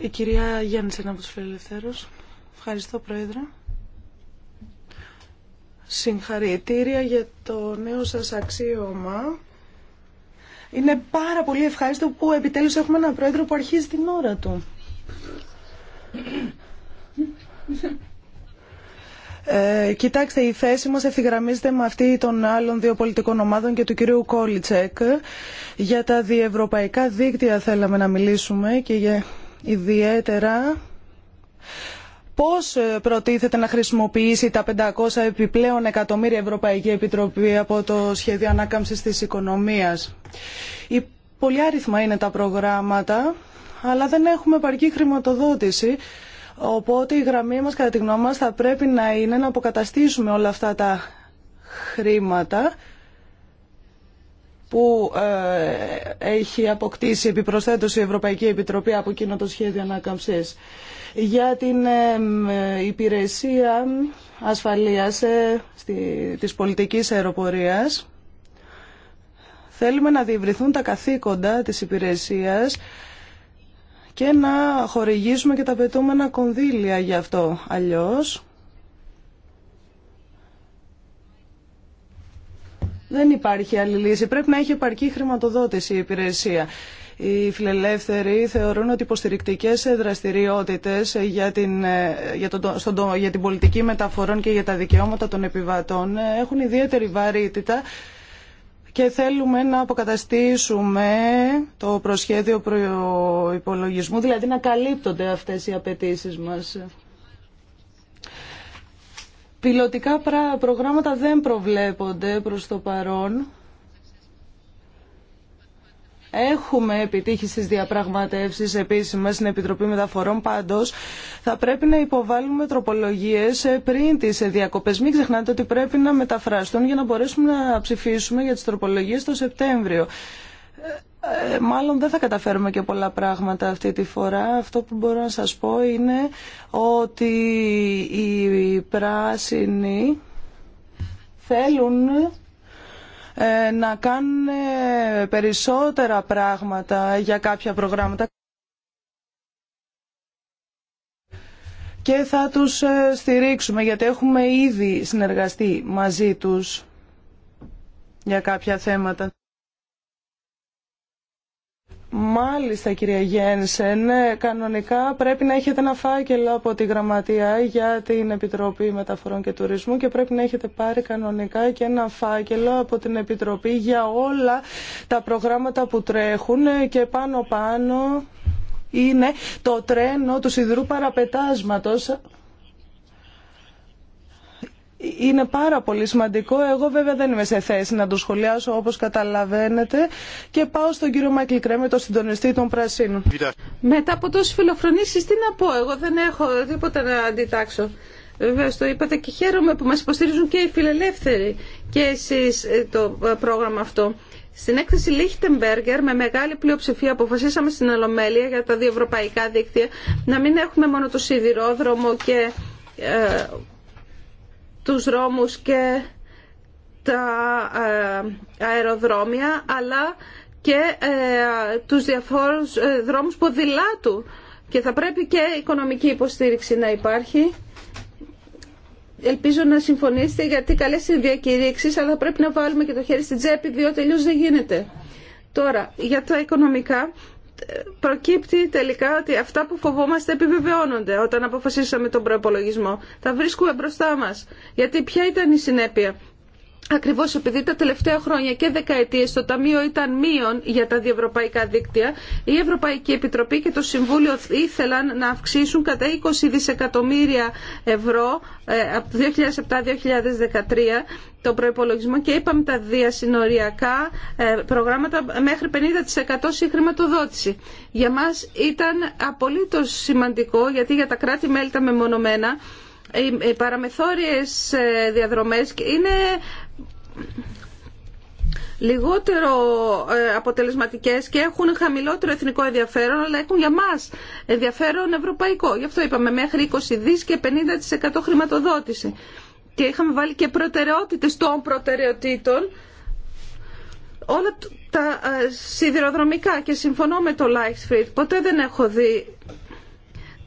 Η κυρία Γιάννησεν από τους Φιλελευθέρους. Ευχαριστώ, Πρόεδρε. Συγχαρητήρια για το νέο σας αξίωμα. Είναι πάρα πολύ ευχάριστο που επιτέλους έχουμε έναν πρόεδρο που αρχίζει την ώρα του. Ε, κοιτάξτε, η θέση μας ευθυγραμμίζεται με αυτή των άλλων δύο πολιτικών ομάδων και του κυρίου Κόλιτσεκ. Για τα διευρωπαϊκά δίκτυα θέλαμε να μιλήσουμε και για ιδιαίτερα πώς ε, προτίθεται να χρησιμοποιήσει τα 500 επιπλέον εκατομμύρια Ευρωπαϊκή Επιτροπή από το σχέδιο ανάκαμψης της οικονομίας. Η είναι τα προγράμματα, αλλά δεν έχουμε επαρκή χρηματοδότηση. Οπότε η γραμμή μας κατά τη γνώμη μας θα πρέπει να είναι να αποκαταστήσουμε όλα αυτά τα χρήματα που ε, έχει αποκτήσει επιπροσθέτως η Ευρωπαϊκή Επιτροπή από εκείνο το σχέδιο ανάκαμψης για την ε, υπηρεσία ασφαλείας ε, της πολιτικής αεροπορίας. Θέλουμε να διευρυθούν τα καθήκοντα της υπηρεσίας και να χορηγήσουμε και τα πετούμενα κονδύλια γι' αυτό. Αλλιώς δεν υπάρχει άλλη λύση. Πρέπει να έχει επαρκή χρηματοδότηση η υπηρεσία. Οι φιλελεύθεροι θεωρούν ότι υποστηρικτικέ δραστηριότητε για, για, για την πολιτική μεταφορών και για τα δικαιώματα των επιβατών έχουν ιδιαίτερη βαρύτητα και θέλουμε να αποκαταστήσουμε το προσχέδιο προϋπολογισμού, δηλαδή να καλύπτονται αυτές οι απαιτήσει μας. Πιλωτικά προγράμματα δεν προβλέπονται προς το παρόν. Έχουμε επιτύχει στις διαπραγματεύσεις επίσημα στην Επιτροπή Μεταφορών πάντως. Θα πρέπει να υποβάλουμε τροπολογίες πριν τις διακοπές. Μην ξεχνάτε ότι πρέπει να μεταφραστούν για να μπορέσουμε να ψηφίσουμε για τις τροπολογίες το Σεπτέμβριο. Ε, ε, μάλλον δεν θα καταφέρουμε και πολλά πράγματα αυτή τη φορά. Αυτό που μπορώ να σας πω είναι ότι οι πράσινοι θέλουν ε, να κάνουν περισσότερα πράγματα για κάποια προγράμματα. και θα τους ε, στηρίξουμε γιατί έχουμε ήδη συνεργαστεί μαζί τους για κάποια θέματα. Μάλιστα κυρία Γένσεν, κανονικά πρέπει να έχετε ένα φάκελο από τη Γραμματεία για την Επιτροπή Μεταφορών και Τουρισμού και πρέπει να έχετε πάρει κανονικά και ένα φάκελο από την Επιτροπή για όλα τα προγράμματα που τρέχουν και πάνω πάνω είναι το τρένο του Σιδρού παραπετάσματος είναι πάρα πολύ σημαντικό. Εγώ βέβαια δεν είμαι σε θέση να το σχολιάσω όπως καταλαβαίνετε και πάω στον κύριο Μάικλ Κρέμε, το συντονιστή των Πρασίνων. Μετά από τόσες φιλοφρονήσεις τι να πω, εγώ δεν έχω τίποτα να αντιτάξω. Βέβαια, το είπατε και χαίρομαι που μας υποστηρίζουν και οι φιλελεύθεροι και εσείς ε, το ε, πρόγραμμα αυτό. Στην έκθεση Λίχτεμπεργκερ με μεγάλη πλειοψηφία αποφασίσαμε στην Ολομέλεια για τα δύο δίκτυα να μην έχουμε μόνο το σιδηρόδρομο και ε, τους δρόμους και τα ε, αεροδρόμια αλλά και ε, τους διαφόρους ε, δρόμους ποδηλάτου και θα πρέπει και οικονομική υποστήριξη να υπάρχει. Ελπίζω να συμφωνήσετε γιατί καλές είναι διακηρύξεις αλλά θα πρέπει να βάλουμε και το χέρι στην τσέπη διότι αλλιώς δεν γίνεται. Τώρα, για τα οικονομικά προκύπτει τελικά ότι αυτά που φοβόμαστε επιβεβαιώνονται όταν αποφασίσαμε τον προπολογισμό. Τα βρίσκουμε μπροστά μας. Γιατί ποια ήταν η συνέπεια. Ακριβώς επειδή τα τελευταία χρόνια και δεκαετίες το Ταμείο ήταν μείον για τα διευρωπαϊκά δίκτυα, η Ευρωπαϊκή Επιτροπή και το Συμβούλιο ήθελαν να αυξήσουν κατά 20 δισεκατομμύρια ευρώ ε, από το 2007-2013 το προϋπολογισμό και είπαμε τα διασυνοριακά ε, προγράμματα μέχρι 50% χρηματοδότηση. Για μας ήταν απολύτως σημαντικό γιατί για τα κράτη-μέλη τα μεμονωμένα οι παραμεθόριες ε, διαδρομές είναι λιγότερο ε, αποτελεσματικές και έχουν χαμηλότερο εθνικό ενδιαφέρον, αλλά έχουν για μας ενδιαφέρον ευρωπαϊκό. Γι' αυτό είπαμε μέχρι 20 δις και 50% χρηματοδότηση. Και είχαμε βάλει και προτεραιότητες των προτεραιοτήτων, όλα τα ε, σιδηροδρομικά και συμφωνώ με το Street, Ποτέ δεν έχω δει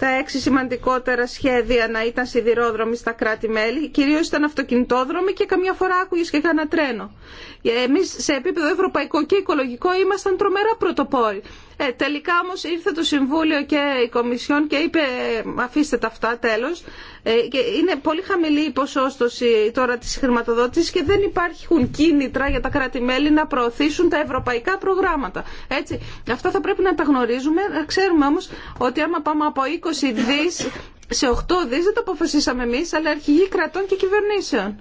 τα έξι σημαντικότερα σχέδια να ήταν σιδηρόδρομοι στα κράτη-μέλη, κυρίως ήταν αυτοκινητόδρομοι και καμιά φορά άκουγες και κανένα τρένο. Ε, εμείς σε επίπεδο ευρωπαϊκό και οικολογικό ήμασταν τρομερά πρωτοπόροι. Ε, τελικά όμως ήρθε το Συμβούλιο και η Κομισιόν και είπε αφήστε τα αυτά τέλος. Ε, είναι πολύ χαμηλή η ποσόστοση τώρα της χρηματοδότηση και δεν υπάρχουν κίνητρα για τα κράτη-μέλη να προωθήσουν τα ευρωπαϊκά προγράμματα. Έτσι, αυτά θα πρέπει να τα γνωρίζουμε. Ε, ξέρουμε όμως ότι άμα πάμε από 20 δι σε 8 δι δεν το αποφασίσαμε εμεί, αλλά αρχηγοί κρατών και κυβερνήσεων.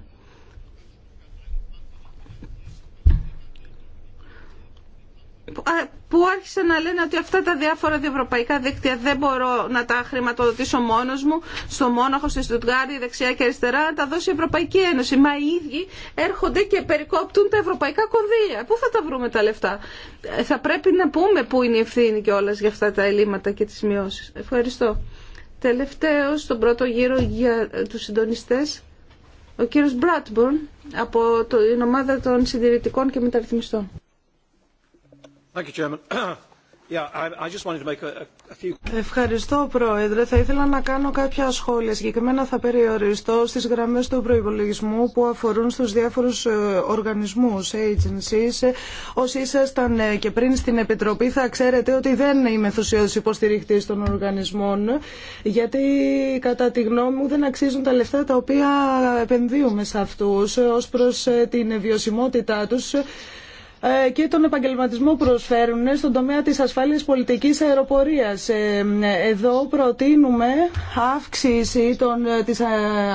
Λοιπόν, που άρχισαν να λένε ότι αυτά τα διάφορα διευρωπαϊκά δίκτυα δεν μπορώ να τα χρηματοδοτήσω μόνο μου στο Μόναχο, στη Στουτγκάρδη, δεξιά και αριστερά να τα δώσει η Ευρωπαϊκή Ένωση μα οι ίδιοι έρχονται και περικόπτουν τα ευρωπαϊκά κονδύλια πού θα τα βρούμε τα λεφτά ε, θα πρέπει να πούμε πού είναι η ευθύνη κιόλας για αυτά τα ελλείμματα και τι μειώσεις ευχαριστώ Τελευταίο στον πρώτο γύρο για ε, του συντονιστέ, ο κύριο Μπράτμπορν από την ομάδα των συντηρητικών και μεταρρυθμιστών Ευχαριστώ, Πρόεδρε. Θα ήθελα να κάνω κάποια σχόλια. Συγκεκριμένα θα περιοριστώ στις γραμμές του προϋπολογισμού που αφορούν στους διάφορους ε, οργανισμούς, agencies. Όσοι ήσασταν ε, και πριν στην Επιτροπή θα ξέρετε ότι δεν είμαι ενθουσιώδης υποστηριχτής των οργανισμών, γιατί κατά τη γνώμη μου δεν αξίζουν τα λεφτά τα οποία επενδύουμε σε αυτούς ως προς ε, την βιωσιμότητά τους ε, και τον επαγγελματισμό προσφέρουν στον τομέα της ασφάλειας πολιτικής αεροπορίας. Ε, εδώ προτείνουμε αύξηση των, ε, της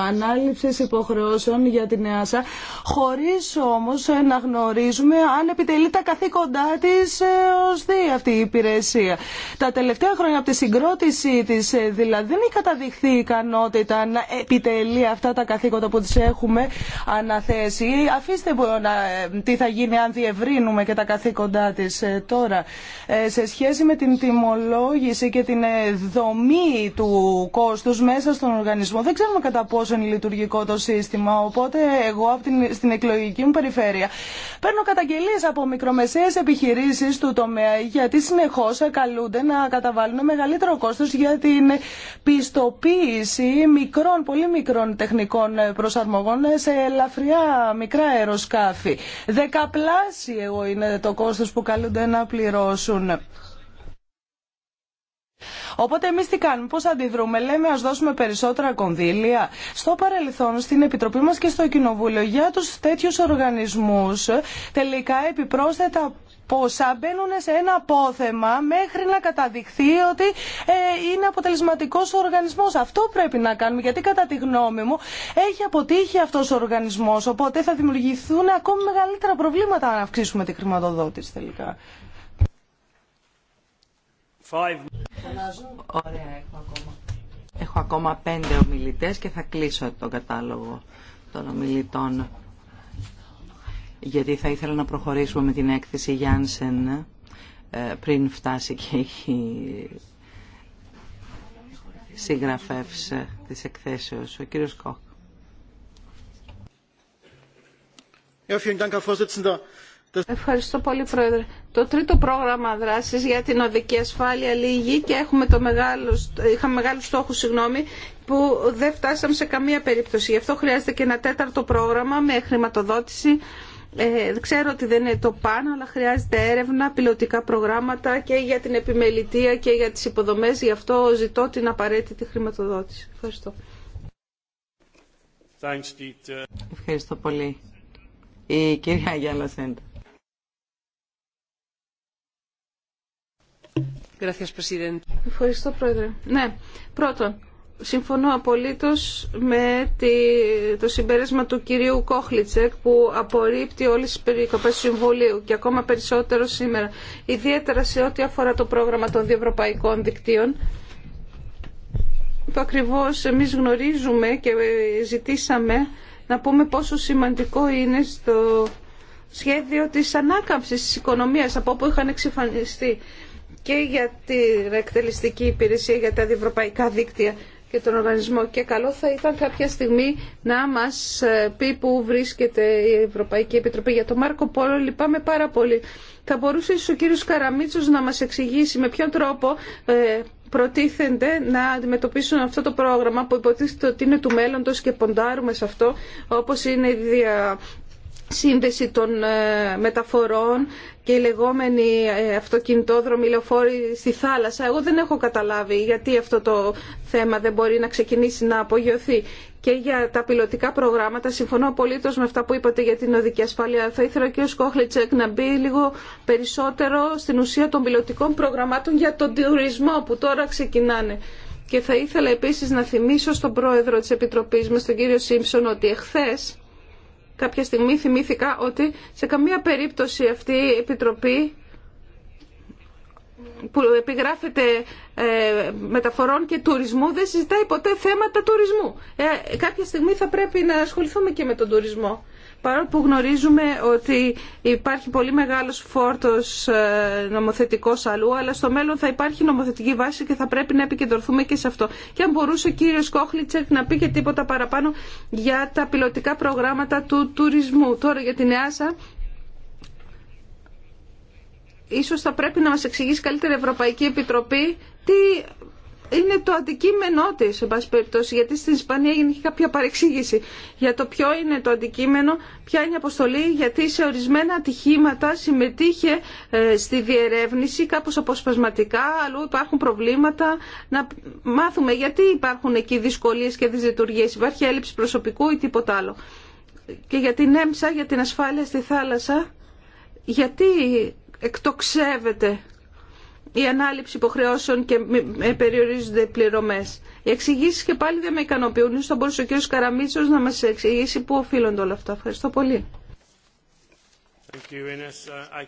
ανάληψης υποχρεώσεων για την ΕΑΣΑ χωρίς όμως να γνωρίζουμε αν επιτελεί τα καθήκοντά της ως δι αυτή η υπηρεσία. Τα τελευταία χρόνια από τη συγκρότησή της δηλαδή δεν έχει καταδειχθεί η ικανότητα να επιτελεί αυτά τα καθήκοντα που τις έχουμε αναθέσει. Αφήστε να, τι θα γίνει αν διευρύνει κρίνουμε και τα καθήκοντά της ε, τώρα. Ε, σε σχέση με την τιμολόγηση και την ε, δομή του κόστους μέσα στον οργανισμό, δεν ξέρουμε κατά πόσο είναι λειτουργικό το σύστημα, οπότε εγώ στην εκλογική μου περιφέρεια παίρνω καταγγελίες από μικρομεσαίες επιχειρήσεις του τομέα, γιατί συνεχώς καλούνται να καταβάλουν μεγαλύτερο κόστος για την πιστοποίηση μικρών, πολύ μικρών τεχνικών προσαρμογών σε ελαφριά μικρά αεροσκάφη. Δεκαπλάσια είναι το κόστος που καλούνται να πληρώσουν. Οπότε εμεί τι κάνουμε, πώ αντιδρούμε, λέμε α δώσουμε περισσότερα κονδύλια. Στο παρελθόν, στην Επιτροπή μα και στο Κοινοβούλιο, για του τέτοιου οργανισμού, τελικά επιπρόσθετα πόσα μπαίνουν σε ένα απόθεμα μέχρι να καταδειχθεί ότι ε, είναι αποτελεσματικός ο οργανισμός. Αυτό πρέπει να κάνουμε γιατί κατά τη γνώμη μου έχει αποτύχει αυτός ο οργανισμός οπότε θα δημιουργηθούν ακόμη μεγαλύτερα προβλήματα αν αυξήσουμε τη χρηματοδότηση τελικά. Ωραία, έχω ακόμα. Έχω ακόμα πέντε ομιλητές και θα κλείσω τον κατάλογο των ομιλητών γιατί θα ήθελα να προχωρήσουμε με την έκθεση Γιάνσεν πριν φτάσει και η συγγραφεύς ε, της εκθέσεως, ο κύριος Κόκ. Ευχαριστώ πολύ, Πρόεδρε. Το τρίτο πρόγραμμα δράσης για την οδική ασφάλεια λύγει και έχουμε το μεγάλο, είχαμε μεγάλο στόχο συγγνώμη, που δεν φτάσαμε σε καμία περίπτωση. Γι' αυτό χρειάζεται και ένα τέταρτο πρόγραμμα με χρηματοδότηση ε, ξέρω ότι δεν είναι το πάνω, αλλά χρειάζεται έρευνα, πιλωτικά προγράμματα και για την επιμελητεία και για τις υποδομές. Γι' αυτό ζητώ την απαραίτητη χρηματοδότηση. Ευχαριστώ. Ευχαριστώ πολύ. Η κυρία Γιάννα Σέντα. Ευχαριστώ, Πρόεδρε. Ναι, πρώτον, συμφωνώ απολύτως με τη, το συμπέρασμα του κυρίου Κόχλιτσεκ που απορρίπτει όλες τις περικοπές του Συμβουλίου και ακόμα περισσότερο σήμερα, ιδιαίτερα σε ό,τι αφορά το πρόγραμμα των διευρωπαϊκών δικτύων. Το ακριβώς εμείς γνωρίζουμε και ζητήσαμε να πούμε πόσο σημαντικό είναι στο σχέδιο της ανάκαμψης της οικονομίας από όπου είχαν εξεφανιστεί και για την εκτελεστική υπηρεσία για τα διευρωπαϊκά δίκτυα και τον οργανισμό και καλό θα ήταν κάποια στιγμή να μας ε, πει που βρίσκεται η Ευρωπαϊκή Επιτροπή. Για τον Μάρκο Πόλο λυπάμαι πάρα πολύ. Θα μπορούσε ο κύριος Καραμίτσος να μας εξηγήσει με ποιον τρόπο ε, προτίθενται να αντιμετωπίσουν αυτό το πρόγραμμα που υποτίθεται ότι είναι του μέλλοντος και ποντάρουμε σε αυτό όπως είναι η δια των ε, μεταφορών και οι λεγόμενοι ε, αυτοκινητόδρομοι λεωφόροι στη θάλασσα. Εγώ δεν έχω καταλάβει γιατί αυτό το θέμα δεν μπορεί να ξεκινήσει να απογειωθεί. Και για τα πιλωτικά προγράμματα, συμφωνώ απολύτω με αυτά που είπατε για την οδική ασφάλεια. Θα ήθελα και ο Σκόχλητσέκ να μπει λίγο περισσότερο στην ουσία των πιλωτικών προγραμμάτων για τον τουρισμό που τώρα ξεκινάνε. Και θα ήθελα επίσης να θυμίσω στον πρόεδρο της Επιτροπής μας, τον κύριο Σίμψον, ότι εχθές κάποια στιγμή θυμήθηκα ότι σε καμία περίπτωση αυτή η Επιτροπή που επιγράφεται ε, μεταφορών και τουρισμού δεν συζητάει ποτέ θέματα τουρισμού. Ε, κάποια στιγμή θα πρέπει να ασχοληθούμε και με τον τουρισμό παρόλο που γνωρίζουμε ότι υπάρχει πολύ μεγάλος φόρτος ε, νομοθετικός αλλού, αλλά στο μέλλον θα υπάρχει νομοθετική βάση και θα πρέπει να επικεντρωθούμε και σε αυτό. Και αν μπορούσε ο κύριος Κόχλιτσεκ να πει και τίποτα παραπάνω για τα πιλωτικά προγράμματα του τουρισμού. Τώρα για την ΕΑΣΑ, ίσως θα πρέπει να μας εξηγήσει καλύτερη η Ευρωπαϊκή Επιτροπή τι είναι το αντικείμενό τη, σε πάση περιπτώσει, γιατί στην Ισπανία έγινε κάποια παρεξήγηση για το ποιο είναι το αντικείμενο, ποια είναι η αποστολή, γιατί σε ορισμένα ατυχήματα συμμετείχε ε, στη διερεύνηση κάπως αποσπασματικά, αλλού υπάρχουν προβλήματα. Να μάθουμε γιατί υπάρχουν εκεί δυσκολίες και δυσλειτουργίε, υπάρχει έλλειψη προσωπικού ή τίποτα άλλο. Και για την έμψα, για την ασφάλεια στη θάλασσα, γιατί εκτοξεύεται η ανάληψη υποχρεώσεων και ε, περιορίζονται πληρωμέ. Οι εξηγήσει και πάλι δεν με ικανοποιούν. ίσως θα μπορούσε ο κ. Καραμίτσο να μα εξηγήσει πού οφείλονται όλα αυτά. Ευχαριστώ πολύ. Uh,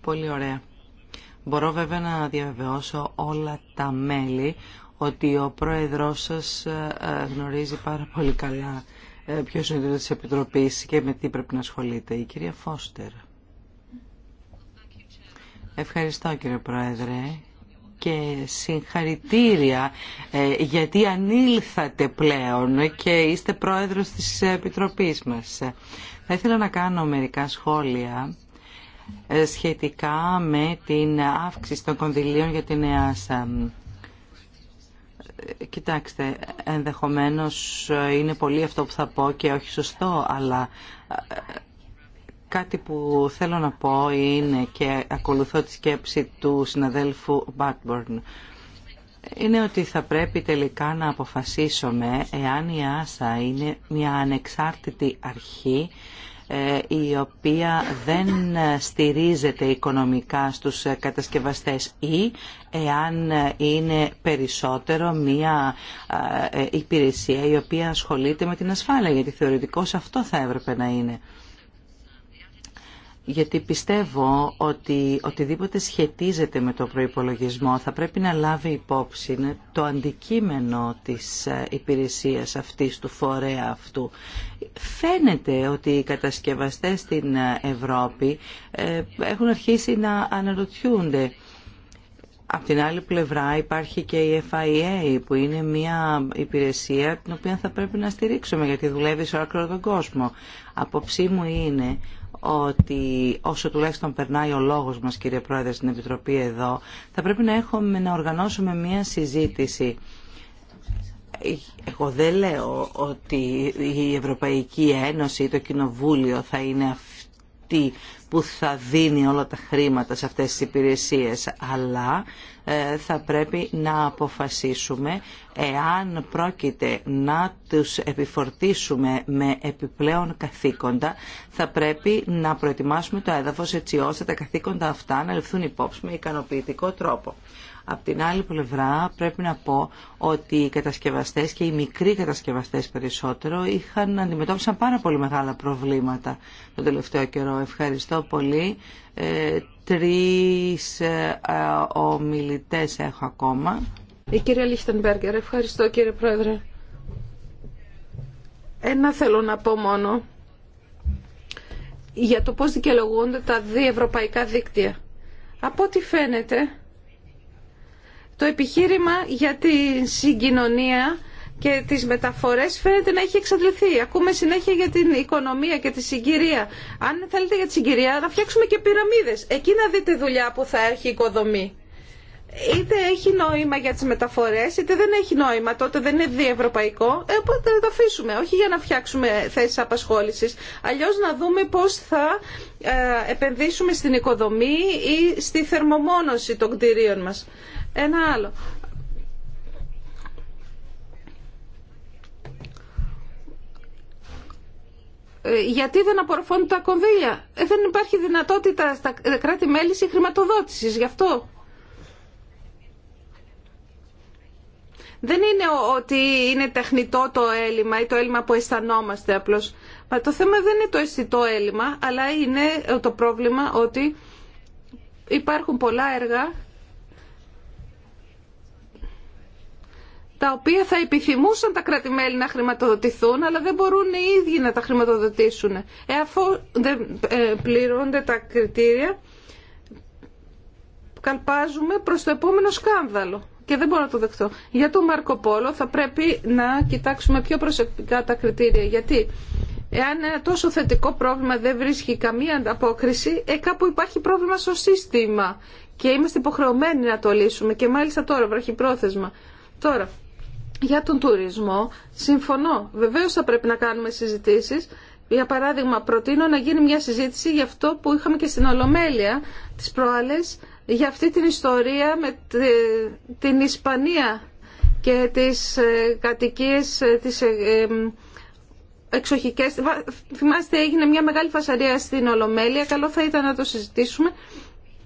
πολύ ωραία. Μπορώ βέβαια να διαβεβαιώσω όλα τα μέλη ότι ο πρόεδρός σας ε, ε, γνωρίζει πάρα πολύ καλά ποιος είναι το της Επιτροπής και με τι πρέπει να ασχολείται. Η κυρία Φώστερ. Ευχαριστώ κύριε Πρόεδρε και συγχαρητήρια ε, γιατί ανήλθατε πλέον και είστε πρόεδρος της Επιτροπής μας. Θα ήθελα να κάνω μερικά σχόλια ε, σχετικά με την αύξηση των κονδυλίων για την ΕΑΣΑ. Ε, κοιτάξτε, ενδεχομένως είναι πολύ αυτό που θα πω και όχι σωστό, αλλά Κάτι που θέλω να πω είναι και ακολουθώ τη σκέψη του συναδέλφου Μπάτμπορν. Είναι ότι θα πρέπει τελικά να αποφασίσουμε εάν η Άσα είναι μια ανεξάρτητη αρχή ε, η οποία δεν στηρίζεται οικονομικά στους κατασκευαστές ή εάν είναι περισσότερο μια ε, ε, υπηρεσία η οποία ασχολείται με την ασφάλεια, γιατί θεωρητικώς αυτό θα έπρεπε να είναι γιατί πιστεύω ότι οτιδήποτε σχετίζεται με το προϋπολογισμό θα πρέπει να λάβει υπόψη το αντικείμενο της ε, υπηρεσίας αυτής, του φορέα αυτού. Φαίνεται ότι οι κατασκευαστές στην ε, Ευρώπη ε, έχουν αρχίσει να αναρωτιούνται. Απ' την άλλη πλευρά υπάρχει και η FIA που είναι μια υπηρεσία την οποία θα πρέπει να στηρίξουμε γιατί δουλεύει σε όλο τον κόσμο. Απόψή μου είναι ότι όσο τουλάχιστον περνάει ο λόγος μας κύριε Πρόεδρε στην Επιτροπή εδώ θα πρέπει να, έχουμε, να οργανώσουμε μια συζήτηση εγώ δεν λέω ότι η Ευρωπαϊκή Ένωση, ή το Κοινοβούλιο θα είναι αυτή που θα δίνει όλα τα χρήματα σε αυτές τις υπηρεσίες, αλλά ε, θα πρέπει να αποφασίσουμε εάν πρόκειται να τους επιφορτήσουμε με επιπλέον καθήκοντα, θα πρέπει να προετοιμάσουμε το έδαφος έτσι ώστε τα καθήκοντα αυτά να ληφθούν υπόψη με ικανοποιητικό τρόπο. Απ' την άλλη πλευρά πρέπει να πω ότι οι κατασκευαστές και οι μικροί κατασκευαστές περισσότερο είχαν, αντιμετώπισαν πάρα πολύ μεγάλα προβλήματα τον τελευταίο καιρό. Ευχαριστώ πολύ. Ε, τρεις ε, ομιλητές έχω ακόμα. Η κυρία Λίχτενμπέργκερ, ευχαριστώ κύριε Πρόεδρε. Ένα θέλω να πω μόνο για το πώς δικαιολογούνται τα διευρωπαϊκά δίκτυα. Από ό,τι φαίνεται, το επιχείρημα για τη συγκοινωνία και τις μεταφορές φαίνεται να έχει εξαντληθεί. Ακούμε συνέχεια για την οικονομία και τη συγκυρία. Αν θέλετε για τη συγκυρία να φτιάξουμε και πυραμίδες. Εκεί να δείτε δουλειά που θα έχει η οικοδομή. Είτε έχει νόημα για τις μεταφορές, είτε δεν έχει νόημα, τότε δεν είναι διευρωπαϊκό, ε, οπότε να το αφήσουμε. Όχι για να φτιάξουμε θέσεις απασχόλησης, αλλιώς να δούμε πώς θα ε, επενδύσουμε στην οικοδομή ή στη θερμομόνωση των κτηρίων μας. Ένα άλλο. Ε, γιατί δεν απορροφώνουν τα κονδύλια. Ε, δεν υπάρχει δυνατότητα στα κράτη-μέλη χρηματοδότηση, Γι' αυτό δεν είναι ότι είναι τεχνητό το έλλειμμα ή το έλλειμμα που αισθανόμαστε απλώς. το θέμα δεν είναι το αισθητό έλλειμμα, αλλά είναι το πρόβλημα ότι υπάρχουν πολλά έργα τα οποία θα επιθυμούσαν τα κράτη-μέλη να χρηματοδοτηθούν, αλλά δεν μπορούν οι ίδιοι να τα χρηματοδοτήσουν. Ε, αφού δεν ε, πληρούνται τα κριτήρια, καλπάζουμε προς το επόμενο σκάνδαλο. Και δεν μπορώ να το δεχτώ. Για τον Μάρκο Πόλο θα πρέπει να κοιτάξουμε πιο προσεκτικά τα κριτήρια. Γιατί εάν ένα τόσο θετικό πρόβλημα δεν βρίσκει καμία ανταπόκριση, ε, κάπου υπάρχει πρόβλημα στο σύστημα. Και είμαστε υποχρεωμένοι να το λύσουμε. Και μάλιστα τώρα, βραχυπρόθεσμα. Τώρα, για τον τουρισμό, συμφωνώ. Βεβαίω θα πρέπει να κάνουμε συζητήσει. Για παράδειγμα, προτείνω να γίνει μια συζήτηση για αυτό που είχαμε και στην Ολομέλεια τις προάλλε, για αυτή την ιστορία με την Ισπανία και τις ε, κατοικίες ε, της ε, εξοχικές. Θυμάστε έγινε μια μεγάλη φασαρία στην Ολομέλεια, καλό θα ήταν να το συζητήσουμε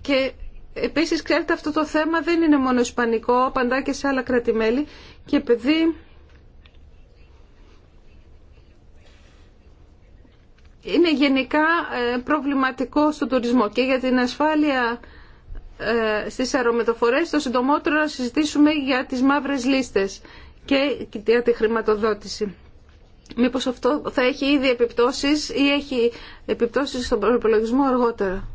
και Επίσης, ξέρετε, αυτό το θέμα δεν είναι μόνο ισπανικό, απαντά και σε άλλα κρατημέλη και επειδή είναι γενικά ε, προβληματικό στον τουρισμό και για την ασφάλεια ε, στις αερομεταφορές το συντομότερο να συζητήσουμε για τις μαύρες λίστες και για τη χρηματοδότηση. Μήπως αυτό θα έχει ήδη επιπτώσεις ή έχει επιπτώσεις στον προπολογισμό αργότερα.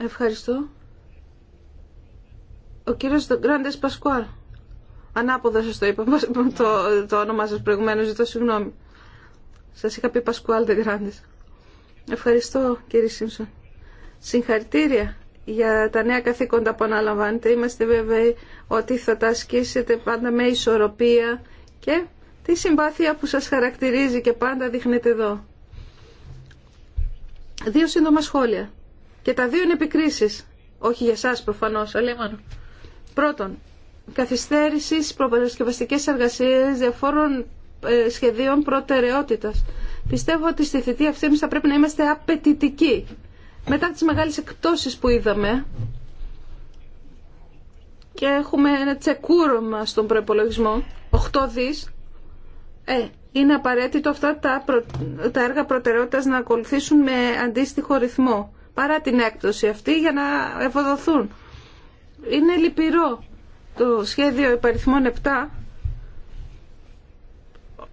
Ευχαριστώ. Ο κύριος Γκράντες Πασκουάλ. Ανάποδα σας το είπα το, το όνομά σας προηγουμένως, ζητώ συγγνώμη. Σας είχα πει Πασκουάλ Γκράντες. Ευχαριστώ κύριε Σίμψον. Συγχαρητήρια για τα νέα καθήκοντα που αναλαμβάνετε. Είμαστε βέβαιοι ότι θα τα ασκήσετε πάντα με ισορροπία και τη συμπάθεια που σας χαρακτηρίζει και πάντα δείχνετε εδώ. Δύο σύντομα σχόλια. Και τα δύο είναι επικρίσεις. Όχι για εσά προφανώς, αλλά Πρώτον, καθυστέρηση στις προπαρασκευαστικές εργασίες διαφόρων ε, σχεδίων προτεραιότητας. Πιστεύω ότι στη θητή αυτή εμείς θα πρέπει να είμαστε απαιτητικοί. Μετά τις μεγάλες εκπτώσεις που είδαμε και έχουμε ένα τσεκούρωμα στον προπολογισμό, 8 δις, ε, είναι απαραίτητο αυτά τα, τα έργα προτεραιότητας να ακολουθήσουν με αντίστοιχο ρυθμό παρά την έκπτωση αυτή για να ευοδοθούν. Είναι λυπηρό το σχέδιο υπαριθμών 7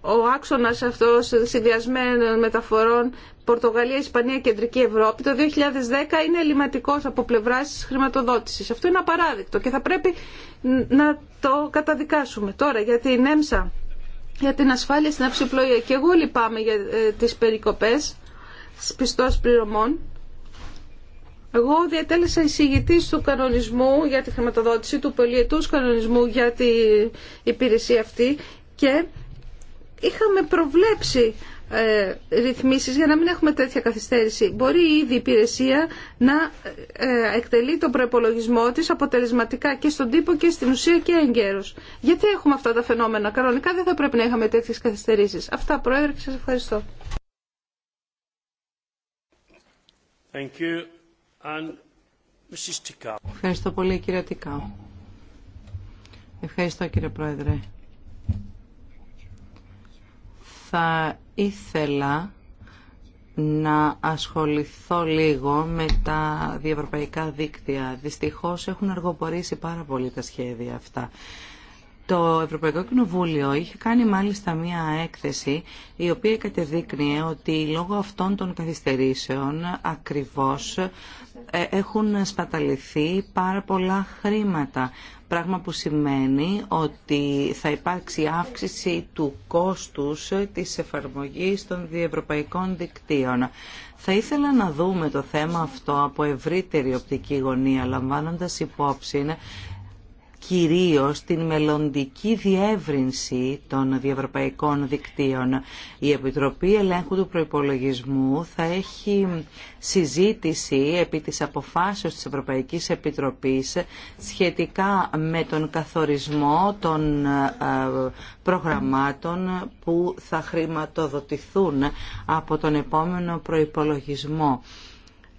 ο άξονας αυτός συνδυασμένων μεταφορών Πορτογαλία, Ισπανία, Κεντρική Ευρώπη το 2010 είναι ελληματικός από πλευράς χρηματοδότησης. Αυτό είναι απαράδεικτο και θα πρέπει να το καταδικάσουμε. Τώρα για την ΕΜΣΑ, για την ασφάλεια στην αυσιπλοεία και εγώ λυπάμαι για ε, τις περικοπές πιστός πληρωμών εγώ διατέλεσα εισηγητή του κανονισμού για τη χρηματοδότηση του πολιετού κανονισμού για την υπηρεσία αυτή και είχαμε προβλέψει ε, ρυθμίσεις για να μην έχουμε τέτοια καθυστέρηση. Μπορεί η ίδια υπηρεσία να ε, εκτελεί τον προπολογισμό της αποτελεσματικά και στον τύπο και στην ουσία και εγκαίρως. Γιατί έχουμε αυτά τα φαινόμενα. Κανονικά δεν θα πρέπει να είχαμε τέτοιες καθυστερήσεις. Αυτά, Πρόεδρε, και σας ευχαριστώ. Thank you. Ευχαριστώ πολύ κύριε Τικάου. Ευχαριστώ κύριε Πρόεδρε. Θα ήθελα να ασχοληθώ λίγο με τα διευρωπαϊκά δίκτυα. Δυστυχώς έχουν αργοπορήσει πάρα πολύ τα σχέδια αυτά. Το Ευρωπαϊκό Κοινοβούλιο είχε κάνει μάλιστα μία έκθεση η οποία κατεδείκνυε ότι λόγω αυτών των καθυστερήσεων ακριβώς ε, έχουν σπαταληθεί πάρα πολλά χρήματα. Πράγμα που σημαίνει ότι θα υπάρξει αύξηση του κόστους της εφαρμογής των διευρωπαϊκών δικτύων. Θα ήθελα να δούμε το θέμα αυτό από ευρύτερη οπτική γωνία, λαμβάνοντας υπόψη κυρίως την μελλοντική διεύρυνση των διευρωπαϊκών δικτύων. Η Επιτροπή Ελέγχου του Προϋπολογισμού θα έχει συζήτηση επί της αποφάσεως της Ευρωπαϊκής Επιτροπής σχετικά με τον καθορισμό των ε, προγραμμάτων που θα χρηματοδοτηθούν από τον επόμενο προϋπολογισμό.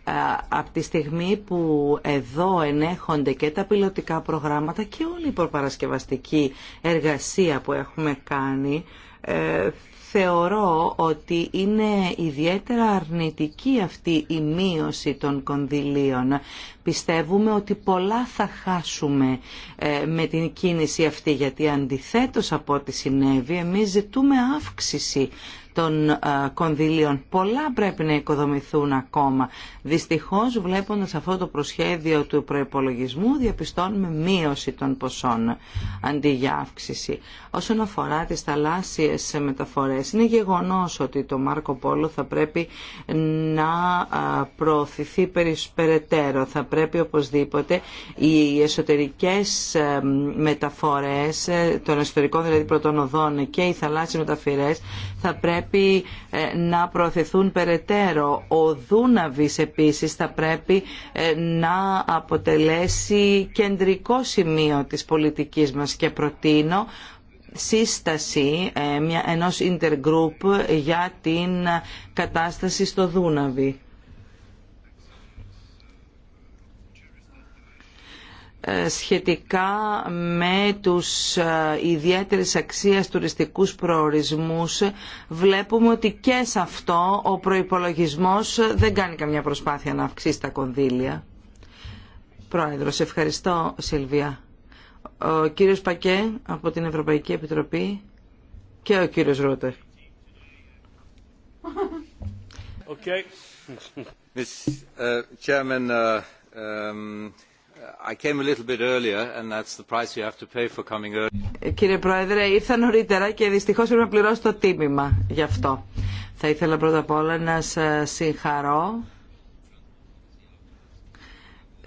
Ε, από τη στιγμή που εδώ ενέχονται και τα πιλωτικά προγράμματα και όλη η προπαρασκευαστική εργασία που έχουμε κάνει, ε, θεωρώ ότι είναι ιδιαίτερα αρνητική αυτή η μείωση των κονδυλίων. Πιστεύουμε ότι πολλά θα χάσουμε ε, με την κίνηση αυτή, γιατί αντιθέτως από ό,τι συνέβη, εμείς ζητούμε αύξηση των ε, κονδυλίων. Πολλά πρέπει να οικοδομηθούν ακόμα. Δυστυχώς βλέποντας αυτό το προσχέδιο του προϋπολογισμού διαπιστώνουμε μείωση των ποσών αντί για αύξηση. Όσον αφορά τις θαλάσσιες μεταφορές είναι γεγονός ότι το Μάρκο Πόλο θα πρέπει να ε, προωθηθεί περισπεραιτέρω. Θα πρέπει οπωσδήποτε οι εσωτερικές ε, μεταφορές των εσωτερικών δηλαδή πρωτών και οι θαλάσσιες μεταφορές θα πρέπει πρέπει ε, να προωθηθούν περαιτέρω. Ο Δούναβης επίσης θα πρέπει ε, να αποτελέσει κεντρικό σημείο της πολιτικής μας και προτείνω σύσταση ε, ενός intergroup για την κατάσταση στο Δούναβη. Ε, σχετικά με τους ε, ιδιαίτερης αξίας τουριστικούς προορισμούς βλέπουμε ότι και σε αυτό ο προϋπολογισμός δεν κάνει καμιά προσπάθεια να αυξήσει τα κονδύλια. Πρόεδρος, ευχαριστώ Σιλβία. Ο κύριος Πακέ από την Ευρωπαϊκή Επιτροπή και ο κύριος Ρότερ. Okay. Uh, uh, um, Κύριε Πρόεδρε, ήρθα νωρίτερα και δυστυχώς πρέπει να πληρώσω το τίμημα γι' αυτό. Θα ήθελα πρώτα απ' όλα να σα συγχαρώ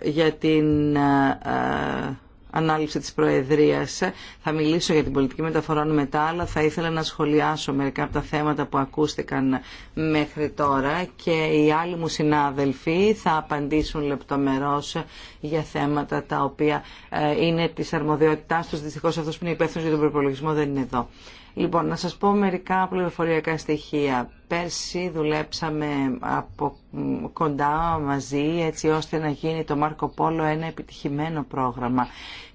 για την ε, ε, ανάληψη της Προεδρίας. Θα μιλήσω για την πολιτική μεταφορά μετά, αλλά θα ήθελα να σχολιάσω μερικά από τα θέματα που ακούστηκαν μέχρι τώρα και οι άλλοι μου συνάδελφοι θα απαντήσουν λεπτομερώς για θέματα τα οποία ε, είναι της αρμοδιότητάς τους. Δυστυχώς αυτός που είναι υπεύθυνος για τον προπολογισμό δεν είναι εδώ. Λοιπόν, να σας πω μερικά πληροφοριακά στοιχεία. Πέρσι δουλέψαμε από κοντά μαζί έτσι ώστε να γίνει το Μάρκο Πόλο ένα επιτυχημένο πρόγραμμα.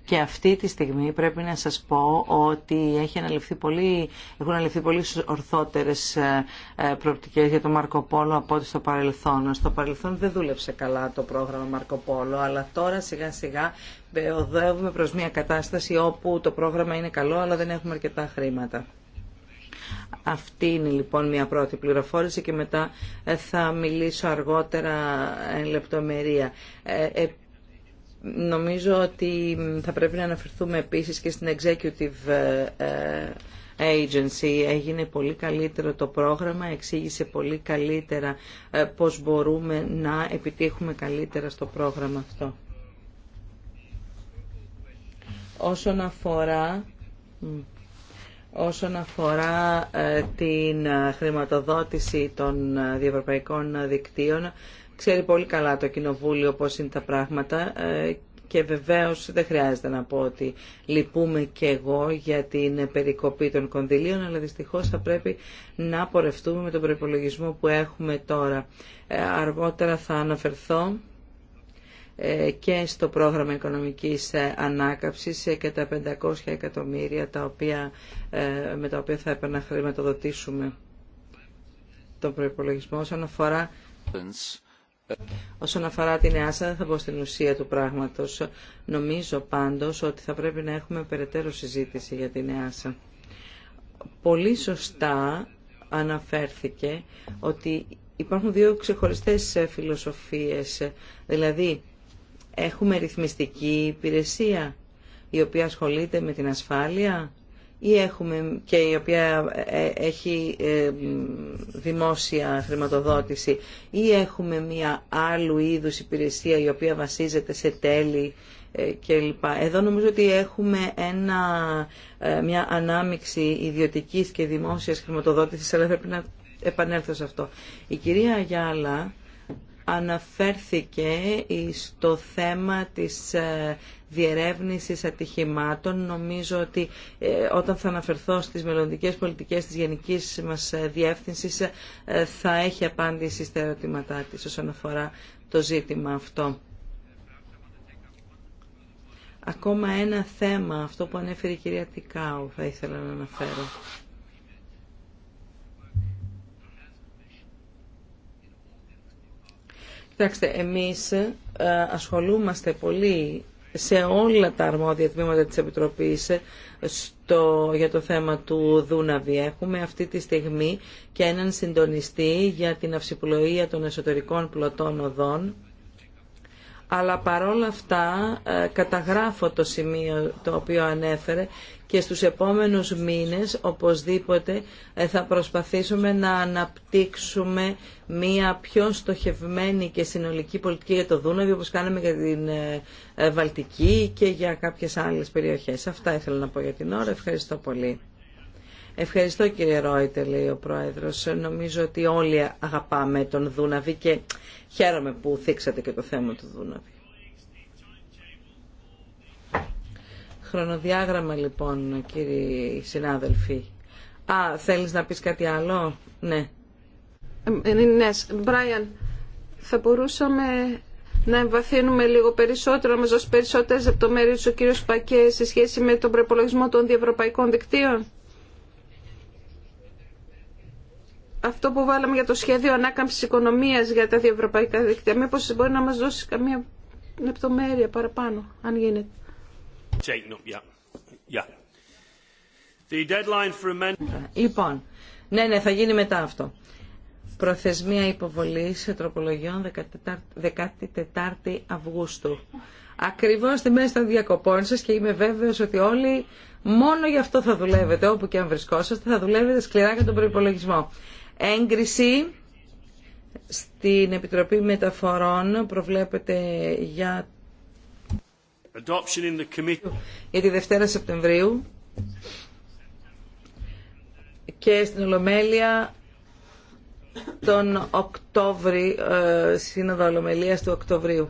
Και αυτή τη στιγμή πρέπει να σας πω ότι έχει αναλυφθεί πολύ, έχουν αναλυφθεί πολύ ορθότερες ε, ε, προοπτικές για το Μάρκο Πόλο από ό,τι στο παρελθόν. Στο παρελθόν δεν δούλεψε καλά το πρόγραμμα Μάρκο Πόλο, αλλά τώρα σιγά σιγά οδεύουμε προς μια κατάσταση όπου το πρόγραμμα είναι καλό αλλά δεν έχουμε αρκετά χρήματα. Αυτή είναι λοιπόν μια πρώτη πληροφόρηση και μετά ε, θα μιλήσω αργότερα εν λεπτομερία. Ε, ε, νομίζω ότι θα πρέπει να αναφερθούμε επίσης και στην Executive Agency. Έγινε πολύ καλύτερο το πρόγραμμα, εξήγησε πολύ καλύτερα πώς μπορούμε να επιτύχουμε καλύτερα στο πρόγραμμα αυτό όσον αφορά όσον αφορά ε, την ε, χρηματοδότηση των ε, διευρωπαϊκών δικτύων. Ξέρει πολύ καλά το Κοινοβούλιο πώς είναι τα πράγματα και βεβαίως δεν χρειάζεται να πω ότι λυπούμε και εγώ για την περικοπή των κονδυλίων, αλλά δυστυχώς θα πρέπει να πορευτούμε με τον προπολογισμό που έχουμε τώρα. Αργότερα θα αναφερθώ ε, και στο πρόγραμμα οικονομικής ε, ανάκαψης ε, και τα 500 εκατομμύρια τα οποία, με τα οποία θα επαναχρηματοδοτήσουμε τον προϋπολογισμό όσον αφορά... Όσον αφορά την ΕΑΣΑ δεν θα πω στην ουσία του πράγματος. Νομίζω πάντως ότι θα πρέπει να έχουμε περαιτέρω συζήτηση για την ΕΑΣΑ. Πολύ σωστά αναφέρθηκε ότι υπάρχουν δύο ξεχωριστές φιλοσοφίες. Δηλαδή Έχουμε ρυθμιστική υπηρεσία η οποία ασχολείται με την ασφάλεια ή έχουμε και η οποία ε, έχει ε, δημόσια χρηματοδότηση ή έχουμε μια άλλου είδους υπηρεσία η οποία βασίζεται σε τέλη ε, κλπ. Εδώ νομίζω ότι έχουμε ένα, μια ανάμιξη ιδιωτικής και δημόσιας χρηματοδότησης αλλά πρέπει να επανέλθω σε αυτό. Η κυρία Γιάλα αναφέρθηκε στο θέμα της ε, διερεύνησης ατυχημάτων. Νομίζω ότι ε, όταν θα αναφερθώ στις μελλοντικές πολιτικές της Γενικής μας ε, Διεύθυνσης θα έχει απάντηση στα ερωτήματά της όσον αφορά το ζήτημα αυτό. Ακόμα ένα θέμα, αυτό που ανέφερε η κυρία Τικάου, θα ήθελα να αναφέρω. Κοιτάξτε, εμείς ε, ασχολούμαστε πολύ σε όλα τα αρμόδια τμήματα της Επιτροπής ε, στο, για το θέμα του Δούναβη. Έχουμε αυτή τη στιγμή και έναν συντονιστή για την αυσιπλοεία των εσωτερικών πλωτών οδών αλλά παρόλα αυτά ε, καταγράφω το σημείο το οποίο ανέφερε και στους επόμενους μήνες οπωσδήποτε ε, θα προσπαθήσουμε να αναπτύξουμε μία πιο στοχευμένη και συνολική πολιτική για το Δούναβι όπως κάναμε για την ε, Βαλτική και για κάποιες άλλες περιοχές. Αυτά ήθελα να πω για την ώρα. Ευχαριστώ πολύ. Ευχαριστώ κύριε Ρόιτε, λέει ο Πρόεδρος. Νομίζω ότι όλοι αγαπάμε τον Δούναβη και χαίρομαι που θίξατε και το θέμα του Δούναβη. Χρονοδιάγραμμα λοιπόν κύριοι συνάδελφοι. Α, θέλεις να πεις κάτι άλλο. Ναι. Ε, ε, ναι, Μπράιαν, θα μπορούσαμε να εμβαθύνουμε λίγο περισσότερο, να μας δώσει περισσότερες λεπτομέρειες ο κύριος Πακέ σε σχέση με τον προπολογισμό των διευρωπαϊκών δικτύων. αυτό που βάλαμε για το σχέδιο ανάκαμψης οικονομίας για τα διευρωπαϊκά δίκτυα. Μήπως μπορεί να μας δώσει καμία λεπτομέρεια παραπάνω, αν γίνεται. Λοιπόν, ναι, ναι, θα γίνει μετά αυτό. Προθεσμία υποβολής τροπολογιών 14, 14 Αυγούστου. Ακριβώς στη μέση των διακοπών σας και είμαι βέβαιος ότι όλοι μόνο γι' αυτό θα δουλεύετε, όπου και αν βρισκόσαστε, θα δουλεύετε σκληρά για τον προϋπολογισμό έγκριση στην Επιτροπή Μεταφορών προβλέπεται για, για τη Δευτέρα Σεπτεμβρίου και στην Ολομέλεια τον Οκτώβρη, ε, Σύνοδο Ολομελίας του Οκτωβρίου.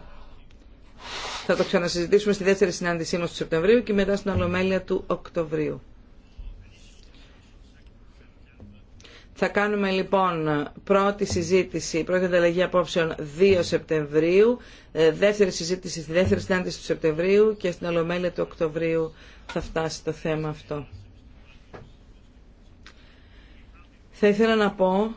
Θα το ξανασυζητήσουμε στη δεύτερη συνάντησή μας του Σεπτεμβρίου και μετά στην Ολομέλεια του Οκτωβρίου. Θα κάνουμε λοιπόν πρώτη συζήτηση, πρώτη ανταλλαγή απόψεων 2 Σεπτεμβρίου, ε, δεύτερη συζήτηση στη δεύτερη συνάντηση του Σεπτεμβρίου και στην Ολομέλεια του Οκτωβρίου θα φτάσει το θέμα αυτό. Θα ήθελα να πω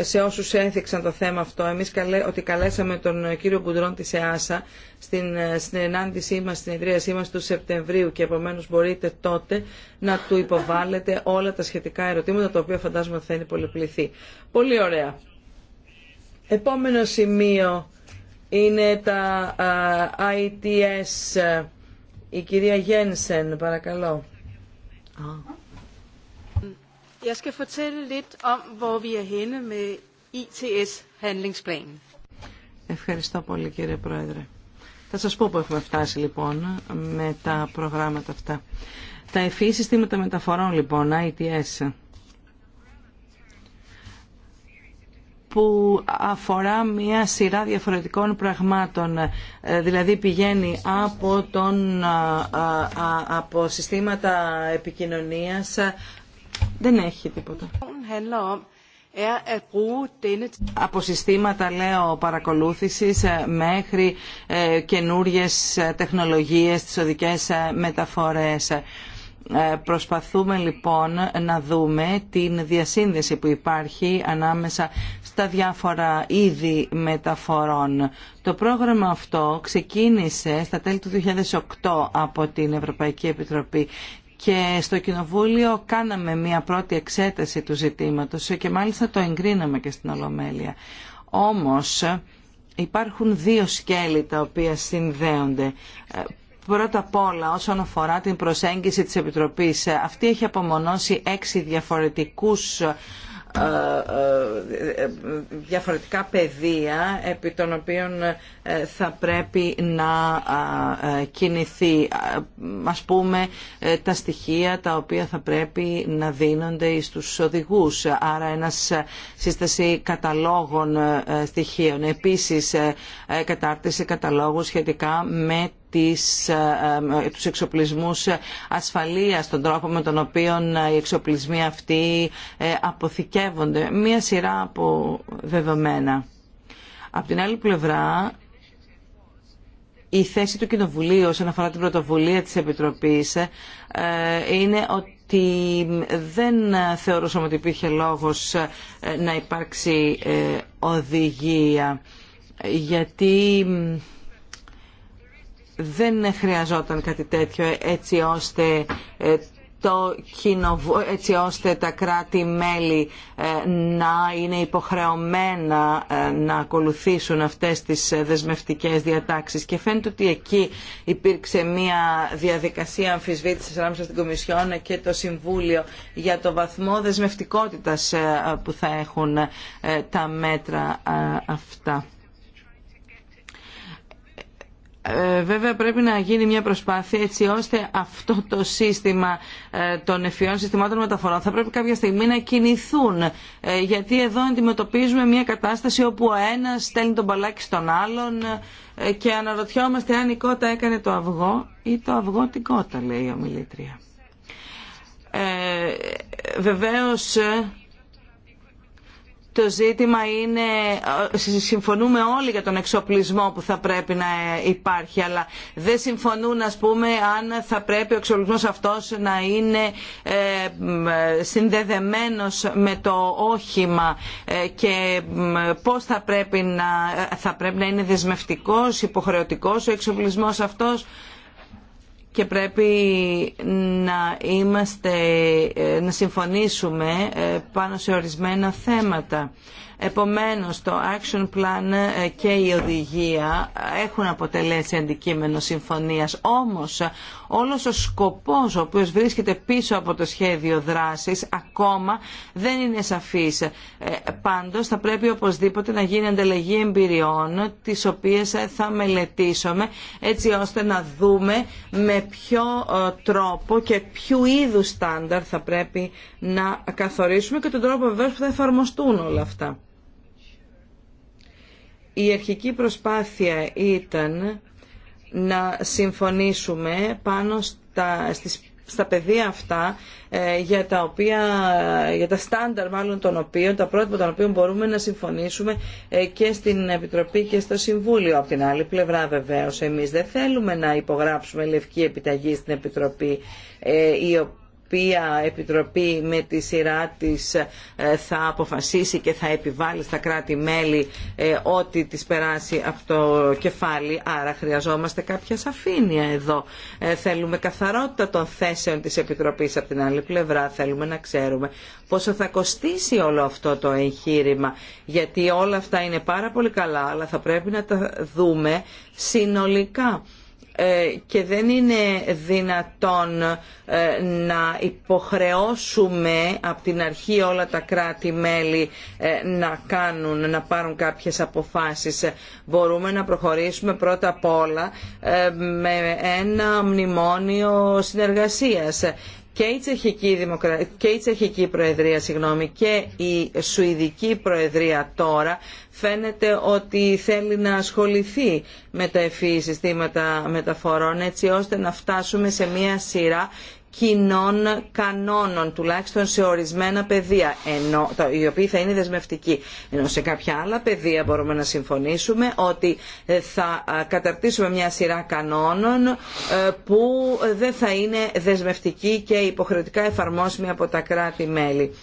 σε όσους ένθιξαν το θέμα αυτό. Εμείς καλέ, ότι καλέσαμε τον κύριο Μπουντρών της ΕΑΣΑ στην ενάντησή μας, στην ιδρύασή μας του Σεπτεμβρίου και επομένως μπορείτε τότε να του υποβάλλετε όλα τα σχετικά ερωτήματα, τα οποία φαντάζομαι θα είναι πολυπληθή. Πολύ ωραία. Επόμενο σημείο είναι τα ITS. Η κυρία Γένσεν, παρακαλώ. Jeg skal fortælle lidt om, hvor vi er henne med ITS-handlingsplanen. Ευχαριστώ πολύ κύριε Πρόεδρε. Θα σας πω που έχουμε φτάσει λοιπόν με τα προγράμματα αυτά. Τα ευφύ e συστήματα μεταφορών λοιπόν, ITS, που αφορά μια σειρά διαφορετικών πραγμάτων. Ε, δηλαδή πηγαίνει από, τον, ε, ε, από συστήματα επικοινωνίας δεν έχει τίποτα. Από συστήματα, λέω, παρακολούθησης ε, μέχρι ε, καινούριες ε, τεχνολογίες στις οδικές μεταφορές. Προσπαθούμε λοιπόν να δούμε την διασύνδεση που υπάρχει ανάμεσα στα διάφορα είδη μεταφορών. Το πρόγραμμα αυτό ξεκίνησε στα τέλη του 2008 από την Ευρωπαϊκή Επιτροπή και στο Κοινοβούλιο κάναμε μια πρώτη εξέταση του ζητήματος και μάλιστα το εγκρίναμε και στην Ολομέλεια. Όμως υπάρχουν δύο σκέλη τα οποία συνδέονται. Ε, πρώτα απ' όλα όσον αφορά την προσέγγιση της Επιτροπής, ε, αυτή έχει απομονώσει έξι διαφορετικούς ε, ε, ε, διαφορετικά πεδία επί των οποίων ε, θα πρέπει να κινηθεί ας πούμε τα στοιχεία τα οποία θα πρέπει να δίνονται στους οδηγούς άρα ένας σύσταση καταλόγων στοιχείων επίσης κατάρτιση καταλόγου σχετικά με τις, ε, ε, τους εξοπλισμούς ασφαλείας, τον τρόπο με τον οποίο ε, οι εξοπλισμοί αυτοί αποθηκεύονται. Μία σειρά από δεδομένα. Απ' την άλλη πλευρά, η θέση του Κοινοβουλίου όσον αφορά την πρωτοβουλία της Επιτροπής είναι ότι δεν θεωρούσαμε ότι υπήρχε λόγος να υπάρξει οδηγία γιατί δεν χρειαζόταν κάτι τέτοιο έτσι ώστε ε, το έτσι ώστε τα κράτη-μέλη ε, να είναι υποχρεωμένα ε, να ακολουθήσουν αυτές τις δεσμευτικές διατάξεις. Και φαίνεται ότι εκεί υπήρξε μια διαδικασία αμφισβήτησης ανάμεσα στην Κομισιόν και το Συμβούλιο για το βαθμό δεσμευτικότητας που θα έχουν τα μέτρα αυτά. Ε, βέβαια πρέπει να γίνει μια προσπάθεια έτσι ώστε αυτό το σύστημα ε, των ευφυών συστημάτων μεταφορών θα πρέπει κάποια στιγμή να κινηθούν ε, γιατί εδώ αντιμετωπίζουμε μια κατάσταση όπου ο ένας στέλνει τον μπαλάκι στον άλλον και αναρωτιόμαστε αν η κότα έκανε το αυγό ή το αυγό την κότα λέει η ομιλήτρια. Ε, βεβαίως το ζήτημα είναι, ε, συμφωνούμε όλοι για τον εξοπλισμό που θα πρέπει να ε, υπάρχει, αλλά δεν συμφωνούν ας πούμε αν θα πρέπει ο εξοπλισμός αυτός να είναι ε, συνδεδεμένος με το όχημα και πώς θα πρέπει να, θα πρέπει να είναι δεσμευτικός, υποχρεωτικός ο εξοπλισμός αυτός και πρέπει να είμαστε, ε, να συμφωνήσουμε ε, πάνω σε ορισμένα θέματα. Επομένως, το action plan ε, και η οδηγία ε, έχουν αποτελέσει αντικείμενο συμφωνίας. Όμως, ε, όλος ο σκοπός ο οποίος βρίσκεται πίσω από το σχέδιο δράσης ακόμα δεν είναι σαφής. Πάντως, θα πρέπει οπωσδήποτε να γίνει ανταλλαγή εμπειριών, τις οποίες θα μελετήσουμε, έτσι ώστε να δούμε με ποιο τρόπο και ποιου είδους στάνταρ θα πρέπει να καθορίσουμε και τον τρόπο βεβαίως που θα εφαρμοστούν όλα αυτά. Η αρχική προσπάθεια ήταν να συμφωνήσουμε πάνω στα, στις στα πεδία αυτά ε, για τα οποία, για τα στάνταρ μάλλον των οποίων, τα πρότυπα των οποίων μπορούμε να συμφωνήσουμε ε, και στην Επιτροπή και στο Συμβούλιο. Από την άλλη πλευρά βεβαίως εμείς δεν θέλουμε να υπογράψουμε λευκή επιταγή στην Επιτροπή ε, η οποία επιτροπή με τη σειρά της ε, θα αποφασίσει και θα επιβάλλει στα κράτη-μέλη ε, ό,τι της περάσει από το κεφάλι. Άρα χρειαζόμαστε κάποια σαφήνεια εδώ. Ε, θέλουμε καθαρότητα των θέσεων της Επιτροπής από την άλλη πλευρά. Θέλουμε να ξέρουμε πόσο θα κοστίσει όλο αυτό το εγχείρημα. Γιατί όλα αυτά είναι πάρα πολύ καλά, αλλά θα πρέπει να τα δούμε συνολικά ε, και δεν είναι δυνατόν ε, να υποχρεώσουμε από την αρχή όλα τα κράτη-μέλη ε, να κάνουν, να πάρουν κάποιες αποφάσεις. Μπορούμε να προχωρήσουμε πρώτα απ' όλα με ένα μνημόνιο συνεργασίας και η Τσεχική, Δημοκρα... η Προεδρία συγγνώμη, και η Σουηδική Προεδρία τώρα φαίνεται ότι θέλει να ασχοληθεί με τα ευφύ συστήματα μεταφορών έτσι ώστε να φτάσουμε σε μια σειρά κοινών κανόνων, τουλάχιστον σε ορισμένα πεδία, ενώ, το, οι οποίοι θα είναι δεσμευτικοί. Ενώ σε κάποια άλλα πεδία μπορούμε να συμφωνήσουμε ότι ε, θα καταρτήσουμε μια σειρά κανόνων ε, που ε, δεν θα είναι δεσμευτικοί και υποχρεωτικά εφαρμόσιμοι από τα κράτη-μέλη.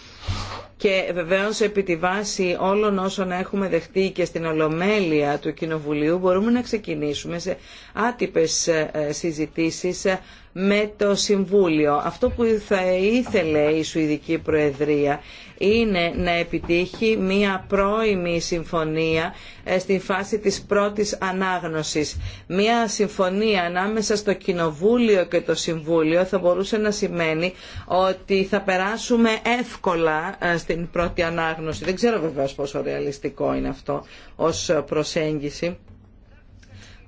Και βεβαίως επί τη βάση όλων όσων έχουμε δεχτεί και στην Ολομέλεια του Κοινοβουλίου μπορούμε να ξεκινήσουμε σε άτυπες συζητήσεις με το Συμβούλιο. Αυτό που θα ήθελε η Σουηδική Προεδρία είναι να επιτύχει μία πρώιμη συμφωνία ε, στην φάση της πρώτης ανάγνωσης. Μία συμφωνία ανάμεσα στο Κοινοβούλιο και το Συμβούλιο θα μπορούσε να σημαίνει ότι θα περάσουμε εύκολα ε, στην πρώτη ανάγνωση. Δεν ξέρω βεβαίως πόσο ρεαλιστικό είναι αυτό ως προσέγγιση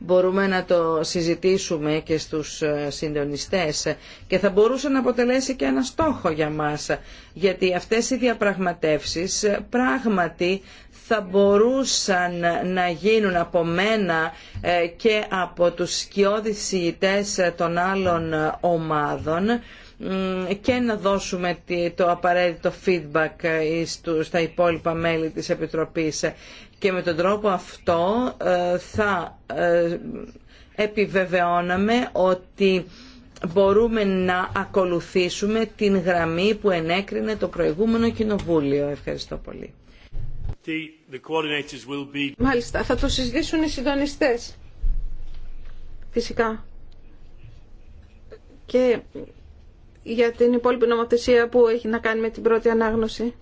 μπορούμε να το συζητήσουμε και στους ε, συντονιστές και θα μπορούσε να αποτελέσει και ένα στόχο για μας γιατί αυτές οι διαπραγματεύσεις ε, πράγματι θα μπορούσαν να γίνουν από μένα ε, και από τους σκιώδεις των άλλων ομάδων και να δώσουμε το απαραίτητο feedback στα υπόλοιπα μέλη της Επιτροπής και με τον τρόπο αυτό ε, θα ε, επιβεβαιώναμε ότι μπορούμε να ακολουθήσουμε την γραμμή που ενέκρινε το προηγούμενο κοινοβούλιο. Ευχαριστώ πολύ. Μάλιστα, θα το συζητήσουν οι συντονιστές. Φυσικά. Και για την υπόλοιπη νομοθεσία που έχει να κάνει με την πρώτη ανάγνωση.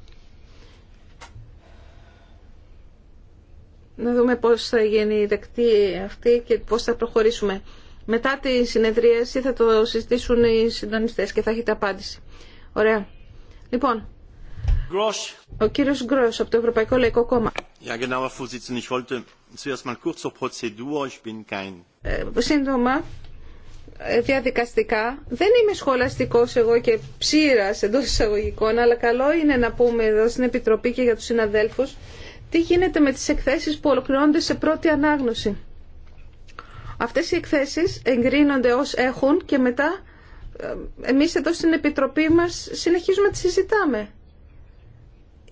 να δούμε πώς θα γίνει η δεκτή αυτή και πώς θα προχωρήσουμε. Μετά τη συνεδρίαση θα το συζητήσουν οι συντονιστές και θα έχετε απάντηση. Ωραία. Λοιπόν, ο κύριος Γκρός από το Ευρωπαϊκό Λαϊκό Κόμμα. Ja, genau, wollte kurz zur Prozedur. Ich bin kein... Ε, σύντομα, ε, διαδικαστικά. Δεν είμαι σχολαστικός εγώ και ψήρας εντός εισαγωγικών, αλλά καλό είναι να πούμε εδώ στην Επιτροπή και για τους συναδέλφους τι γίνεται με τις εκθέσεις που ολοκληρώνονται σε πρώτη ανάγνωση. Αυτές οι εκθέσεις εγκρίνονται ως έχουν και μετά ε, εμείς εδώ στην Επιτροπή μας συνεχίζουμε να τις συζητάμε.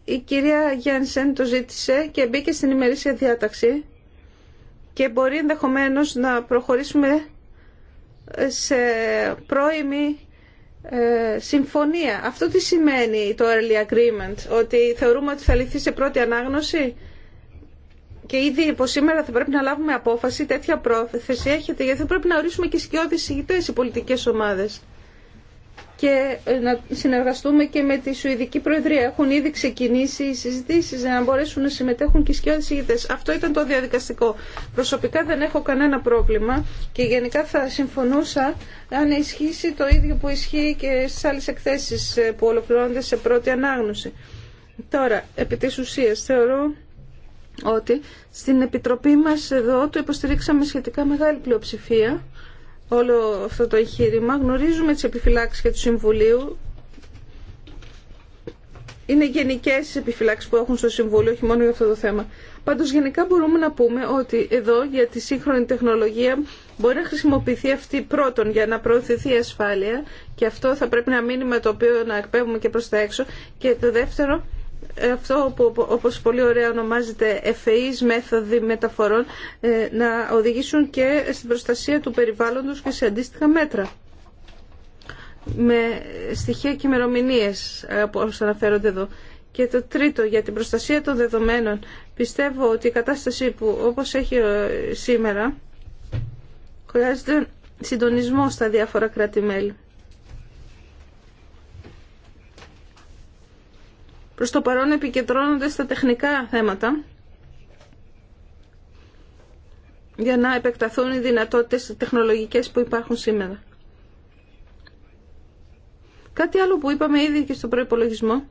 Η κυρία Γιάννησεν το ζήτησε και μπήκε στην ημερήσια διάταξη και μπορεί ενδεχομένως να προχωρήσουμε ε, σε πρώιμη ε, συμφωνία. Αυτό τι σημαίνει το early agreement, ότι θεωρούμε ότι θα λυθεί σε πρώτη ανάγνωση και ήδη από σήμερα θα πρέπει να λάβουμε απόφαση, τέτοια πρόθεση έχετε, γιατί θα πρέπει να ορίσουμε και σκιώδεις ηγητές οι πολιτικές ομάδες και ε, να συνεργαστούμε και με τη Σουηδική Προεδρία. Έχουν ήδη ξεκινήσει οι συζητήσεις για να μπορέσουν να συμμετέχουν και οι σκιώδεις ηγητές. Αυτό ήταν το διαδικαστικό. Προσωπικά δεν έχω κανένα πρόβλημα και γενικά θα συμφωνούσα αν ισχύσει το ίδιο που ισχύει και στις άλλες εκθέσεις ε, που ολοκληρώνονται σε πρώτη ανάγνωση. Τώρα, επί της ουσίας, θεωρώ ότι στην Επιτροπή μας εδώ το υποστηρίξαμε σχετικά μεγάλη πλειοψηφία όλο αυτό το εγχείρημα. Γνωρίζουμε τις επιφυλάξεις και του Συμβουλίου. Είναι γενικές οι επιφυλάξεις που έχουν στο Συμβούλιο, όχι μόνο για αυτό το θέμα. Πάντω, γενικά μπορούμε να πούμε ότι εδώ για τη σύγχρονη τεχνολογία μπορεί να χρησιμοποιηθεί αυτή πρώτον για να προωθηθεί η ασφάλεια και αυτό θα πρέπει να μείνει με το οποίο να εκπέμπουμε και προ τα έξω και το δεύτερο αυτό που όπως πολύ ωραία ονομάζεται ΕΦΕΙΣ μέθοδοι μεταφορών ε, να οδηγήσουν και στην προστασία του περιβάλλοντος και σε αντίστοιχα μέτρα με στοιχεία και ημερομηνίε ε, που αναφέρονται εδώ. Και το τρίτο, για την προστασία των δεδομένων, πιστεύω ότι η κατάσταση που όπως έχει ε, σήμερα χρειάζεται συντονισμό στα διάφορα κράτη-μέλη. Προς το παρόν επικεντρώνονται στα τεχνικά θέματα για να επεκταθούν οι δυνατότητες τεχνολογικές που υπάρχουν σήμερα. Κάτι άλλο που είπαμε ήδη και στον προϋπολογισμό.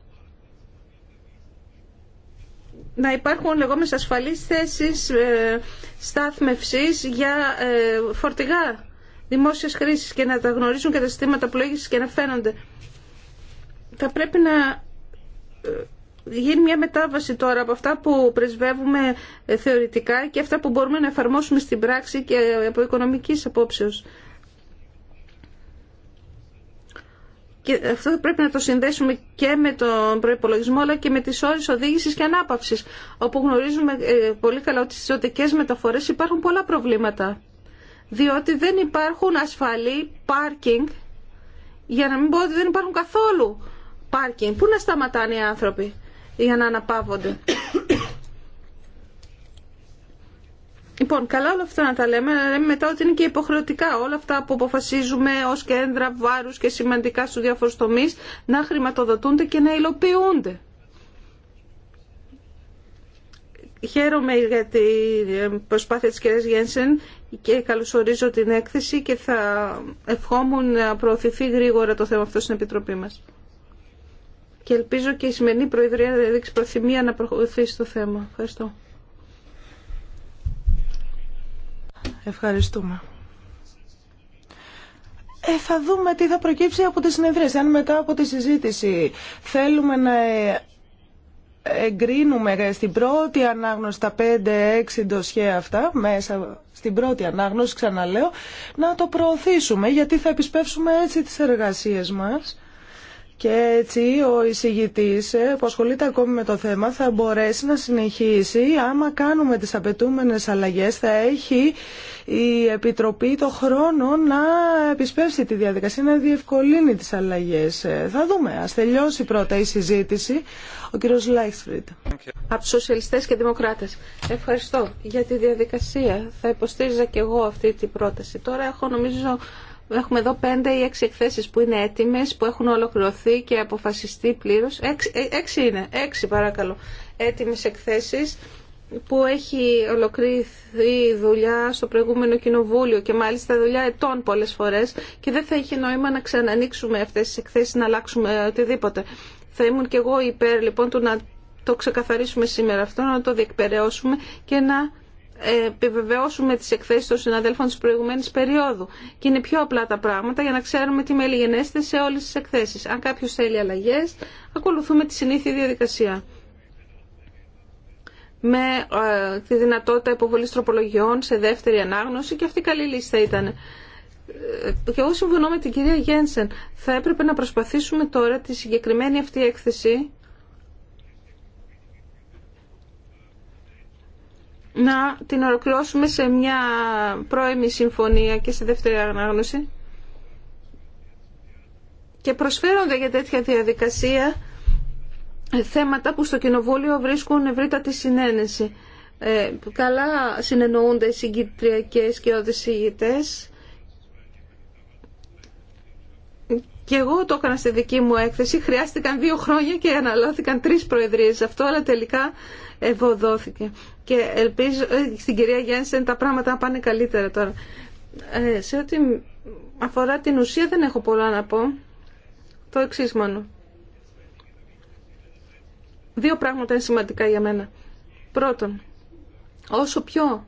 Να υπάρχουν λεγόμενες ασφαλείς θέσεις ε, στάθμευσης για ε, φορτηγά δημόσιας χρήσης και να τα γνωρίζουν και τα συστήματα πλοήγησης και να φαίνονται. Θα πρέπει να ε, γίνει μια μετάβαση τώρα από αυτά που πρεσβεύουμε ε, θεωρητικά και αυτά που μπορούμε να εφαρμόσουμε στην πράξη και από οικονομικής απόψεως. Και αυτό πρέπει να το συνδέσουμε και με τον προπολογισμό αλλά και με τις ώρες οδήγησης και ανάπαυσης όπου γνωρίζουμε ε, πολύ καλά ότι στις ζωτικές μεταφορές υπάρχουν πολλά προβλήματα διότι δεν υπάρχουν ασφαλή πάρκινγκ για να μην πω ότι δεν υπάρχουν καθόλου πάρκινγκ. Πού να σταματάνε οι άνθρωποι για να αναπαύονται. Λοιπόν, καλά όλα αυτά να τα λέμε, αλλά λέμε μετά ότι είναι και υποχρεωτικά όλα αυτά που αποφασίζουμε ω κέντρα βάρου και σημαντικά στου διάφορου τομεί να χρηματοδοτούνται και να υλοποιούνται. Χαίρομαι για την ε, προσπάθεια της κυρίας Γένσεν και καλωσορίζω την έκθεση και θα ευχόμουν να προωθηθεί γρήγορα το θέμα αυτό στην Επιτροπή μας και ελπίζω και η σημερινή Προεδρία να δείξει προθυμία να προχωρήσει στο θέμα. Ευχαριστώ. Ευχαριστούμε. Ε, θα δούμε τι θα προκύψει από τις συνεδρίες... Αν μετά από τη συζήτηση θέλουμε να ε, εγκρίνουμε στην πρώτη ανάγνωση τα 5-6 ντοσιέ αυτά, μέσα στην πρώτη ανάγνωση ξαναλέω, να το προωθήσουμε γιατί θα επισπεύσουμε έτσι τις εργασίες μας. Και έτσι ο εισηγητής ε, που ασχολείται ακόμη με το θέμα θα μπορέσει να συνεχίσει άμα κάνουμε τις απαιτούμενες αλλαγές θα έχει η Επιτροπή το χρόνο να επισπεύσει τη διαδικασία, να διευκολύνει τις αλλαγές. Ε, θα δούμε. Ας τελειώσει πρώτα η συζήτηση. Ο κύριος Λάιχσφριντ. Από τους Σοσιαλιστές και Δημοκράτες. Ευχαριστώ για τη διαδικασία. Θα υποστήριζα και εγώ αυτή την πρόταση. Τώρα έχω νομίζω Έχουμε εδώ πέντε ή έξι εκθέσεις που είναι έτοιμες, που έχουν ολοκληρωθεί και αποφασιστεί πλήρως. Έξι, ε, έξι είναι, έξι παρακαλώ, έτοιμες εκθέσεις που έχει ολοκληρωθεί η δουλειά στο έτοιμε που κοινοβούλιο και αποφασιστει πληρως εξι ειναι δουλειά ετών πολλές φορές και δεν θα είχε νόημα να ξανανοίξουμε αυτές τις εκθέσεις, να αλλάξουμε οτιδήποτε. Θα ήμουν κι εγώ υπέρ λοιπόν του να το ξεκαθαρίσουμε σήμερα αυτό, να το διεκπαιρεώσουμε και να επιβεβαιώσουμε τις εκθέσεις των συναδέλφων της προηγουμένης περίοδου. Και είναι πιο απλά τα πράγματα για να ξέρουμε τι μελιγενέστε σε όλες τις εκθέσεις. Αν κάποιος θέλει αλλαγές, ακολουθούμε τη συνήθεια διαδικασία. Με ε, τη δυνατότητα υποβολής τροπολογιών σε δεύτερη ανάγνωση και αυτή καλή λίστα ήταν. Ε, και εγώ συμφωνώ με την κυρία Γένσεν. Θα έπρεπε να προσπαθήσουμε τώρα τη συγκεκριμένη αυτή έκθεση να την ολοκληρώσουμε σε μια πρώιμη συμφωνία και σε δεύτερη ανάγνωση και προσφέρονται για τέτοια διαδικασία θέματα που στο Κοινοβούλιο βρίσκουν ευρύτατη συνένεση. Ε, καλά συνεννοούνται οι συγκητριακές και οι Και εγώ το έκανα στη δική μου έκθεση. Χρειάστηκαν δύο χρόνια και αναλώθηκαν τρεις προεδρίες αυτό, αλλά τελικά ευωδόθηκε. Και ελπίζω ε, στην κυρία Γιάννησεν τα πράγματα να πάνε καλύτερα τώρα. Ε, σε ό,τι αφορά την ουσία δεν έχω πολλά να πω. Το εξή μόνο. Δύο πράγματα είναι σημαντικά για μένα. Πρώτον, όσο πιο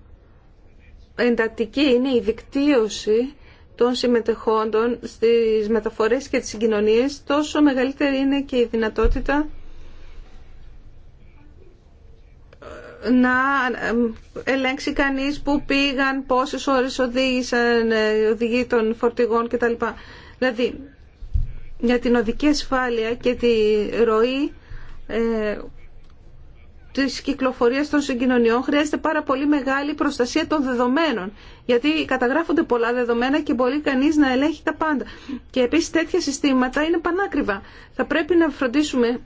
εντατική είναι η δικτύωση των συμμετεχόντων στις μεταφορές και τις συγκοινωνίες, τόσο μεγαλύτερη είναι και η δυνατότητα ε, να ε, ελέγξει κανείς που πήγαν, πόσες ώρες οδήγησαν, ε, οδηγεί των φορτηγών κτλ. Δηλαδή, για την οδική ασφάλεια και τη ροή ε, της κυκλοφορίας των συγκοινωνιών χρειάζεται πάρα πολύ μεγάλη προστασία των δεδομένων γιατί καταγράφονται πολλά δεδομένα και μπορεί κανείς να ελέγχει τα πάντα. Και επίσης τέτοια συστήματα είναι πανάκριβα. Θα πρέπει να φροντίσουμε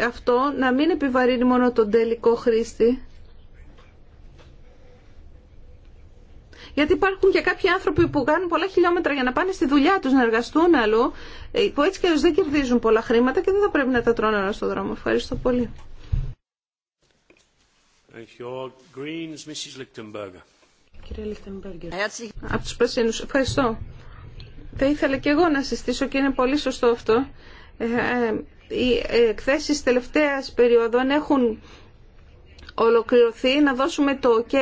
αυτό να μην επιβαρύνει μόνο τον τελικό χρήστη, Γιατί υπάρχουν και κάποιοι άνθρωποι που κάνουν πολλά χιλιόμετρα για να πάνε στη δουλειά τους, να εργαστούν αλλού, που έτσι και δεν κερδίζουν πολλά χρήματα και δεν θα πρέπει να τα τρώνε όλα στον δρόμο. Ευχαριστώ πολύ. Greens, Mrs. Από τους Πρασίνους. Ευχαριστώ. Θα ήθελα και εγώ να συστήσω και είναι πολύ σωστό αυτό. Ε, ε, οι εκθέσεις τελευταίας περίοδων έχουν ολοκληρωθεί, να δώσουμε το ok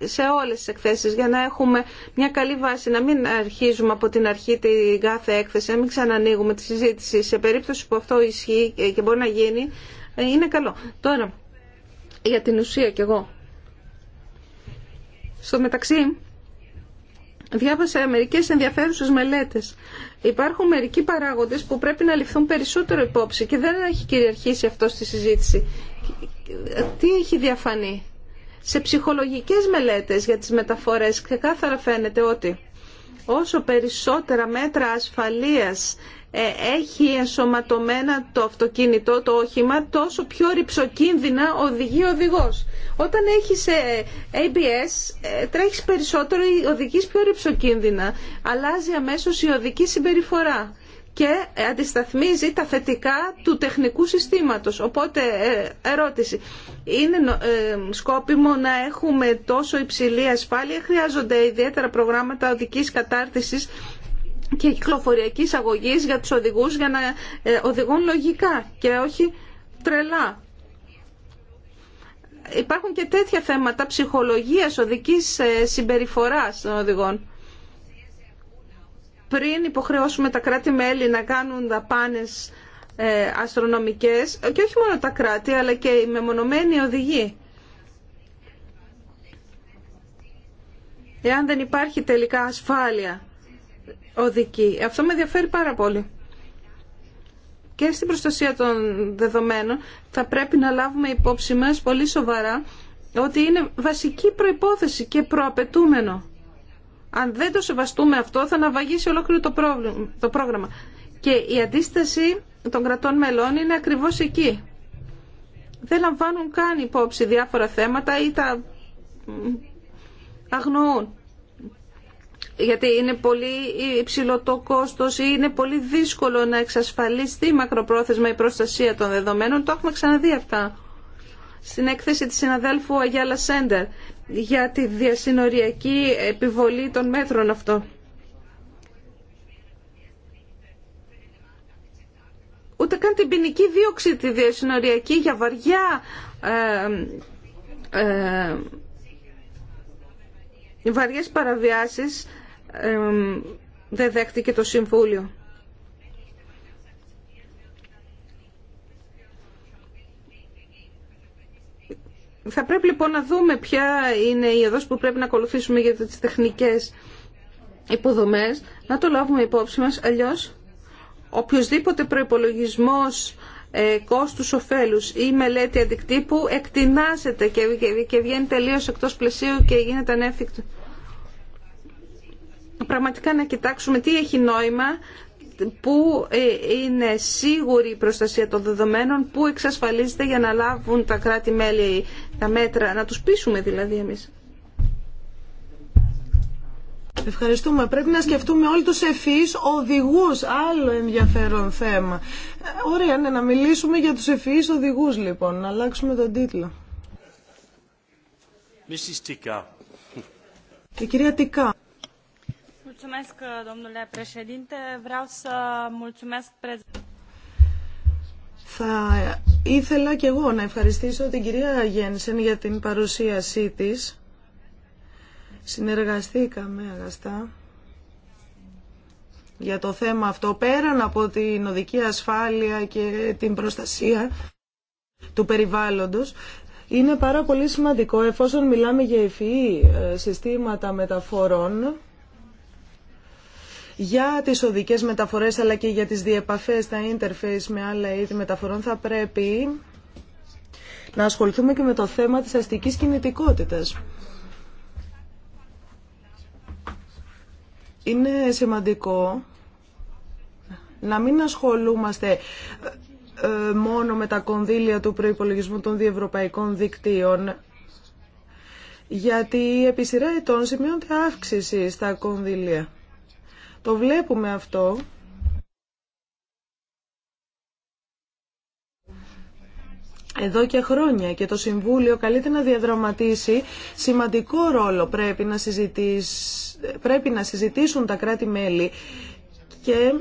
σε όλες τις εκθέσεις για να έχουμε μια καλή βάση, να μην αρχίζουμε από την αρχή την κάθε έκθεση, να μην ξανανοίγουμε τη συζήτηση. Σε περίπτωση που αυτό ισχύει και μπορεί να γίνει, ε, είναι καλό. Τώρα, για την ουσία κι εγώ στο μεταξύ, διάβασα μερικές ενδιαφέρουσες μελέτες. Υπάρχουν μερικοί παράγοντες που πρέπει να ληφθούν περισσότερο υπόψη και δεν έχει κυριαρχήσει αυτό στη συζήτηση. Τι έχει διαφανεί. Σε ψυχολογικές μελέτες για τις μεταφορές ξεκάθαρα φαίνεται ότι όσο περισσότερα μέτρα ασφαλείας ε, έχει ενσωματωμένα το αυτοκίνητο, το όχημα, τόσο πιο ρηψοκίνδυνα οδηγεί ο οδηγός. Όταν έχεις ε, ABS, ε, τρέχεις περισσότερο, οδηγείς πιο ρηψοκίνδυνα. Αλλάζει αμέσως η οδική συμπεριφορά και αντισταθμίζει τα θετικά του τεχνικού συστήματος. Οπότε, ερώτηση, είναι σκόπιμο να έχουμε τόσο υψηλή ασφάλεια, χρειάζονται ιδιαίτερα προγράμματα οδικής κατάρτισης και κυκλοφοριακή αγωγή για τους οδηγούς για να ε, οδηγούν λογικά και όχι τρελά. Υπάρχουν και τέτοια θέματα ψυχολογίας οδικής ε, συμπεριφοράς των οδηγών. Πριν υποχρεώσουμε τα κράτη-μέλη να κάνουν δαπάνες ε, αστρονομικές, και όχι μόνο τα κράτη, αλλά και οι μεμονωμένοι οδηγοί. Εάν δεν υπάρχει τελικά ασφάλεια οδική. Αυτό με ενδιαφέρει πάρα πολύ. Και στην προστασία των δεδομένων θα πρέπει να λάβουμε υπόψη μας πολύ σοβαρά ότι είναι βασική προϋπόθεση και προαπαιτούμενο. Αν δεν το σεβαστούμε αυτό θα αναβαγίσει ολόκληρο το, πρόβλημα, το πρόγραμμα. Και η αντίσταση των κρατών μελών είναι ακριβώς εκεί. Δεν λαμβάνουν καν υπόψη διάφορα θέματα ή τα αγνοούν γιατί είναι πολύ υψηλό το κόστος ή είναι πολύ δύσκολο να εξασφαλιστεί μακροπρόθεσμα η προστασία των δεδομένων. Το έχουμε ξαναδεί αυτά στην έκθεση της συναδέλφου Αγιάλα Σέντερ για τη διασυνοριακή επιβολή των μέτρων αυτών, Ούτε καν την ποινική δίωξη τη διασυνοριακή για βαριά ε, ε, βαριές παραβιάσεις δεν δέχτηκε το Συμβούλιο. Θα πρέπει λοιπόν να δούμε ποια είναι η οδός που πρέπει να ακολουθήσουμε για τις τεχνικές υποδομές, να το λάβουμε υπόψη μας, αλλιώς οποιοδήποτε προϋπολογισμός ε, κόστους ωφέλους ή μελέτη αντικτύπου εκτινάζεται και, και, και βγαίνει τελείως εκτός πλαισίου και γίνεται ανέφικτο πραγματικά να κοιτάξουμε τι έχει νόημα, πού ε, είναι σίγουρη η προστασία των δεδομένων, πού εξασφαλίζεται για να λάβουν τα κράτη-μέλη τα μέτρα, να τους πείσουμε δηλαδή εμείς. Ευχαριστούμε. Πρέπει να σκεφτούμε όλοι τους ευφυείς οδηγούς. Άλλο ενδιαφέρον θέμα. Ωραία, ναι, να μιλήσουμε για τους ευφυείς οδηγούς, λοιπόν. Να αλλάξουμε τον τίτλο. Η κυρία Τικά. Θα ήθελα και εγώ να ευχαριστήσω την κυρία Γένσεν για την παρουσίασή της. Συνεργαστήκαμε αγαστά για το θέμα αυτό, πέραν από την οδική ασφάλεια και την προστασία του περιβάλλοντος. Είναι πάρα πολύ σημαντικό, εφόσον μιλάμε για ευφυή ε, συστήματα μεταφορών, για τις οδικές μεταφορές αλλά και για τις διεπαφέ, τα interface με άλλα είδη μεταφορών θα πρέπει να ασχοληθούμε και με το θέμα της αστικής κινητικότητας. Είναι σημαντικό να μην ασχολούμαστε ε, ε, μόνο με τα κονδύλια του προϋπολογισμού των διευρωπαϊκών δικτύων, γιατί επί σειρά ετών σημειώνεται αύξηση στα κονδύλια. Το βλέπουμε αυτό. εδώ και χρόνια και το Συμβούλιο καλείται να διαδραματίσει σημαντικό ρόλο πρέπει να, πρέπει να συζητήσουν τα κράτη-μέλη και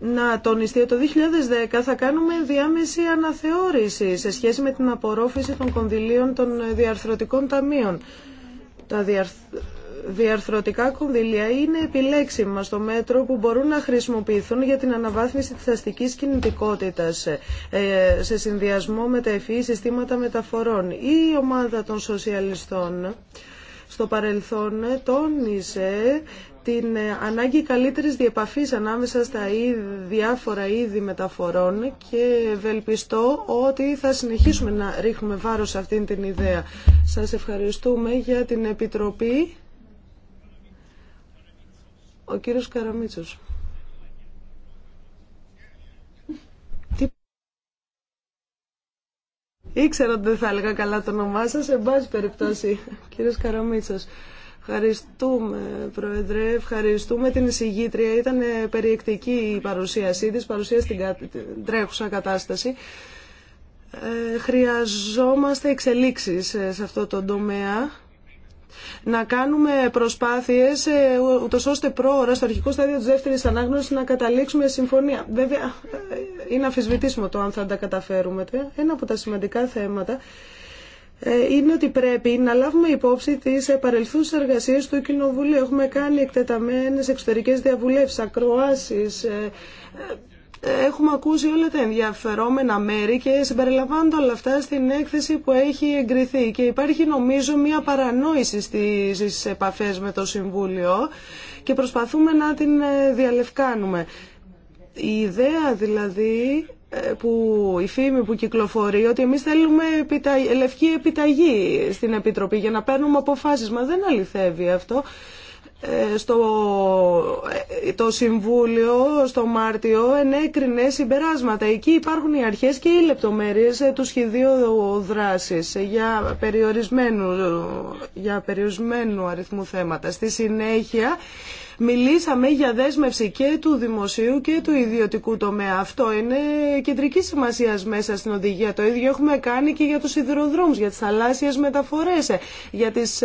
να τονιστεί ότι το 2010 θα κάνουμε διάμεση αναθεώρηση σε σχέση με την απορρόφηση των κονδυλίων των διαρθρωτικών ταμείων. Τα διαρθρωτικά κονδύλια είναι επιλέξιμα στο μέτρο που μπορούν να χρησιμοποιηθούν για την αναβάθμιση της αστικής κινητικότητας ε, σε συνδυασμό με τα ευφυή e, συστήματα μεταφορών. Η ομάδα των σοσιαλιστών στο παρελθόν τόνισε την ε, ανάγκη καλύτερης διεπαφής ανάμεσα στα διάφορα είδη μεταφορών και ευελπιστώ ότι θα συνεχίσουμε να ρίχνουμε βάρος σε αυτήν την ιδέα. Σας ευχαριστούμε για την Επιτροπή. Ο κύριος Καραμίτσος. Ήξερα ότι δεν θα έλεγα καλά το όνομά σα. Εν πάση περιπτώσει, κύριο Καραμίτσος. Ευχαριστούμε, Πρόεδρε. Ευχαριστούμε την εισηγήτρια. Ήταν ε, περιεκτική η παρουσίασή της, Παρουσία την τρέχουσα κατάσταση. Ε, χρειαζόμαστε εξελίξεις ε, σε αυτό το τομέα να κάνουμε προσπάθειες ε, ούτω ώστε πρόωρα στο αρχικό στάδιο τη Δεύτερη ανάγνωση, να καταλήξουμε συμφωνία. Βέβαια ε, είναι αφισβητήσιμο το αν θα τα καταφέρουμε. Ένα από τα σημαντικά θέματα ε, είναι ότι πρέπει να λάβουμε υπόψη τις παρελθούσε εργασίες του Κοινοβουλίου. Έχουμε κάνει εκτεταμένες εξωτερικές διαβουλεύσεις, ακροάσει. Έχουμε ακούσει όλα τα ενδιαφερόμενα μέρη και συμπεριλαμβάνονται όλα αυτά στην έκθεση που έχει εγκριθεί και υπάρχει νομίζω μια παρανόηση στις επαφές με το Συμβούλιο και προσπαθούμε να την ε, διαλευκάνουμε. Η ιδέα δηλαδή ε, που η φήμη που κυκλοφορεί ότι εμείς θέλουμε επιτα... λευκή επιταγή στην Επιτροπή για να παίρνουμε αποφάσεις. Μα δεν αληθεύει αυτό. Ε, στο, ε, το Συμβούλιο στο Μάρτιο ενέκρινε συμπεράσματα. Εκεί υπάρχουν οι αρχές και οι λεπτομέρειες ε, του σχεδίου δράσης για περιορισμένου, για περιορισμένου αριθμού θέματα. Στη συνέχεια μιλήσαμε για δέσμευση και του δημοσίου και του ιδιωτικού τομέα. Αυτό είναι κεντρική σημασία μέσα στην οδηγία. Το ίδιο έχουμε κάνει και για τους σιδηροδρόμους, για τις θαλάσσιες μεταφορές, για τις...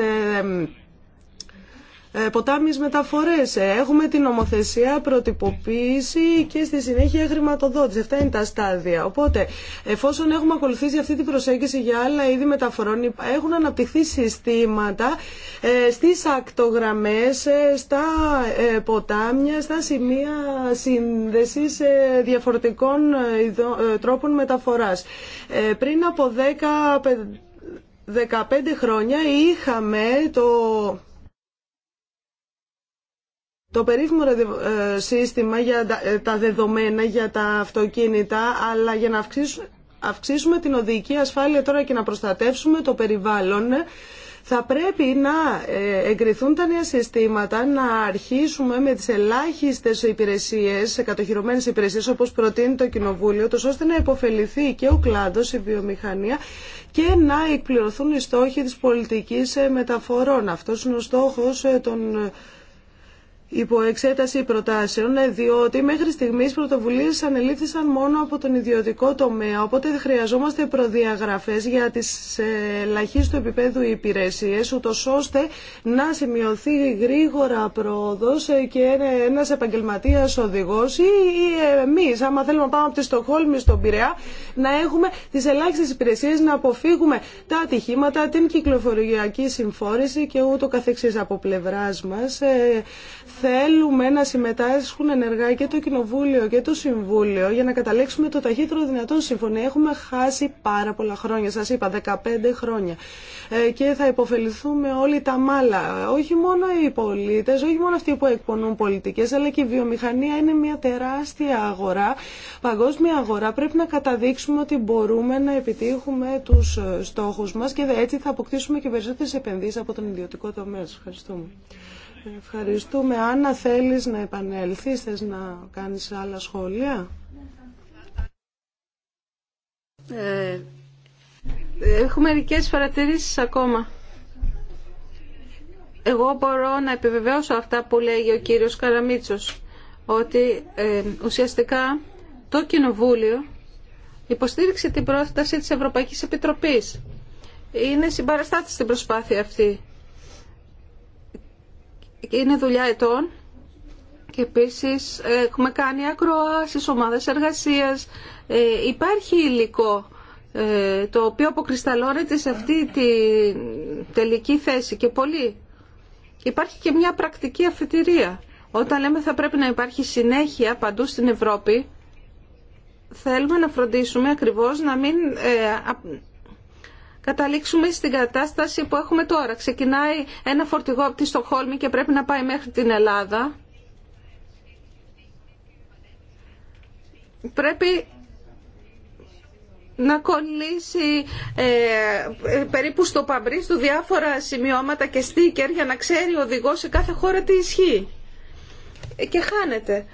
Ε, ποτάμιες μεταφορές. Ε, έχουμε την νομοθεσία, προτυποποίηση και στη συνέχεια χρηματοδότηση. Αυτά είναι τα στάδια. Οπότε, εφόσον έχουμε ακολουθήσει αυτή την προσέγγιση για άλλα είδη μεταφορών, έχουν αναπτυχθεί συστήματα ε, στις ακτογραμμές, στα ποτάμια, στα σημεία σύνδεσης διαφορετικών τρόπων μεταφοράς. Πριν από 10-15 χρόνια είχαμε το το περίφημο ε, σύστημα για ε, τα δεδομένα, για τα αυτοκίνητα, αλλά για να αυξήσουμε την οδική ασφάλεια τώρα και να προστατεύσουμε το περιβάλλον, θα πρέπει να ε, εγκριθούν τα νέα συστήματα, να αρχίσουμε με τις ελάχιστες υπηρεσίες, κατοχυρωμένες υπηρεσίες όπως προτείνει το Κοινοβούλιο, τόσο ώστε να υποφεληθεί και ο κλάδος, η βιομηχανία και να εκπληρωθούν οι στόχοι της πολιτικής μεταφορών. Αυτός είναι ο στόχος των υπό εξέταση προτάσεων, διότι μέχρι στιγμής πρωτοβουλίε ανελήφθησαν μόνο από τον ιδιωτικό τομέα, οπότε χρειαζόμαστε προδιαγραφέ για τις ελαχίστου επίπεδου υπηρεσίε, ούτω ώστε να σημειωθεί γρήγορα πρόοδο και ένα επαγγελματία οδηγό. ή εμείς, άμα θέλουμε να πάμε από τη Στοχόλμη στον Πειραιά, να έχουμε τι ελάχιστες υπηρεσίε, να αποφύγουμε τα ατυχήματα, την κυκλοφοριακή συμφόρηση και ούτω καθεξής από πλευρά μα. Ε, θέλουμε να συμμετάσχουν ενεργά και το Κοινοβούλιο και το Συμβούλιο για να καταλέξουμε το ταχύτερο δυνατόν συμφωνία. Έχουμε χάσει πάρα πολλά χρόνια, σας είπα 15 χρόνια ε, και θα υποφεληθούμε όλοι τα μάλα. Όχι μόνο οι πολίτες, όχι μόνο αυτοί που εκπονούν πολιτικές, αλλά και η βιομηχανία είναι μια τεράστια αγορά, παγκόσμια αγορά. Πρέπει να καταδείξουμε ότι μπορούμε να επιτύχουμε τους ε, στόχους μας και έτσι θα αποκτήσουμε και περισσότερες επενδύσεις από τον ιδιωτικό τομέα. ευχαριστούμε. Ευχαριστούμε. Άννα, θέλεις να επανέλθεις, θες να κάνεις άλλα σχόλια. Ε, έχω μερικές παρατηρήσεις ακόμα. Εγώ μπορώ να επιβεβαιώσω αυτά που λέγει ο κύριος Καραμίτσος, ότι ε, ουσιαστικά το Κοινοβούλιο υποστήριξε την πρόταση της Ευρωπαϊκής Επιτροπής. Είναι συμπαραστάτης στην προσπάθεια αυτή είναι δουλειά ετών και επίση ε, έχουμε κάνει ακροάσεις, ομάδες εργασίας. Ε, υπάρχει υλικό ε, το οποίο αποκρισταλώνεται σε αυτή τη τελική θέση και πολύ. Υπάρχει και μια πρακτική αφετηρία. Όταν λέμε θα πρέπει να υπάρχει συνέχεια παντού στην Ευρώπη, θέλουμε να φροντίσουμε ακριβώς να μην καταλήξουμε στην κατάσταση που έχουμε τώρα. Ξεκινάει ένα φορτηγό από τη Στοχόλμη και πρέπει να πάει μέχρι την Ελλάδα. Πρέπει να κολλήσει ε, περίπου στο Παμπρίστου διάφορα σημειώματα και στίκερ για να ξέρει ο οδηγός σε κάθε χώρα τι ισχύει. Και χάνεται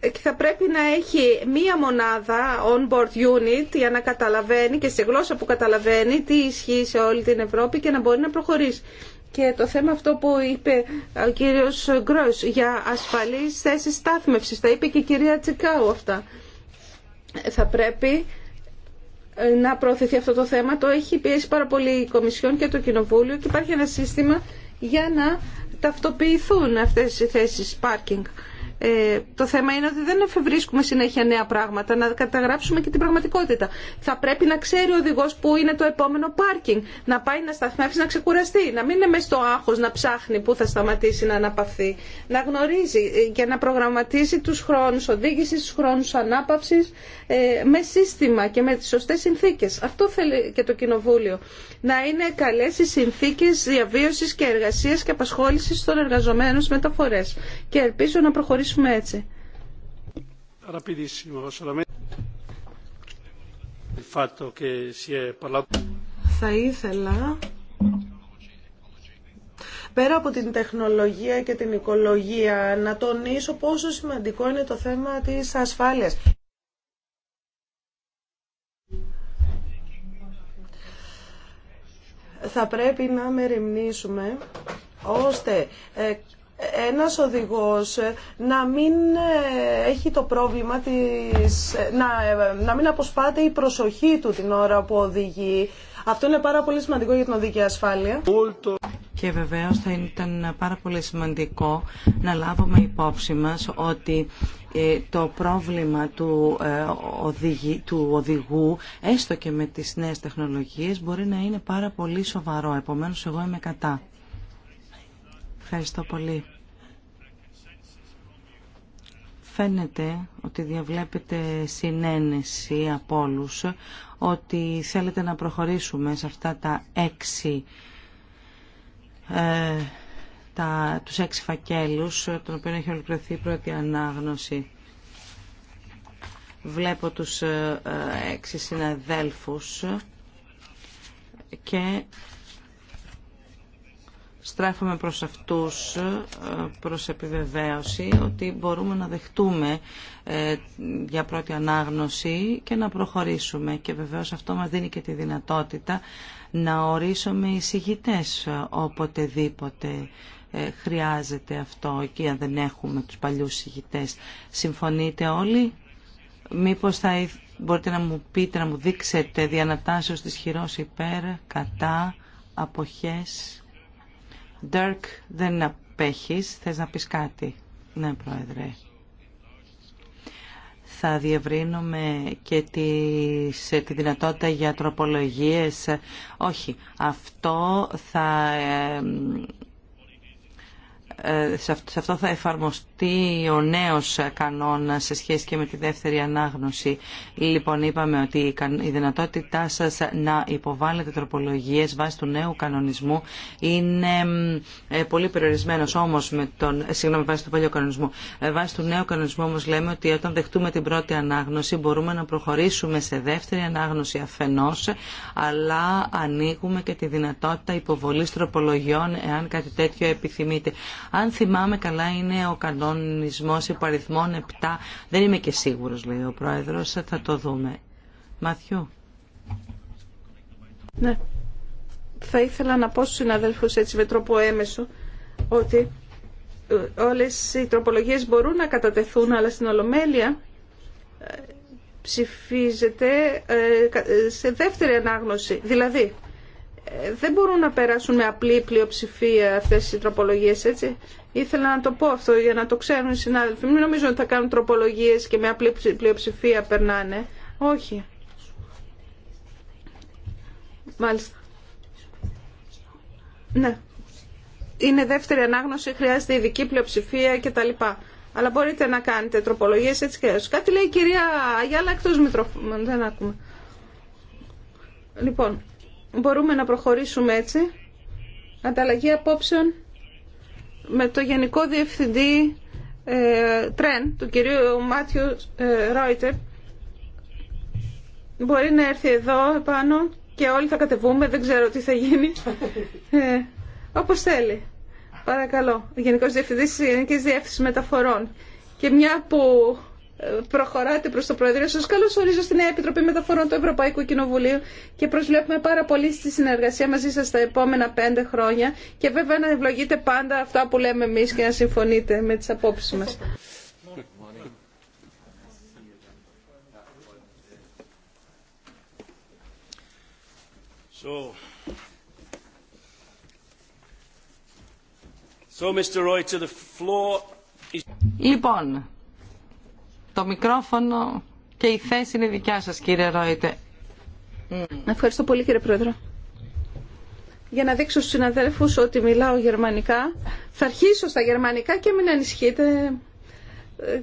και θα πρέπει να έχει μία μονάδα on-board unit για να καταλαβαίνει και σε γλώσσα που καταλαβαίνει τι ισχύει σε όλη την Ευρώπη και να μπορεί να προχωρήσει. Και το θέμα αυτό που είπε ο κύριος Γκρός για ασφαλείς θέσεις στάθμευσης, τα είπε και η κυρία Τσικάου αυτά. Θα πρέπει ε, να προωθηθεί αυτό το θέμα. Το έχει πιέσει πάρα πολύ η Κομισιόν και το Κοινοβούλιο και υπάρχει ένα σύστημα για να ταυτοποιηθούν αυτές οι θέσεις πάρκινγκ. Ε, το θέμα είναι ότι δεν εφευρίσκουμε συνέχεια νέα πράγματα, να καταγράψουμε και την πραγματικότητα. Θα πρέπει να ξέρει ο οδηγό που είναι το επόμενο πάρκινγκ, να πάει να σταθμεύσει, να ξεκουραστεί, να μην είναι μέσα στο άγχο να ψάχνει πού θα σταματήσει να αναπαυθεί, να γνωρίζει ε, και να προγραμματίσει του χρόνου οδήγηση, του χρόνου ανάπαυση ε, με σύστημα και με τι σωστέ συνθήκε. Αυτό θέλει και το Κοινοβούλιο. Να είναι καλέ οι συνθήκε διαβίωση και εργασία και απασχόληση των εργαζομένων μεταφορέ. Και ελπίζω να προχωρήσουμε θα ήθελα πέρα από την τεχνολογία και την οικολογία να τονίσω πόσο σημαντικό είναι το θέμα της ασφάλειας. Θα πρέπει να μεριμνήσουμε ώστε ε, ένας οδηγός να μην ε, έχει το πρόβλημα της, ε, να, ε, να μην αποσπάται η προσοχή του την ώρα που οδηγεί. Αυτό είναι πάρα πολύ σημαντικό για την οδική ασφάλεια. Και βεβαίω θα ήταν πάρα πολύ σημαντικό να λάβουμε υπόψη μα ότι το πρόβλημα του, του οδηγού, έστω και με τις νέες τεχνολογίες, μπορεί να είναι πάρα πολύ σοβαρό. Επομένω, εγώ είμαι κατά. Ευχαριστώ πολύ. Φαίνεται ότι διαβλέπετε συνένεση από όλου ότι θέλετε να προχωρήσουμε σε αυτά τα έξι ε, τα, τους έξι φακέλους των οποίων έχει ολοκληρωθεί η πρώτη ανάγνωση. Βλέπω τους ε, έξι συναδέλφους και στρέφουμε προς αυτούς ε, προς επιβεβαίωση ότι μπορούμε να δεχτούμε ε, για πρώτη ανάγνωση και να προχωρήσουμε και βεβαίως αυτό μας δίνει και τη δυνατότητα να ορίσουμε εισηγητές οποτεδήποτε ε, χρειάζεται αυτό και αν δεν έχουμε τους παλιούς εισηγητές. Συμφωνείτε όλοι? Μήπως θα μπορείτε να μου πείτε, να μου δείξετε διανατάσεις της χειρός υπέρ, κατά, αποχές Ντέρκ, δεν απέχει. Θες να πει κάτι. Ναι, Πρόεδρε. Θα διευρύνουμε και τη δυνατότητα για τροπολογίες. Όχι. Αυτό θα ε, ε, σε αυτό θα εφαρμοστεί ο νέος κανόνα σε σχέση και με τη δεύτερη ανάγνωση. Λοιπόν, είπαμε ότι η δυνατότητά σας να υποβάλλετε τροπολογίες βάσει του νέου κανονισμού είναι ε, πολύ περιορισμένος όμως με τον, ε, συγγνώμη, βάσει του παλιού κανονισμού. Βάσει του νέου κανονισμού όμως λέμε ότι όταν δεχτούμε την πρώτη ανάγνωση μπορούμε να προχωρήσουμε σε δεύτερη ανάγνωση αφενός, αλλά ανοίγουμε και τη δυνατότητα υποβολής τροπολογιών εάν κάτι τέτοιο επιθυμείτε. Αν θυμάμαι καλά είναι ο κανονισμός υπαριθμών 7. Δεν είμαι και σίγουρος λέει ο πρόεδρος. Θα το δούμε. Μαθιού. Ναι. Θα ήθελα να πω στους συναδέλφους έτσι με τρόπο έμεσο ότι ε, όλες οι τροπολογίες μπορούν να κατατεθούν αλλά στην Ολομέλεια ε, ψηφίζεται ε, σε δεύτερη ανάγνωση. Δηλαδή, ε, δεν μπορούν να περάσουν με απλή πλειοψηφία αυτές οι τροπολογίες, έτσι. Ήθελα να το πω αυτό για να το ξέρουν οι συνάδελφοι. Μην νομίζω ότι θα κάνουν τροπολογίες και με απλή πλειοψηφία περνάνε. Όχι. Μάλιστα. Ναι. Είναι δεύτερη ανάγνωση, χρειάζεται ειδική πλειοψηφία κτλ. Αλλά μπορείτε να κάνετε τροπολογίες έτσι και έτσι. Κάτι λέει η κυρία Αγιάλα εκτός Μητροφων. Δεν ακούμε. Λοιπόν, μπορούμε να προχωρήσουμε έτσι. Ανταλλαγή απόψεων με το Γενικό Διευθυντή ε, Τρέν, του κυρίου Μάτιου ε, Ρόιτερ. Μπορεί να έρθει εδώ επάνω και όλοι θα κατεβούμε, δεν ξέρω τι θα γίνει. Ε, όπως θέλει. Παρακαλώ. Γενικός Διευθυντής της Γενικής Διεύθυνσης Μεταφορών. Και μια που προχωράτε προς το Προεδρείο σας. Καλώς ορίζω στην Νέα Επιτροπή Μεταφορών του Ευρωπαϊκού Κοινοβουλίου και προσβλέπουμε πάρα πολύ στη συνεργασία μαζί σας τα επόμενα πέντε χρόνια και βέβαια να ευλογείτε πάντα αυτά που λέμε εμείς και να συμφωνείτε με τις απόψεις μας. So, so Λοιπόν, το μικρόφωνο και η θέση είναι δικιά σας κύριε Ρόιτε. Mm. Ευχαριστώ πολύ κύριε Πρόεδρο. Για να δείξω στους συναδέλφους ότι μιλάω γερμανικά, θα αρχίσω στα γερμανικά και μην ανησυχείτε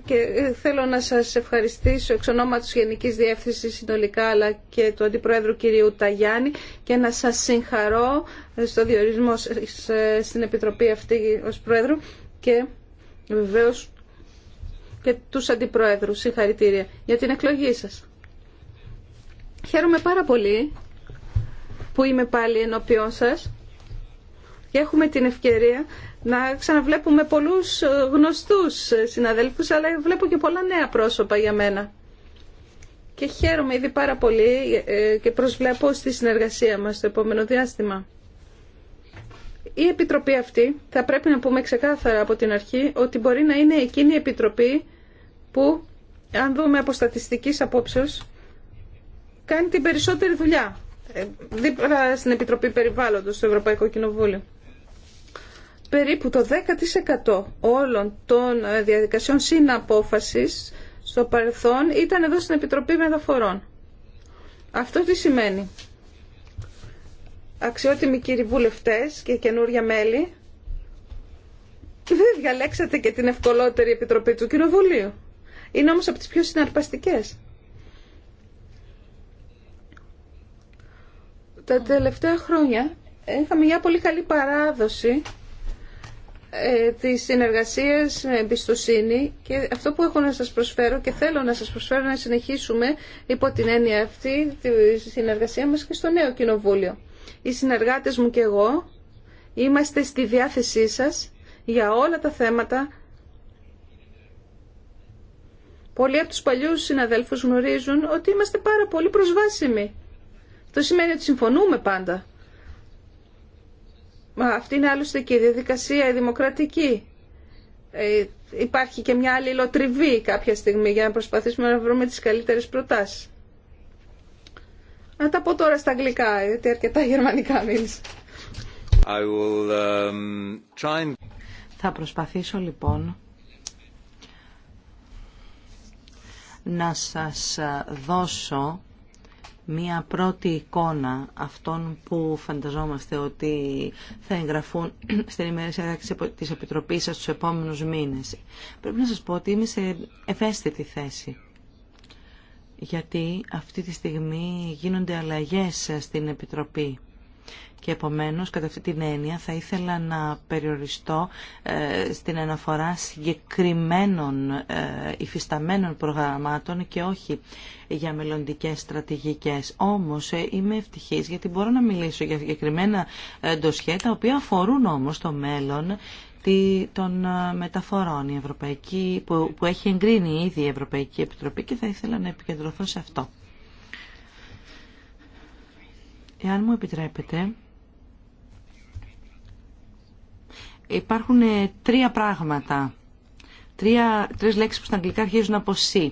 και θέλω να σας ευχαριστήσω εξ ονόματος Γενικής Διεύθυνσης συνολικά αλλά και του Αντιπρόεδρου κυρίου Ταγιάννη και να σας συγχαρώ στο διορισμό στην Επιτροπή αυτή ως Πρόεδρο και βεβαίως και τους αντιπρόεδρους. Συγχαρητήρια για την εκλογή σας. Χαίρομαι πάρα πολύ που είμαι πάλι ενώπιόν σας και έχουμε την ευκαιρία να ξαναβλέπουμε πολλούς ε, γνωστούς ε, συναδέλφους, αλλά βλέπω και πολλά νέα πρόσωπα για μένα. Και χαίρομαι ήδη πάρα πολύ ε, και προσβλέπω στη συνεργασία μας το επόμενο διάστημα. Η Επιτροπή αυτή, θα πρέπει να πούμε ξεκάθαρα από την αρχή, ότι μπορεί να είναι εκείνη η Επιτροπή που, αν δούμε από στατιστικής απόψεως, κάνει την περισσότερη δουλειά ε, δίπλα στην Επιτροπή Περιβάλλοντος του Ευρωπαϊκό Κοινοβούλιο. Περίπου το 10% όλων των ε, διαδικασιών συναπόφασης στο παρελθόν ήταν εδώ στην Επιτροπή Μεταφορών. Αυτό τι σημαίνει. Αξιότιμοι κύριοι βουλευτές και καινούρια μέλη, δεν διαλέξατε και την ευκολότερη Επιτροπή του Κοινοβουλίου. Είναι όμως από τις πιο συναρπαστικές. Τα τελευταία χρόνια είχαμε μια πολύ καλή παράδοση ε, της συνεργασίας με εμπιστοσύνη και αυτό που έχω να σας προσφέρω και θέλω να σας προσφέρω να συνεχίσουμε υπό την έννοια αυτή τη συνεργασία μας και στο νέο κοινοβούλιο. Οι συνεργάτες μου και εγώ είμαστε στη διάθεσή σας για όλα τα θέματα Πολλοί από τους παλιούς συναδέλφους γνωρίζουν ότι είμαστε πάρα πολύ προσβάσιμοι. Αυτό σημαίνει ότι συμφωνούμε πάντα. αυτή είναι άλλωστε και η διαδικασία η δημοκρατική. Ε, υπάρχει και μια άλλη λοτριβή κάποια στιγμή για να προσπαθήσουμε να βρούμε τις καλύτερες προτάσεις. Να τα πω τώρα στα αγγλικά, γιατί αρκετά γερμανικά μίλησα. Um, Θα προσπαθήσω λοιπόν να σας δώσω μία πρώτη εικόνα αυτών που φανταζόμαστε ότι θα εγγραφούν στην ημέρα της Επιτροπής σας τους επόμενους μήνες. Πρέπει να σας πω ότι είμαι σε ευαίσθητη θέση γιατί αυτή τη στιγμή γίνονται αλλαγές στην Επιτροπή και επομένως κατά αυτή την έννοια θα ήθελα να περιοριστώ ε, στην αναφορά συγκεκριμένων ε, υφισταμένων προγραμμάτων και όχι για μελλοντικές στρατηγικές. Όμως ε, είμαι ευτυχής γιατί μπορώ να μιλήσω για συγκεκριμένα ντοσιέ τα οποία αφορούν όμως το μέλλον των μεταφορών η Ευρωπαϊκή, που, που έχει εγκρίνει ήδη η Ευρωπαϊκή Επιτροπή και θα ήθελα να επικεντρωθώ σε αυτό. Εάν μου επιτρέπετε, Υπάρχουν ε, τρία πράγματα, τρία, τρεις λέξεις που στα αγγλικά αρχίζουν από C.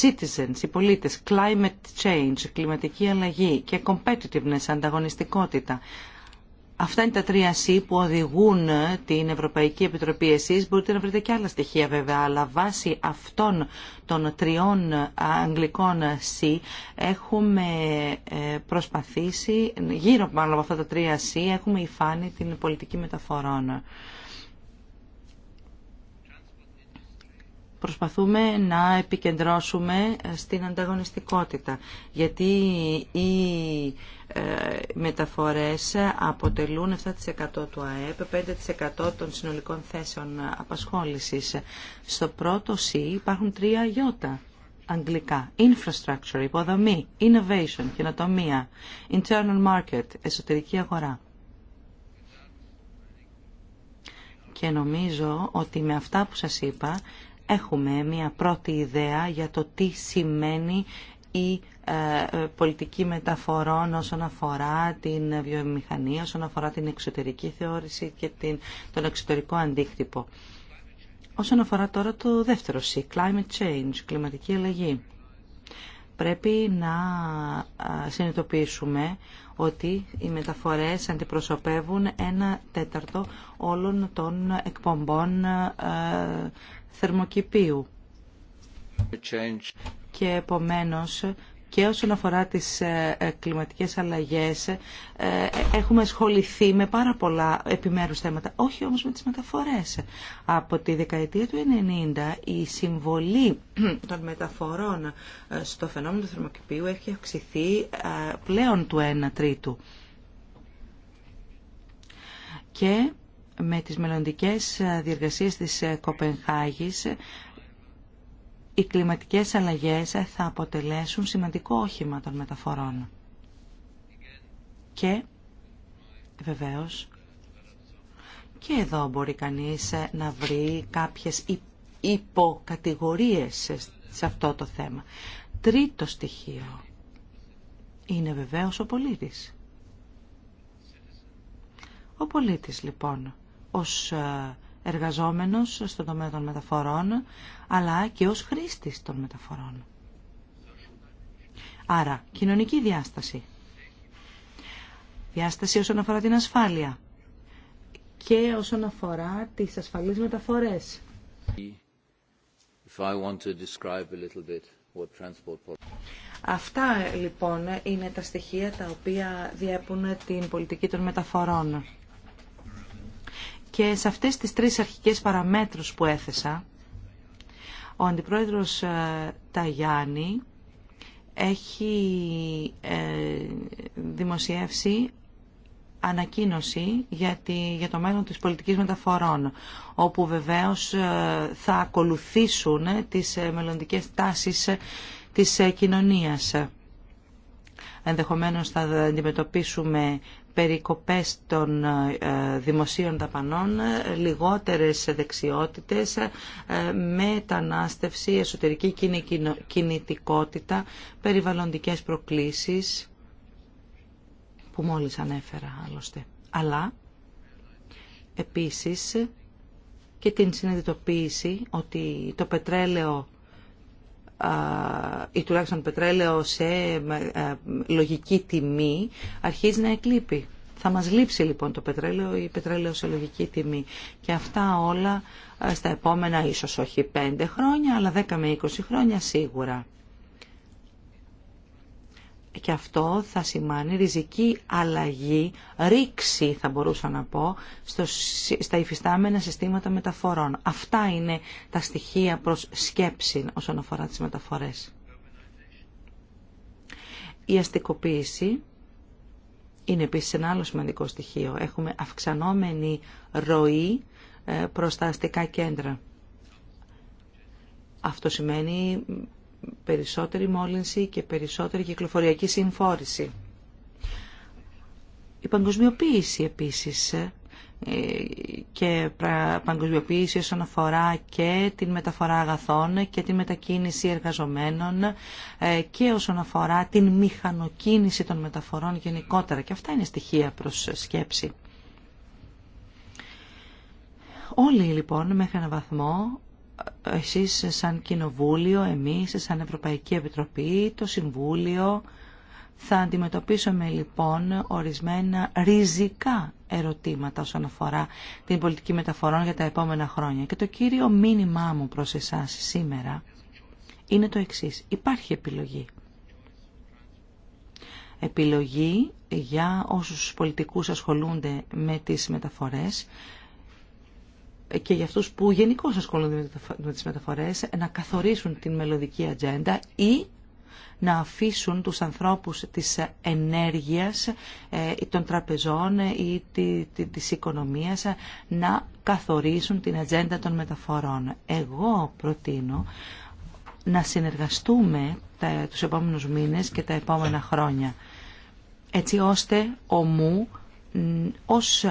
Citizens, οι πολίτες, climate change, κλιματική αλλαγή και competitiveness, ανταγωνιστικότητα. Αυτά είναι τα τρία C που οδηγούν ε, την Ευρωπαϊκή Επιτροπή. Εσείς μπορείτε να βρείτε και άλλα στοιχεία βέβαια, αλλά βάσει αυτών των τριών ε, αγγλικών C έχουμε προσπαθήσει, γύρω από αυτά τα τρία C, έχουμε υφάνει την πολιτική μεταφορών. προσπαθούμε να επικεντρώσουμε στην ανταγωνιστικότητα, γιατί οι ε, μεταφορές αποτελούν 7% του ΑΕΠ, 5% των συνολικών θέσεων απασχόλησης. Στο πρώτο C υπάρχουν τρία Ι. αγγλικά. Infrastructure, υποδομή, innovation, καινοτομία, internal market, εσωτερική αγορά. Και νομίζω ότι με αυτά που σας είπα έχουμε μια πρώτη ιδέα για το τι σημαίνει η ε, ε, πολιτική μεταφορών όσον αφορά την βιομηχανία, όσον αφορά την εξωτερική θεώρηση και την, τον εξωτερικό αντίκτυπο. Όσον αφορά τώρα το δεύτερο C, climate change, κλιματική αλλαγή, πρέπει να ε, συνειδητοποιήσουμε ότι οι μεταφορές αντιπροσωπεύουν ένα τέταρτο όλων των εκπομπών θερμοκηπίου. Και επομένως και όσον αφορά τις ε, ε, κλιματικές αλλαγές ε, έχουμε ασχοληθεί με πάρα πολλά επιμέρους θέματα, όχι όμως με τις μεταφορές. Από τη δεκαετία του 90 η συμβολή των μεταφορών στο φαινόμενο του θερμοκηπίου έχει αυξηθεί πλέον του 1 τρίτου. Και με τις μελλοντικές ε, διεργασίες της ε, Κοπενχάγης οι κλιματικές αλλαγές ε, θα αποτελέσουν σημαντικό όχημα των μεταφορών. Και βεβαίως και εδώ μπορεί κανείς να βρει κάποιες υποκατηγορίες σε αυτό το θέμα. Τρίτο στοιχείο είναι βεβαίως ο πολίτης. Ο πολίτης λοιπόν ως ε, εργαζόμενος στον τομέα των μεταφορών, αλλά και ως χρήστης των μεταφορών. Άρα, κοινωνική διάσταση. Διάσταση όσον αφορά την ασφάλεια και όσον αφορά τις ασφαλείς μεταφορές. Αυτά λοιπόν είναι τα στοιχεία τα οποία διέπουν την πολιτική των μεταφορών. Και σε αυτές τις τρεις αρχικές παραμέτρους που έθεσα, ο Αντιπρόεδρος ε, Ταγιάννη έχει ε, δημοσιεύσει ανακοίνωση για, για το μέλλον της πολιτικής μεταφορών, όπου βεβαίως ε, θα ακολουθήσουν τις μελλοντικές τάσεις της κοινωνίας. Ενδεχομένως θα αντιμετωπίσουμε περικοπές των ε, δημοσίων δαπανών, λιγότερες δεξιότητες, ε, μετανάστευση, εσωτερική κινητικότητα, περιβαλλοντικές προκλήσεις, που μόλις ανέφερα άλλωστε. Αλλά, επίσης, και την συνειδητοποίηση ότι το πετρέλαιο ή τουλάχιστον πετρέλαιο σε λογική τιμή αρχίζει να εκλείπει. Θα μας λείψει λοιπόν το πετρέλαιο ή πετρέλαιο σε λογική τιμή. Και αυτά όλα στα επόμενα ίσως όχι 5 χρόνια αλλά 10 με 20 χρόνια σίγουρα και αυτό θα σημάνει ριζική αλλαγή, ρήξη θα μπορούσα να πω, στο, στα υφιστάμενα συστήματα μεταφορών. Αυτά είναι τα στοιχεία προς σκέψη όσον αφορά τις μεταφορές. Η αστικοποίηση είναι επίσης ένα άλλο σημαντικό στοιχείο. Έχουμε αυξανόμενη ροή ε, προς τα αστικά κέντρα. Αυτό σημαίνει περισσότερη μόλυνση και περισσότερη κυκλοφοριακή συμφόρηση. Η παγκοσμιοποίηση επίσης ε, και παγκοσμιοποίηση όσον αφορά και την μεταφορά αγαθών και τη μετακίνηση εργαζομένων ε, και όσον αφορά την μηχανοκίνηση των μεταφορών γενικότερα. Και αυτά είναι στοιχεία προς σκέψη. Όλοι λοιπόν μέχρι ένα βαθμό εσείς σαν Κοινοβούλιο, εμείς σαν Ευρωπαϊκή Επιτροπή, το Συμβούλιο, θα αντιμετωπίσουμε λοιπόν ορισμένα ριζικά ερωτήματα όσον αφορά την πολιτική μεταφορών για τα επόμενα χρόνια. Και το κύριο μήνυμά μου προς εσάς σήμερα είναι το εξής. Υπάρχει επιλογή. Επιλογή για όσους πολιτικούς ασχολούνται με τις μεταφορές και για αυτούς που γενικώ ασχολούνται με τις μεταφορές να καθορίσουν την μελλοντική ατζέντα ή να αφήσουν τους ανθρώπους της ενέργειας, ε, των τραπεζών ε, ή της οικονομίας ε, να καθορίσουν την ατζέντα των μεταφορών. Εγώ προτείνω να συνεργαστούμε τους επόμενους μήνες και τα επόμενα χρόνια, έτσι ώστε ο ομού ως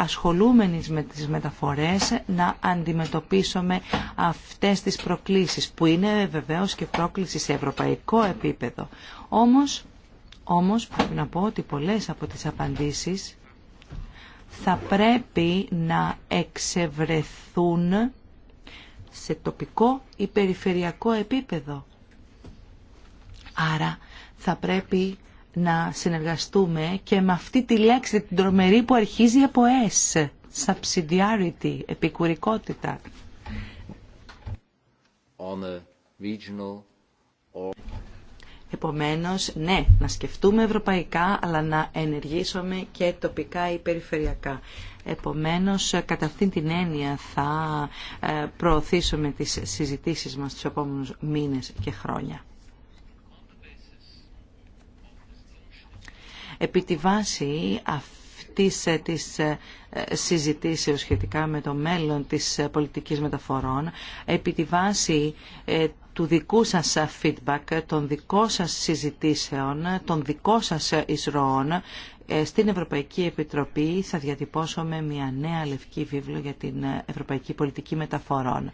ασχολούμενοι με τις μεταφορές να αντιμετωπίσουμε αυτές τις προκλήσεις που είναι βεβαίως και πρόκληση σε ευρωπαϊκό επίπεδο. Όμως, όμως πρέπει να πω ότι πολλές από τις απαντήσεις θα πρέπει να εξευρεθούν σε τοπικό ή περιφερειακό επίπεδο. Άρα θα πρέπει να συνεργαστούμε και με αυτή τη λέξη την τρομερή που αρχίζει από S, subsidiarity, επικουρικότητα. On regional Επομένως, ναι, να σκεφτούμε ευρωπαϊκά, αλλά να ενεργήσουμε και τοπικά ή περιφερειακά. Επομένως, κατά αυτήν την έννοια θα ε, προωθήσουμε τις συζητήσεις μας τους επόμενους μήνες και χρόνια. Επί τη βάση αυτής ε, της ε, συζητήσεως σχετικά με το μέλλον της ε, πολιτικής μεταφορών, επί τη βάση του δικού σας feedback, των δικών σας συζητήσεων, των δικών σας εισρωών, στην Ευρωπαϊκή Επιτροπή θα διατυπώσουμε μια νέα λευκή βίβλο για την Ευρωπαϊκή Πολιτική Μεταφορών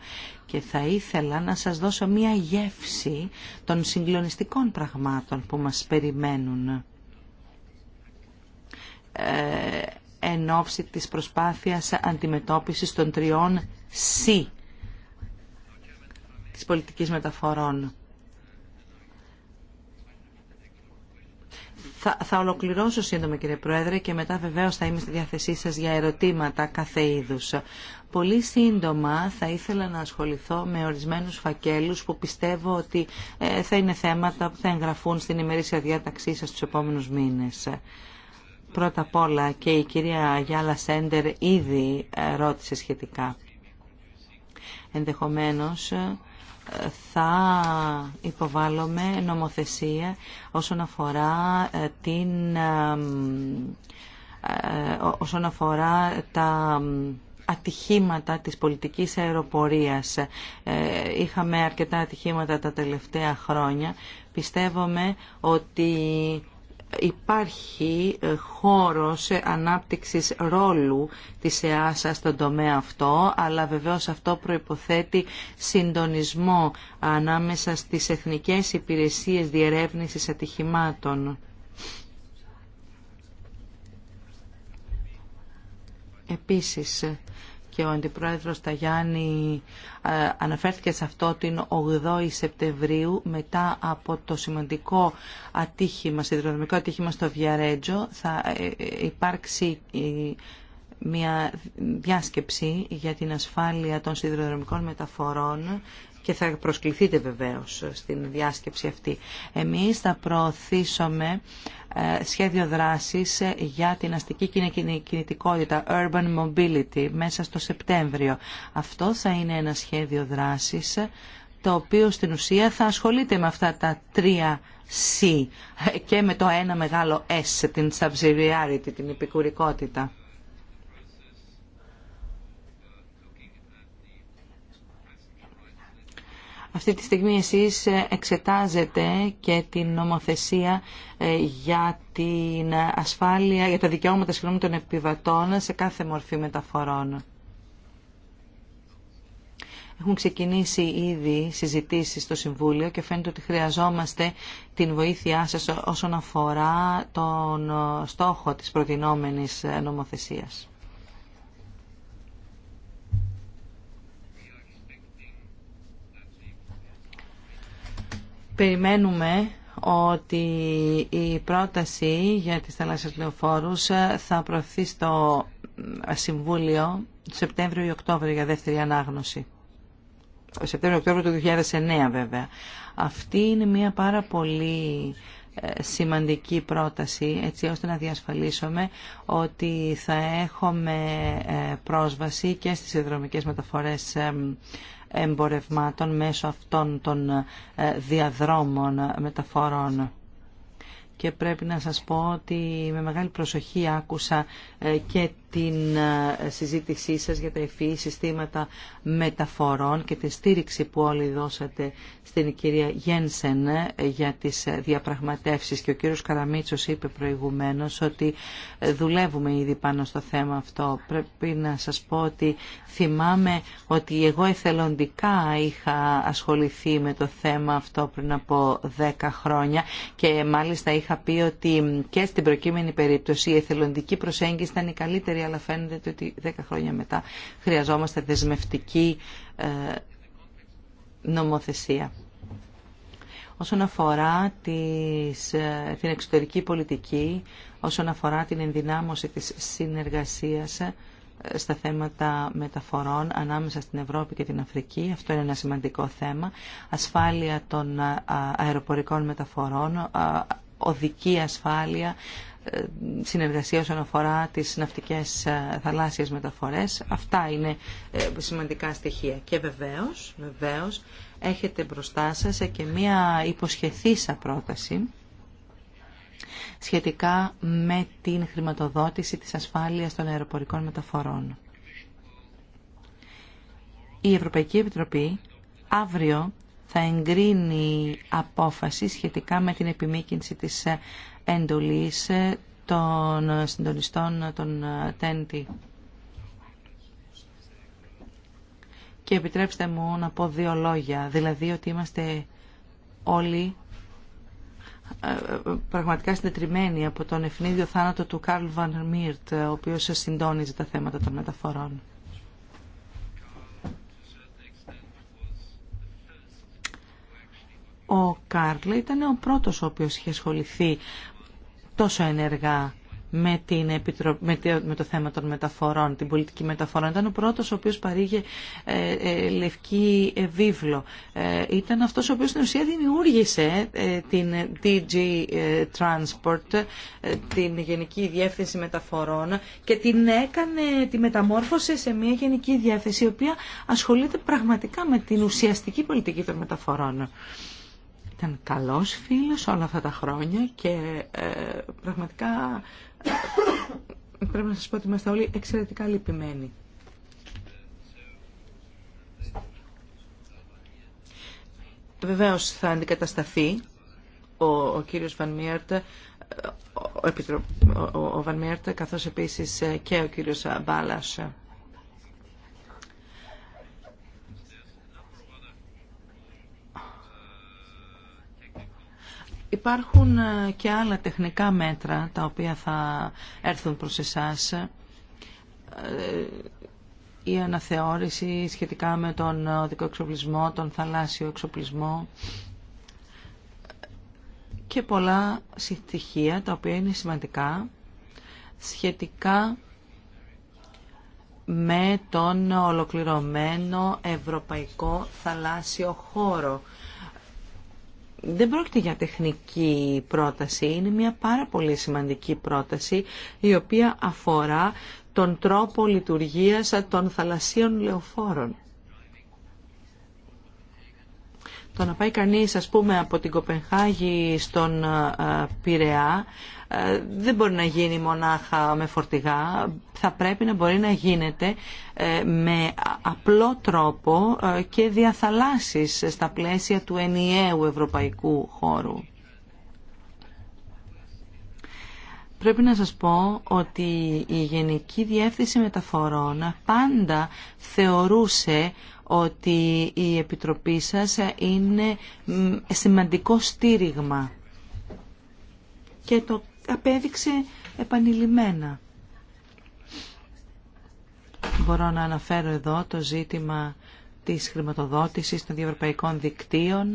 και θα ήθελα να σας δώσω μια γεύση των συγκλονιστικών πραγμάτων που μας περιμένουν ε, εν ώψη της προσπάθειας αντιμετώπισης των τριών C της πολιτικής μεταφορών. Θα, θα ολοκληρώσω σύντομα κύριε Πρόεδρε και μετά βεβαίως θα είμαι στη διάθεσή σας για ερωτήματα κάθε είδους. Πολύ σύντομα θα ήθελα να ασχοληθώ με ορισμένους φακέλους που πιστεύω ότι ε, θα είναι θέματα που θα εγγραφούν στην ημερήσια διάταξή σας τους επόμενους μήνες. Πρώτα απ' όλα και η κυρία Γιάλα Σέντερ ήδη ε, ρώτησε σχετικά. Ενδεχομένως ε, θα υποβάλλουμε νομοθεσία όσον αφορά ε, την όσον αφορά τα ατυχήματα της πολιτικής αεροπορίας. Είχαμε αρκετά ατυχήματα τα τελευταία χρόνια. Πιστεύουμε ότι υπάρχει ε, χώρος ανάπτυξης ρόλου της ΕΑΣΑ στον τομέα αυτό, αλλά βεβαίως αυτό προϋποθέτει συντονισμό ανάμεσα στις εθνικές υπηρεσίες διερεύνησης ατυχημάτων. Επίσης, και ο Αντιπρόεδρος Ταγιάννη ε, αναφέρθηκε σε αυτό την 8η Σεπτεμβρίου μετά από το σημαντικό ατύχημα, συνδρομικό ατύχημα στο Βιαρέτζο θα ε, ε, υπάρξει μια διάσκεψη για την ασφάλεια των σιδηροδρομικών μεταφορών και θα προσκληθείτε βεβαίως στην διάσκεψη αυτή. Εμείς θα προωθήσουμε ε, σχέδιο δράσης ε, για την αστική κινητικότητα, urban mobility, μέσα στο Σεπτέμβριο. Αυτό θα είναι ένα σχέδιο δράσης ε, το οποίο στην ουσία θα ασχολείται με αυτά τα τρία C και με το ένα μεγάλο S, την subsidiarity, την επικουρικότητα. Αυτή τη στιγμή εσείς εξετάζετε και την νομοθεσία ε, για την ασφάλεια, για τα δικαιώματα συγγνώμη, των επιβατών σε κάθε μορφή μεταφορών. Έχουν ξεκινήσει ήδη συζητήσεις στο Συμβούλιο και φαίνεται ότι χρειαζόμαστε την βοήθειά σας όσον αφορά τον ε, στόχο της προτινόμενης ε, νομοθεσίας. Περιμένουμε ότι η πρόταση για τις θαλάσσιες λεωφόρους θα προωθεί στο Συμβούλιο Σεπτέμβριο ή Οκτώβριο για δεύτερη ανάγνωση. Σεπτέμβριο-Οκτώβριο του 2009 βέβαια. Αυτή είναι μια πάρα πολύ ε, σημαντική πρόταση έτσι ώστε να διασφαλίσουμε ότι θα έχουμε ε, πρόσβαση και στις συνδρομικές μεταφορές ε, εμπορευμάτων μέσω αυτών των ε, διαδρόμων ε, μεταφορών. Και πρέπει να σας πω ότι με μεγάλη προσοχή άκουσα ε, και την ε, συζήτησή σας για τα ευφυή συστήματα μεταφορών και τη στήριξη που όλοι δώσατε στην κυρία Γένσεν ε, για τις διαπραγματεύσεις και ο κύριος Καραμίτσος είπε προηγουμένως ότι ε, δουλεύουμε ήδη πάνω στο θέμα αυτό. Πρέπει να σας πω ότι θυμάμαι ότι εγώ εθελοντικά είχα ασχοληθεί με το θέμα αυτό πριν από 10 χρόνια και μάλιστα είχα πει ότι και στην προκείμενη περίπτωση η εθελοντική προσέγγιση ήταν η καλύτερη αλλά φαίνεται ότι 10 χρόνια μετά χρειαζόμαστε δεσμευτική ε, νομοθεσία. Όσον αφορά τις, ε, την εξωτερική πολιτική, όσον αφορά την ενδυνάμωση της συνεργασίας ε, στα θέματα μεταφορών ανάμεσα στην Ευρώπη και την Αφρική. Αυτό είναι ένα σημαντικό θέμα. Ασφάλεια των αεροπορικών μεταφορών, οδική ασφάλεια, ε, συνεργασία όσον αφορά τις ναυτικές ε, θαλάσσιες μεταφορές. Αυτά είναι ε, σημαντικά στοιχεία. Και βεβαίως, βεβαίως έχετε μπροστά σας και μία υποσχεθήσα πρόταση σχετικά με την χρηματοδότηση της ασφάλειας των αεροπορικών μεταφορών. Η Ευρωπαϊκή Επιτροπή αύριο θα εγκρίνει απόφαση σχετικά με την επιμήκυνση της εντολής των συντονιστών των ΤΕΝΤΗ. Και επιτρέψτε μου να πω δύο λόγια, δηλαδή ότι είμαστε όλοι ε, πραγματικά συντετριμένοι από τον ευνίδιο θάνατο του Καρλ Βαν ο οποίος συντόνιζε τα θέματα των μεταφορών. Ο Κάρλ ήταν ο πρώτος ο οποίος είχε ασχοληθεί τόσο ενεργά με, την επιτρο... με, το... θέμα των μεταφορών, την πολιτική μεταφορών. Ήταν ο πρώτος ο οποίος παρήγε ε, ε, λευκή ε, βίβλο. ήταν αυτός ο οποίος στην ουσία δημιούργησε ε, την DG Transport, την Γενική Διεύθυνση Μεταφορών και την έκανε, τη μεταμόρφωσε σε μια Γενική Διεύθυνση η οποία ασχολείται πραγματικά με την ουσιαστική πολιτική των μεταφορών. Ήταν καλός φίλος όλα αυτά τα χρόνια και ε, πραγματικά ε, πρέπει να σας πω ότι είμαστε όλοι εξαιρετικά λυπημένοι. Βεβαίως θα αντικατασταθεί ο, ο κύριος Βαν ε, ο, ο, ο Βαν καθώς επίσης και ο κύριος Μπάλας. Υπάρχουν ε, και άλλα τεχνικά μέτρα τα οποία θα έρθουν προς εσάς. Ε, η αναθεώρηση σχετικά με τον οδικό εξοπλισμό, τον θαλάσσιο εξοπλισμό και πολλά στοιχεία τα οποία είναι σημαντικά σχετικά με τον ολοκληρωμένο ευρωπαϊκό θαλάσσιο χώρο δεν πρόκειται για τεχνική πρόταση, είναι μια πάρα πολύ σημαντική πρόταση η οποία αφορά τον τρόπο λειτουργίας των θαλασσίων λεωφόρων. Το να πάει κανείς, ας πούμε, από την Κοπενχάγη στον ε, Πειραιά ε, δεν μπορεί να γίνει μονάχα με φορτηγά. Θα πρέπει να μπορεί να γίνεται ε, με απλό τρόπο και διαθαλάσσεις στα πλαίσια του ενιαίου ευρωπαϊκού χώρου. Πρέπει να σας πω ότι η Γενική Διεύθυνση Μεταφορών πάντα θεωρούσε ότι η Επιτροπή σας είναι σημαντικό στήριγμα και το απέδειξε επανειλημμένα. Μπορώ να αναφέρω εδώ το ζήτημα της χρηματοδότησης των διευρωπαϊκών δικτύων.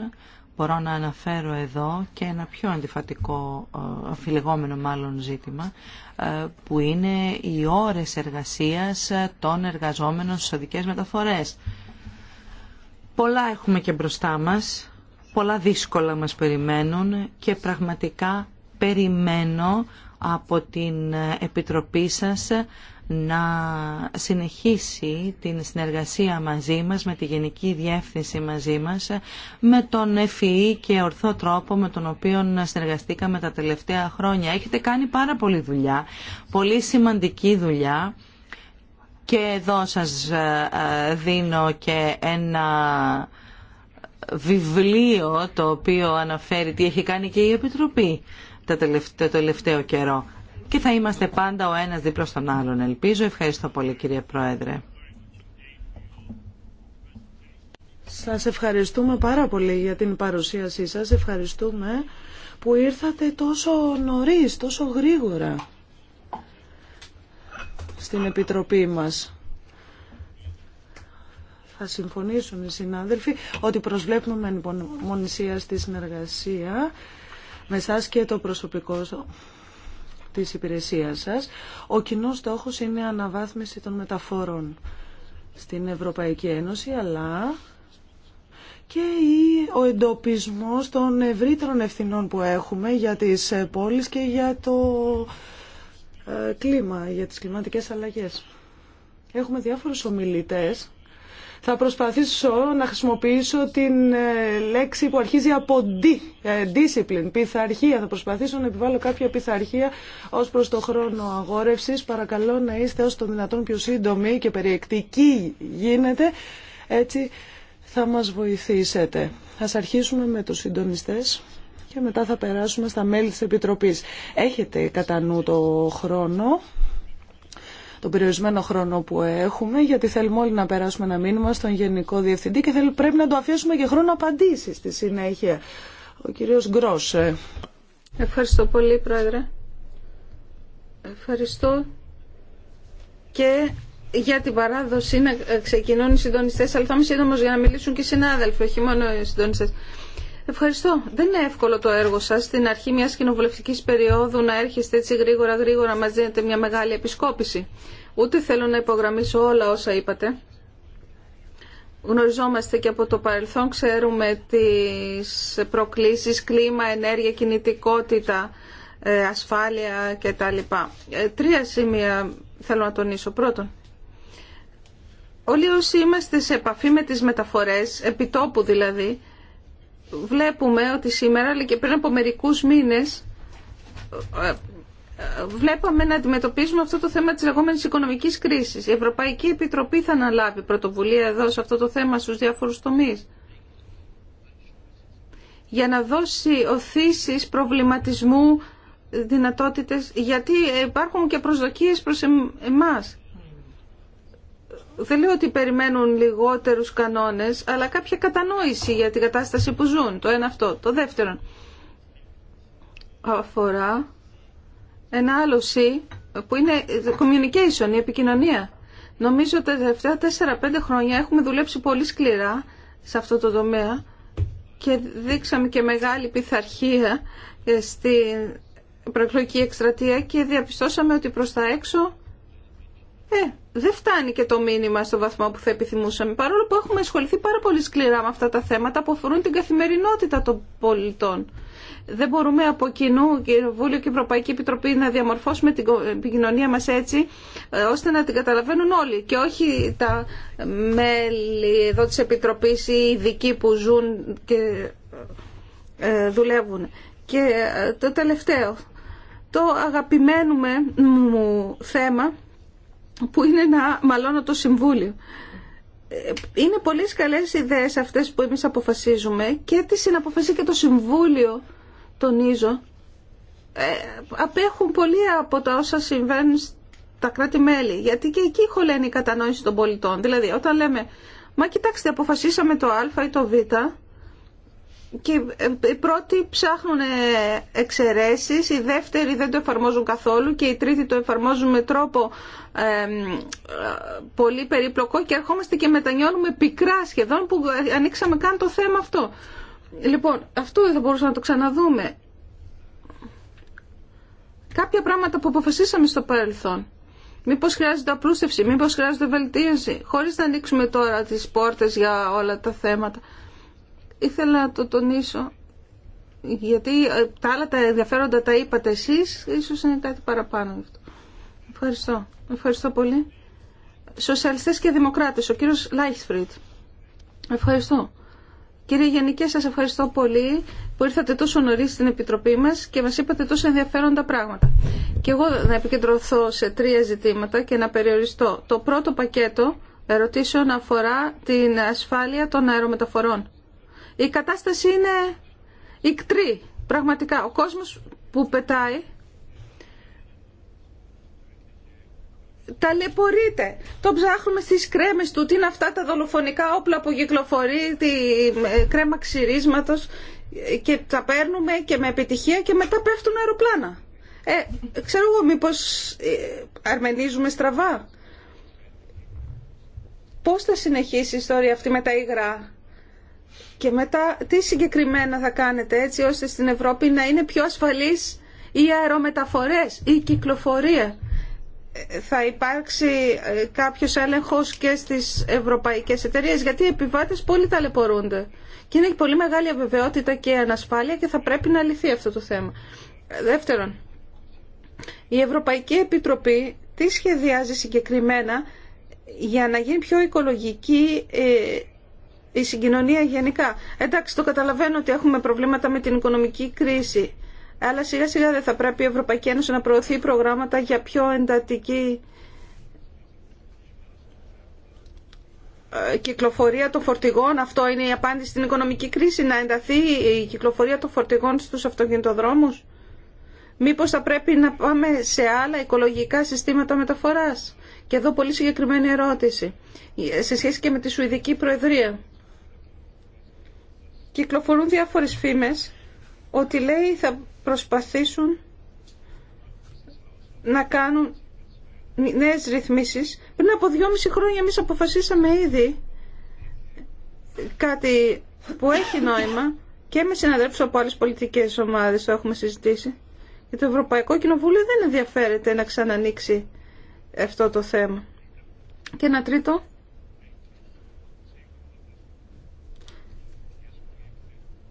Μπορώ να αναφέρω εδώ και ένα πιο αντιφατικό, ε, αφιλεγόμενο μάλλον ζήτημα, ε, που είναι οι ώρες εργασίας των εργαζόμενων στις οδικές μεταφορές. Πολλά έχουμε και μπροστά μας, πολλά δύσκολα μας περιμένουν και πραγματικά περιμένω από την Επιτροπή σας να συνεχίσει την συνεργασία μαζί μας, με τη Γενική Διεύθυνση μαζί μας, με τον ευφυή e e και ορθό τρόπο με τον οποίο συνεργαστήκαμε τα τελευταία χρόνια. Έχετε κάνει πάρα πολλή δουλειά, πολύ σημαντική δουλειά και εδώ σας ε, ε, δίνω και ένα βιβλίο το οποίο αναφέρει τι έχει κάνει και η Επιτροπή το τελευταίο, καιρό. Και θα είμαστε πάντα ο ένας δίπλα στον άλλον, ελπίζω. Ευχαριστώ πολύ κύριε Πρόεδρε. Σας ευχαριστούμε πάρα πολύ για την παρουσίασή σας. Ευχαριστούμε που ήρθατε τόσο νωρίς, τόσο γρήγορα στην Επιτροπή μας. Θα συμφωνήσουν οι συνάδελφοι ότι προσβλέπουμε μονησία στη συνεργασία με εσά και το προσωπικό της υπηρεσίας σας. Ο κοινός στόχος είναι αναβάθμιση των μεταφορών στην Ευρωπαϊκή Ένωση, αλλά και ο εντοπισμός των ευρύτερων ευθυνών που έχουμε για τις πόλεις και για το ε, κλίμα, για τις κλιματικές αλλαγές. Έχουμε διάφορους ομιλητές. Θα προσπαθήσω να χρησιμοποιήσω την ε, λέξη που αρχίζει από D, ε, discipline, πειθαρχία. Θα προσπαθήσω να επιβάλλω κάποια πειθαρχία ως προς το χρόνο αγόρευσης. Παρακαλώ να είστε ως το δυνατόν πιο σύντομοι και περιεκτικοί γίνεται. Έτσι θα μας βοηθήσετε. Ας αρχίσουμε με τους συντονιστές και μετά θα περάσουμε στα μέλη της Επιτροπής. Έχετε κατά νου το χρόνο, τον περιορισμένο χρόνο που έχουμε, γιατί θέλουμε όλοι να περάσουμε ένα μήνυμα στον Γενικό Διευθυντή και θέλουμε πρέπει να το αφήσουμε και χρόνο απαντήσεις στη συνέχεια. Ο κύριος Γκρόσε. Ευχαριστώ πολύ, Πρόεδρε. Ευχαριστώ και για την παράδοση να ε, ξεκινούν οι συντονιστέ, αλλά θα είμαι για να μιλήσουν και οι συνάδελφοι, όχι μόνο οι συντονιστέ. Ευχαριστώ. Δεν είναι εύκολο το έργο σα Στην αρχή μια κοινοβουλευτική περίοδου να έρχεστε έτσι γρήγορα γρήγορα μα δίνετε μια μεγάλη επισκόπηση. Ούτε θέλω να υπογραμμίσω όλα όσα είπατε. Γνωριζόμαστε και από το παρελθόν, ξέρουμε τις προκλήσεις, κλίμα, ενέργεια, κινητικότητα, ε, ασφάλεια κτλ. Ε, τρία σημεία θέλω να τονίσω. Πρώτον, όλοι όσοι είμαστε σε επαφή με τις μεταφορές, επιτόπου δηλαδή, βλέπουμε ότι σήμερα, αλλά και πριν από μερικούς μήνες, βλέπαμε να αντιμετωπίζουμε αυτό το θέμα της λεγόμενης οικονομικής κρίσης. Η Ευρωπαϊκή Επιτροπή θα αναλάβει πρωτοβουλία εδώ σε αυτό το θέμα στους διάφορους τομείς για να δώσει οθήσει προβληματισμού δυνατότητες, γιατί υπάρχουν και προσδοκίες προς εμάς δεν λέω ότι περιμένουν λιγότερους κανόνες, αλλά κάποια κατανόηση για την κατάσταση που ζουν. Το ένα αυτό. Το δεύτερο αφορά ένα άλλο C που είναι communication, η επικοινωνία. Νομίζω ότι τα τελευταία 4-5 χρόνια έχουμε δουλέψει πολύ σκληρά σε αυτό το τομέα και δείξαμε και μεγάλη πειθαρχία ε, στην προεκλογική εκστρατεία και διαπιστώσαμε ότι προς τα έξω ε, δεν φτάνει και το μήνυμα στο βαθμό που θα επιθυμούσαμε. Παρόλο που έχουμε ασχοληθεί πάρα πολύ σκληρά με αυτά τα θέματα που αφορούν την καθημερινότητα των πολιτών. Δεν μπορούμε από κοινού, Βούλιο και Ευρωπαϊκή Επιτροπή, να διαμορφώσουμε την κοινωνία μας έτσι, ε, ώστε να την καταλαβαίνουν όλοι και όχι τα μέλη εδώ της Επιτροπής ή οι ειδικοί που ζουν και ε, δουλεύουν. Και ε, το τελευταίο, το αγαπημένο μου θέμα που είναι να μαλώνω το Συμβούλιο. Ε, είναι πολύ καλές ιδέες αυτές που εμεί αποφασίζουμε και τη συναποφασίζει και το Συμβούλιο, τονίζω, ε, απέχουν πολύ από τα όσα συμβαίνουν στα κράτη-μέλη, γιατί και εκεί χωλαίνει η κατανόηση των πολιτών. Δηλαδή, όταν λέμε, μα κοιτάξτε, αποφασίσαμε το α ή το β, και ε, οι πρώτοι ψάχνουν ε, εξαιρέσεις, οι δεύτεροι δεν το εφαρμόζουν καθόλου και οι τρίτοι το εφαρμόζουν με τρόπο ε, πολύ περίπλοκο και ερχόμαστε και μετανιώνουμε πικρά σχεδόν που ανοίξαμε καν το θέμα αυτό. Λοιπόν, αυτό θα μπορούσαμε να το ξαναδούμε. Κάποια πράγματα που αποφασίσαμε στο παρελθόν. Μήπω χρειάζεται απλούστευση, μήπω χρειάζεται βελτίωση, χωρί να ανοίξουμε τώρα τι πόρτε για όλα τα θέματα ήθελα να το τονίσω γιατί ε, τα άλλα τα ενδιαφέροντα τα είπατε εσείς, ίσως είναι κάτι παραπάνω αυτό. Ευχαριστώ. Ευχαριστώ πολύ. Σοσιαλιστές και Δημοκράτες, ο κύριος Λάιχτφριντ. Ευχαριστώ. Κύριε Γενικέ, σας ευχαριστώ πολύ που ήρθατε τόσο νωρί στην Επιτροπή μας και μας είπατε τόσο ενδιαφέροντα πράγματα. Και εγώ να επικεντρωθώ σε τρία ζητήματα και να περιοριστώ. Το πρώτο πακέτο ερωτήσεων αφορά την ασφάλεια των αερομεταφορών η κατάσταση είναι ικτρή. Πραγματικά, ο κόσμος που πετάει ταλαιπωρείται. Το ψάχνουμε στις κρέμες του, τι είναι αυτά τα δολοφονικά όπλα που κυκλοφορεί, τη ε, κρέμα ξυρίσματος και τα παίρνουμε και με επιτυχία και μετά πέφτουν αεροπλάνα. Ε, ξέρω εγώ μήπως ε, αρμενίζουμε στραβά. Πώς θα συνεχίσει η ιστορία αυτή με τα υγρά. Και μετά τι συγκεκριμένα θα κάνετε έτσι ώστε στην Ευρώπη να είναι πιο ασφαλής οι αερομεταφορές, η κυκλοφορία. Θα υπάρξει ε, κάποιος έλεγχος και στις ευρωπαϊκές εταιρείες γιατί οι επιβάτες πολύ ταλαιπωρούνται. Και είναι πολύ μεγάλη αβεβαιότητα και ανασφάλεια και θα πρέπει να λυθεί αυτό το θέμα. Ε, δεύτερον, η Ευρωπαϊκή Επιτροπή τι σχεδιάζει συγκεκριμένα για να γίνει πιο οικολογική ε, η συγκοινωνία γενικά. Εντάξει, το καταλαβαίνω ότι έχουμε προβλήματα με την οικονομική κρίση. Αλλά σιγά σιγά δεν θα πρέπει η Ευρωπαϊκή Ένωση να προωθεί προγράμματα για πιο εντατική ε, κυκλοφορία των φορτηγών. Αυτό είναι η απάντηση στην οικονομική κρίση, να ενταθεί η κυκλοφορία των φορτηγών στους αυτοκινητοδρόμους. Μήπως θα πρέπει να πάμε σε άλλα οικολογικά συστήματα μεταφοράς. Και εδώ πολύ συγκεκριμένη ερώτηση, ε, σε σχέση και με τη Σουηδική Προεδρία κυκλοφορούν διάφορες φήμες ότι λέει θα προσπαθήσουν να κάνουν νέες ρυθμίσεις. Πριν από δυόμιση χρόνια εμείς αποφασίσαμε ήδη κάτι που έχει νόημα και με συναδέλφους από άλλες πολιτικές ομάδες το έχουμε συζητήσει. Και το Ευρωπαϊκό Κοινοβούλιο δεν ενδιαφέρεται να ξανανοίξει αυτό το θέμα. Και ένα τρίτο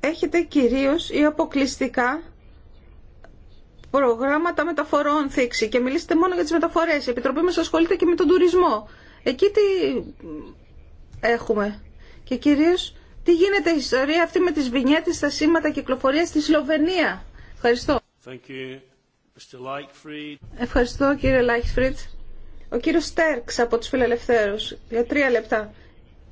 έχετε κυρίως ή αποκλειστικά προγράμματα μεταφορών θήξη και μιλήσετε μόνο για τις μεταφορές. Η Επιτροπή μας ασχολείται και με τον τουρισμό. Εκεί τι έχουμε. Και κυρίως τι γίνεται η ιστορία αυτή με τις βινιέτες στα σήματα κυκλοφορίας στη Σλοβενία. Ευχαριστώ. Ευχαριστώ κύριε Λάιχφριτ. Ο κύριος Στέρξ από τους Φιλελευθέρους για τρία λεπτά.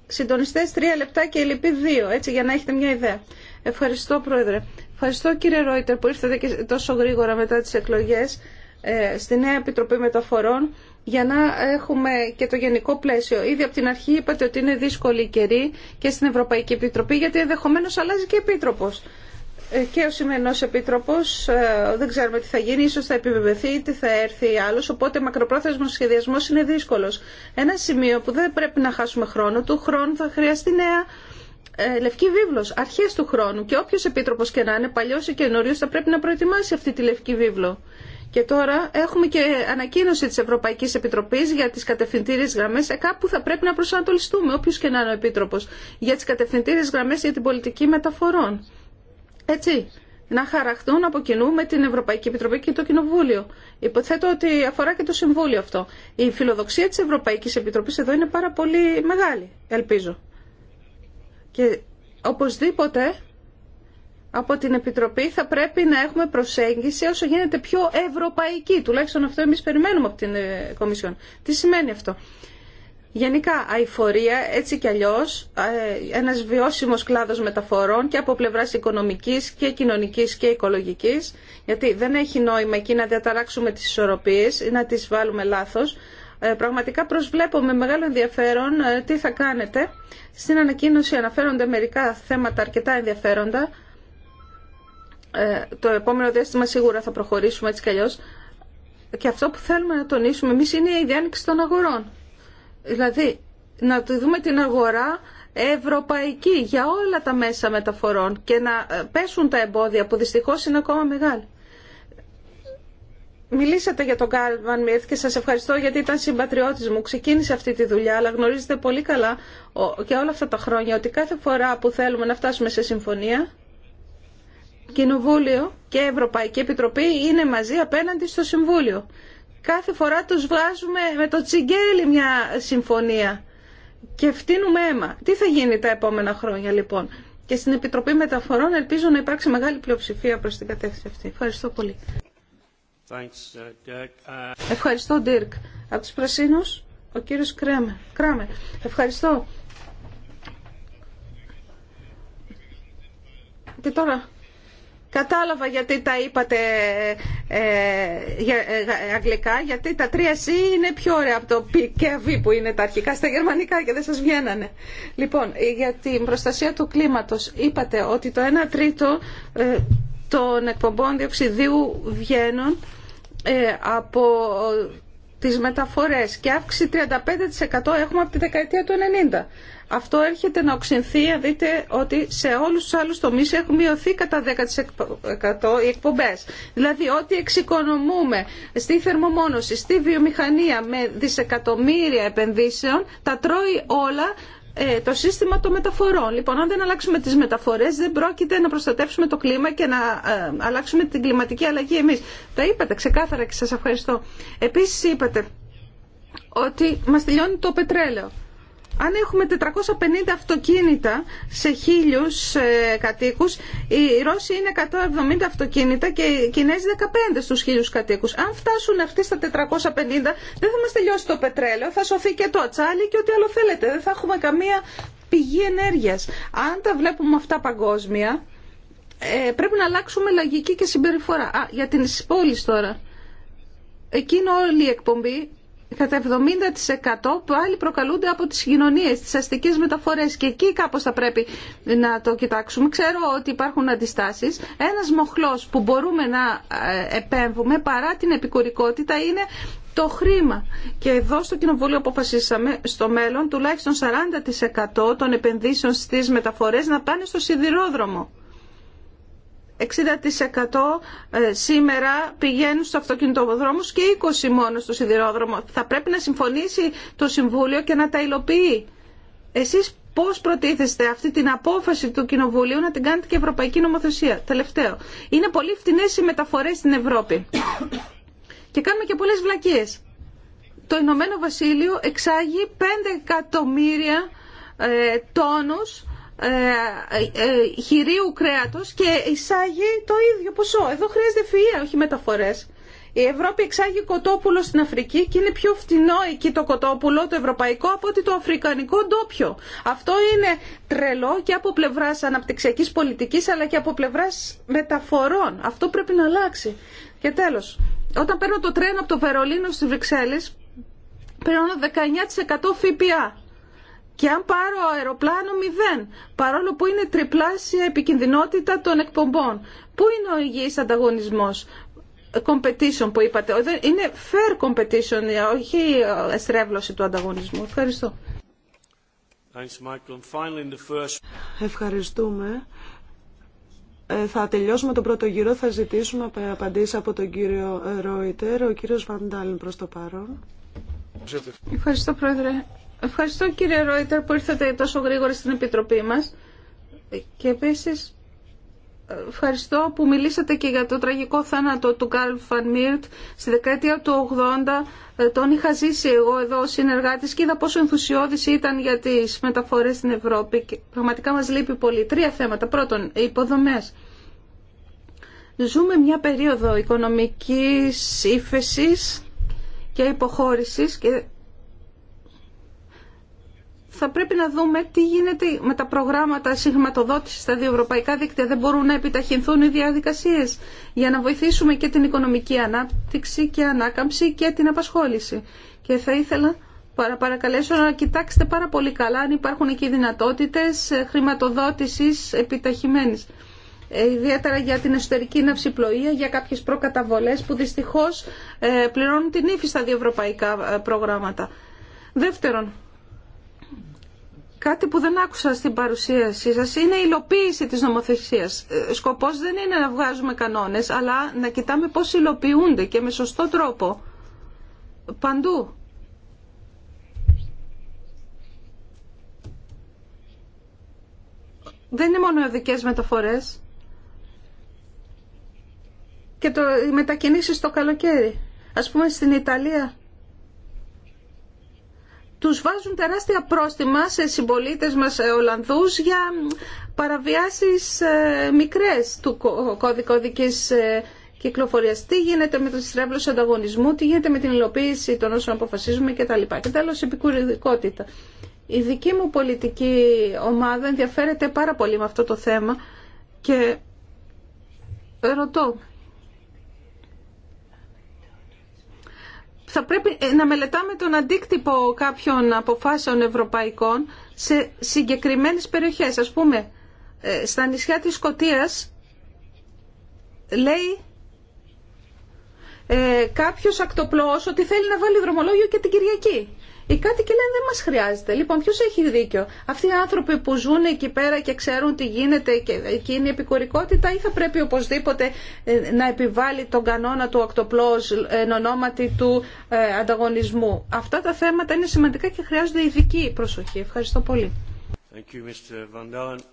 Συντονιστές τρία λεπτά και λυπή δύο, έτσι για να έχετε μια ιδέα. Ευχαριστώ, Πρόεδρε. Ευχαριστώ, κύριε Ρόιτερ, που ήρθατε και τόσο γρήγορα μετά τις εκλογές ε, στη νέα Επιτροπή Μεταφορών για να έχουμε και το γενικό πλαίσιο. Ήδη από την αρχή είπατε ότι είναι δύσκολη η καιρή και στην Ευρωπαϊκή Επιτροπή γιατί ενδεχομένω αλλάζει και επίτροπος. Ε, και ο σημερινό επίτροπο ε, δεν ξέρουμε τι θα γίνει, ίσω θα επιβεβαιωθεί τι θα έρθει άλλο. Οπότε μακροπρόθεσμο σχεδιασμό είναι δύσκολο. Ένα σημείο που δεν πρέπει να χάσουμε χρόνο του, χρόνου θα χρειαστεί νέα ε, λευκή βίβλος αρχέ του χρόνου και όποιο επίτροπος και να είναι παλιό ή καινούριο, θα πρέπει να προετοιμάσει αυτή τη λευκή βίβλο. Και τώρα έχουμε και ανακοίνωση τη Ευρωπαϊκή Επιτροπής για τι κατευθυντήριε γραμμέ, ε, κάπου θα πρέπει να προσανατολιστούμε, όποιο και να είναι ο επίτροπο, για τι κατευθυντήριε γραμμέ για την πολιτική μεταφορών. Έτσι, να χαραχτούν από κοινού με την Ευρωπαϊκή Επιτροπή και το Κοινοβούλιο. Υποθέτω ότι αφορά και το Συμβούλιο αυτό. Η φιλοδοξία τη Ευρωπαϊκή Επιτροπής εδώ είναι πάρα πολύ μεγάλη, ελπίζω. Και οπωσδήποτε από την Επιτροπή θα πρέπει να έχουμε προσέγγιση όσο γίνεται πιο ευρωπαϊκή. Τουλάχιστον αυτό εμείς περιμένουμε από την ε, Κομισιόν. Τι σημαίνει αυτό. Γενικά, αηφορία, έτσι κι αλλιώς, ε, ένας βιώσιμος κλάδος μεταφορών και από πλευράς οικονομικής και κοινωνικής και οικολογικής, γιατί δεν έχει νόημα εκεί να διαταράξουμε τις ισορροπίες ή να τις βάλουμε λάθος, ε, πραγματικά προσβλέπω με μεγάλο ενδιαφέρον ε, τι θα κάνετε. Στην ανακοίνωση αναφέρονται μερικά θέματα αρκετά ενδιαφέροντα. Ε, το επόμενο διάστημα σίγουρα θα προχωρήσουμε έτσι κι αλλιώς. Και αυτό που θέλουμε να τονίσουμε εμείς είναι η διάνοιξη των αγορών. Δηλαδή, να δούμε την αγορά ευρωπαϊκή για όλα τα μέσα μεταφορών και να πέσουν τα εμπόδια που δυστυχώς είναι ακόμα μεγάλη. Μιλήσατε για τον Κάλβαν Μιρθ και σας ευχαριστώ γιατί ήταν συμπατριώτης μου. Ξεκίνησε αυτή τη δουλειά, αλλά γνωρίζετε πολύ καλά και όλα αυτά τα χρόνια ότι κάθε φορά που θέλουμε να φτάσουμε σε συμφωνία, Κοινοβούλιο και Ευρωπαϊκή Επιτροπή είναι μαζί απέναντι στο Συμβούλιο. Κάθε φορά τους βγάζουμε με το τσιγκέλι μια συμφωνία και φτύνουμε αίμα. Τι θα γίνει τα επόμενα χρόνια λοιπόν. Και στην Επιτροπή Μεταφορών ελπίζω να υπάρξει μεγάλη πλειοψηφία προς την κατεύθυνση αυτή. Ευχαριστώ πολύ. Uh, uh, Ευχαριστώ, Dirk. Από του Πρασίνους, ο κύριος Κράμε. Ευχαριστώ. Και τώρα, κατάλαβα γιατί τα είπατε ε, ε, ε, αγγλικά, γιατί τα τρία C είναι πιο ωραία από το P και V που είναι τα αρχικά στα γερμανικά και δεν σας βγαίνανε. Λοιπόν, για την προστασία του κλίματος είπατε ότι το 1 τρίτο ε, των εκπομπών διοξιδίου βγαίνουν ε, από τις μεταφορές και αύξηση 35% έχουμε από τη δεκαετία του 90. Αυτό έρχεται να οξυνθεί, αν δείτε ότι σε όλους τους άλλους τομείς έχουν μειωθεί κατά 10% οι εκπομπές. Δηλαδή ό,τι εξοικονομούμε στη θερμομόνωση, στη βιομηχανία με δισεκατομμύρια επενδύσεων, τα τρώει όλα ε, το σύστημα των μεταφορών. Λοιπόν, αν δεν αλλάξουμε τις μεταφορές, δεν πρόκειται να προστατεύσουμε το κλίμα και να ε, αλλάξουμε την κλιματική αλλαγή εμείς. Τα είπατε ξεκάθαρα και σας ευχαριστώ. Επίσης είπατε ότι μας τελειώνει το πετρέλαιο αν έχουμε 450 αυτοκίνητα σε χίλιους ε, κατοίκους, οι Ρώσοι είναι 170 αυτοκίνητα και οι Κινέζοι 15 στους χίλιους κατοίκους. Αν φτάσουν αυτοί στα 450, δεν θα μας τελειώσει το πετρέλαιο, θα σωθεί και το τσάλι και ό,τι άλλο θέλετε. Δεν θα έχουμε καμία πηγή ενέργειας. Αν τα βλέπουμε αυτά παγκόσμια, ε, πρέπει να αλλάξουμε λαγική και συμπεριφορά. Α, για την πόλη τώρα. Εκείνο όλη η εκπομπή κατά 70% πάλι προκαλούνται από τις κοινωνίες, τις αστικές μεταφορές και εκεί κάπως θα πρέπει να το κοιτάξουμε. Ξέρω ότι υπάρχουν αντιστάσεις. Ένας μοχλός που μπορούμε να ε, επέμβουμε παρά την επικουρικότητα είναι το χρήμα. Και εδώ στο Κοινοβούλιο αποφασίσαμε στο μέλλον τουλάχιστον 40% των επενδύσεων στις μεταφορές να πάνε στο σιδηρόδρομο. 60% ε, σήμερα πηγαίνουν στο αυτοκινητόδρομο και 20% μόνο στο σιδηρόδρομο. Θα πρέπει να συμφωνήσει το Συμβούλιο και να τα υλοποιεί. Εσείς πώς προτίθεστε αυτή την απόφαση του Κοινοβουλίου να την κάνετε και Ευρωπαϊκή Νομοθεσία. Τελευταίο. Είναι πολύ φτηνές οι μεταφορές στην Ευρώπη. και κάνουμε και πολλές βλακίες. Το Ηνωμένο Βασίλειο εξάγει 5 εκατομμύρια ε, τόνους ε, ε, χειρίου κρέατος και εισάγει το ίδιο ποσό. Εδώ χρειάζεται φυΐα, όχι μεταφορές. Η Ευρώπη εξάγει κοτόπουλο στην Αφρική και είναι πιο φτηνό εκεί το κοτόπουλο, το ευρωπαϊκό, από ότι το αφρικανικό ντόπιο. Αυτό είναι τρελό και από πλευρά αναπτυξιακή πολιτική αλλά και από πλευρά μεταφορών. Αυτό πρέπει να αλλάξει. Και τέλο, όταν παίρνω το τρένο από το Βερολίνο στι Βρυξέλλε, παίρνω 19% ΦΠΑ και αν πάρω αεροπλάνο μηδέν, παρόλο που είναι τριπλάσια επικινδυνότητα των εκπομπών. Πού είναι ο υγιή ανταγωνισμό competition που είπατε. Είναι fair competition, όχι εστρέβλωση του ανταγωνισμού. Ευχαριστώ. Ευχαριστούμε. Ε, θα τελειώσουμε τον πρώτο γύρο. Θα ζητήσουμε απαντήσει από τον κύριο Ρόιτερ, ο κύριος Βαντάλιν προ το παρόν. Ευχαριστώ, Πρόεδρε. Ευχαριστώ κύριε Ρόιτερ που ήρθατε τόσο γρήγορα στην Επιτροπή μας και επίσης ευχαριστώ που μιλήσατε και για το τραγικό θάνατο του Καρλ Φανμίρτ στη δεκαετία του 80 ε, τον είχα ζήσει εγώ εδώ συνεργάτης και είδα πόσο ενθουσιώδης ήταν για τις μεταφορές στην Ευρώπη και πραγματικά μας λείπει πολύ. Τρία θέματα. Πρώτον, οι υποδομές. Ζούμε μια περίοδο οικονομικής ύφεσης και υποχώρησης και θα πρέπει να δούμε τι γίνεται με τα προγράμματα συγχρηματοδότηση στα δύο ευρωπαϊκά δίκτυα. Δεν μπορούν να επιταχυνθούν οι διαδικασίε για να βοηθήσουμε και την οικονομική ανάπτυξη και ανάκαμψη και την απασχόληση. Και θα ήθελα να παρακαλέσω να κοιτάξετε πάρα πολύ καλά αν υπάρχουν εκεί δυνατότητε χρηματοδότηση επιταχυμένη. Ε, ιδιαίτερα για την εσωτερική ναυσιπλοεία, για κάποιες προκαταβολές που δυστυχώς ε, πληρώνουν την ύφη στα δύο ευρωπαϊκά ε, προγράμματα. Δεύτερον, Κάτι που δεν άκουσα στην παρουσίασή σας είναι η υλοποίηση της νομοθεσίας. Ε, σκοπός δεν είναι να βγάζουμε κανόνες, αλλά να κοιτάμε πώς υλοποιούνται και με σωστό τρόπο. Παντού. Δεν είναι μόνο οι οδικές μεταφορές. Και το, οι μετακινήσεις το καλοκαίρι. Ας πούμε στην Ιταλία τους βάζουν τεράστια πρόστιμα σε συμπολίτες μας ε, Ολλανδούς για παραβιάσεις ε, μικρές του κώδικα δικής ε, κυκλοφορίας. Τι γίνεται με το στρέβλος ανταγωνισμού, τι γίνεται με την υλοποίηση των όσων αποφασίζουμε κτλ. Και τέλος επικουρικότητα. Η δική μου πολιτική ομάδα ενδιαφέρεται πάρα πολύ με αυτό το θέμα και ρωτώ θα πρέπει ε, να μελετάμε τον αντίκτυπο κάποιων αποφάσεων ευρωπαϊκών σε συγκεκριμένες περιοχές. Ας πούμε, ε, στα νησιά της Σκοτίας λέει ε, κάποιος ακτοπλός ότι θέλει να βάλει δρομολόγιο και την Κυριακή. Οι κάτοικοι λένε δεν μας χρειάζεται. Λοιπόν, ποιος έχει δίκιο. Αυτοί οι άνθρωποι που ζουν εκεί πέρα και ξέρουν τι γίνεται και εκείνη η επικουρικότητα ή θα πρέπει οπωσδήποτε ε, να επιβάλλει τον κανόνα του οκτοπλώ ε, εν ονόματι του ε, ανταγωνισμού. Αυτά τα θέματα είναι σημαντικά και χρειάζονται ειδική προσοχή. Ευχαριστώ πολύ.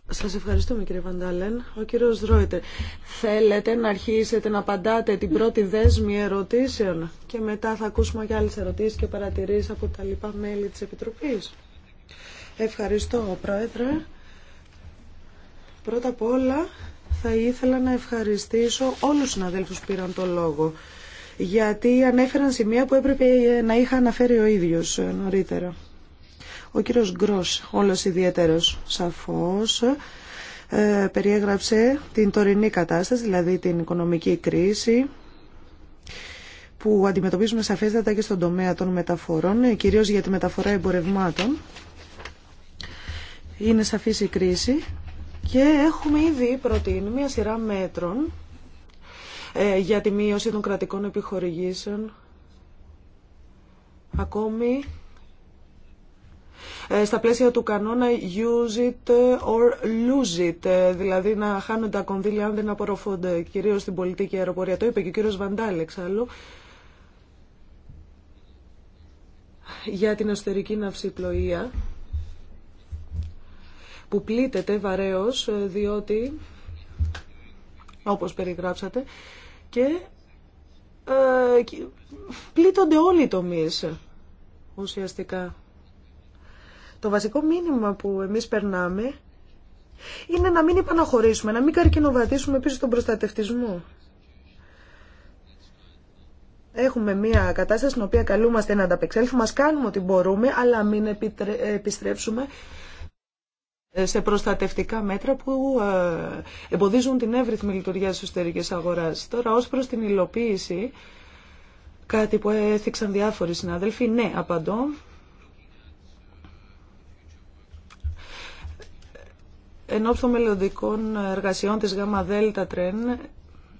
Σας ευχαριστούμε κύριε Βαντάλεν. Ο κύριος Ρόιτερ, θέλετε να αρχίσετε να απαντάτε την πρώτη δέσμη ερωτήσεων και μετά θα ακούσουμε και άλλες ερωτήσεις και παρατηρήσεις από τα λοιπά μέλη της Επιτροπής. Ευχαριστώ Πρόεδρε. Πρώτα απ' όλα θα ήθελα να ευχαριστήσω όλους τους συναδέλφους που πήραν το λόγο γιατί ανέφεραν σημεία που έπρεπε να είχα αναφέρει ο ίδιος ε, νωρίτερα. Ο κύριος Γκρός, όλος ιδιαίτερος σαφώς, ε, περιέγραψε την τωρινή κατάσταση, δηλαδή την οικονομική κρίση που αντιμετωπίζουμε σαφέστατα και στον τομέα των μεταφορών, ε, κυρίως για τη μεταφορά εμπορευμάτων. Είναι σαφής η κρίση και έχουμε ήδη προτείνει μια σειρά μέτρων ε, για τη μείωση των κρατικών επιχορηγήσεων. Ακόμη ε, στα πλαίσια του κανόνα use it or lose it, ε, δηλαδή να χάνουν τα κονδύλια αν δεν απορροφούνται, κυρίως στην πολιτική αεροπορία. Το είπε και ο κύριος Βαντάλεξ εξάλλου. Για την εσωτερική ναυσιπλοεία που πλήττεται βαρέως ε, διότι όπως περιγράψατε και ε, πλήττονται όλοι οι τομείς ουσιαστικά. Το βασικό μήνυμα που εμείς περνάμε είναι να μην επαναχωρήσουμε, να μην καρκινοβατήσουμε πίσω τον προστατευτισμό. Έχουμε μια κατάσταση στην οποία καλούμαστε να ανταπεξέλθουμε, μας κάνουμε ότι μπορούμε, αλλά μην επιστρέψουμε σε προστατευτικά μέτρα που ε, εμποδίζουν την εύρυθμη λειτουργία της εσωτερικής αγοράς. Τώρα, ως προς την υλοποίηση, κάτι που έθιξαν διάφοροι συνάδελφοι, ναι, απαντώ, εν μελλοντικών εργασιών της Δέλτα τρέν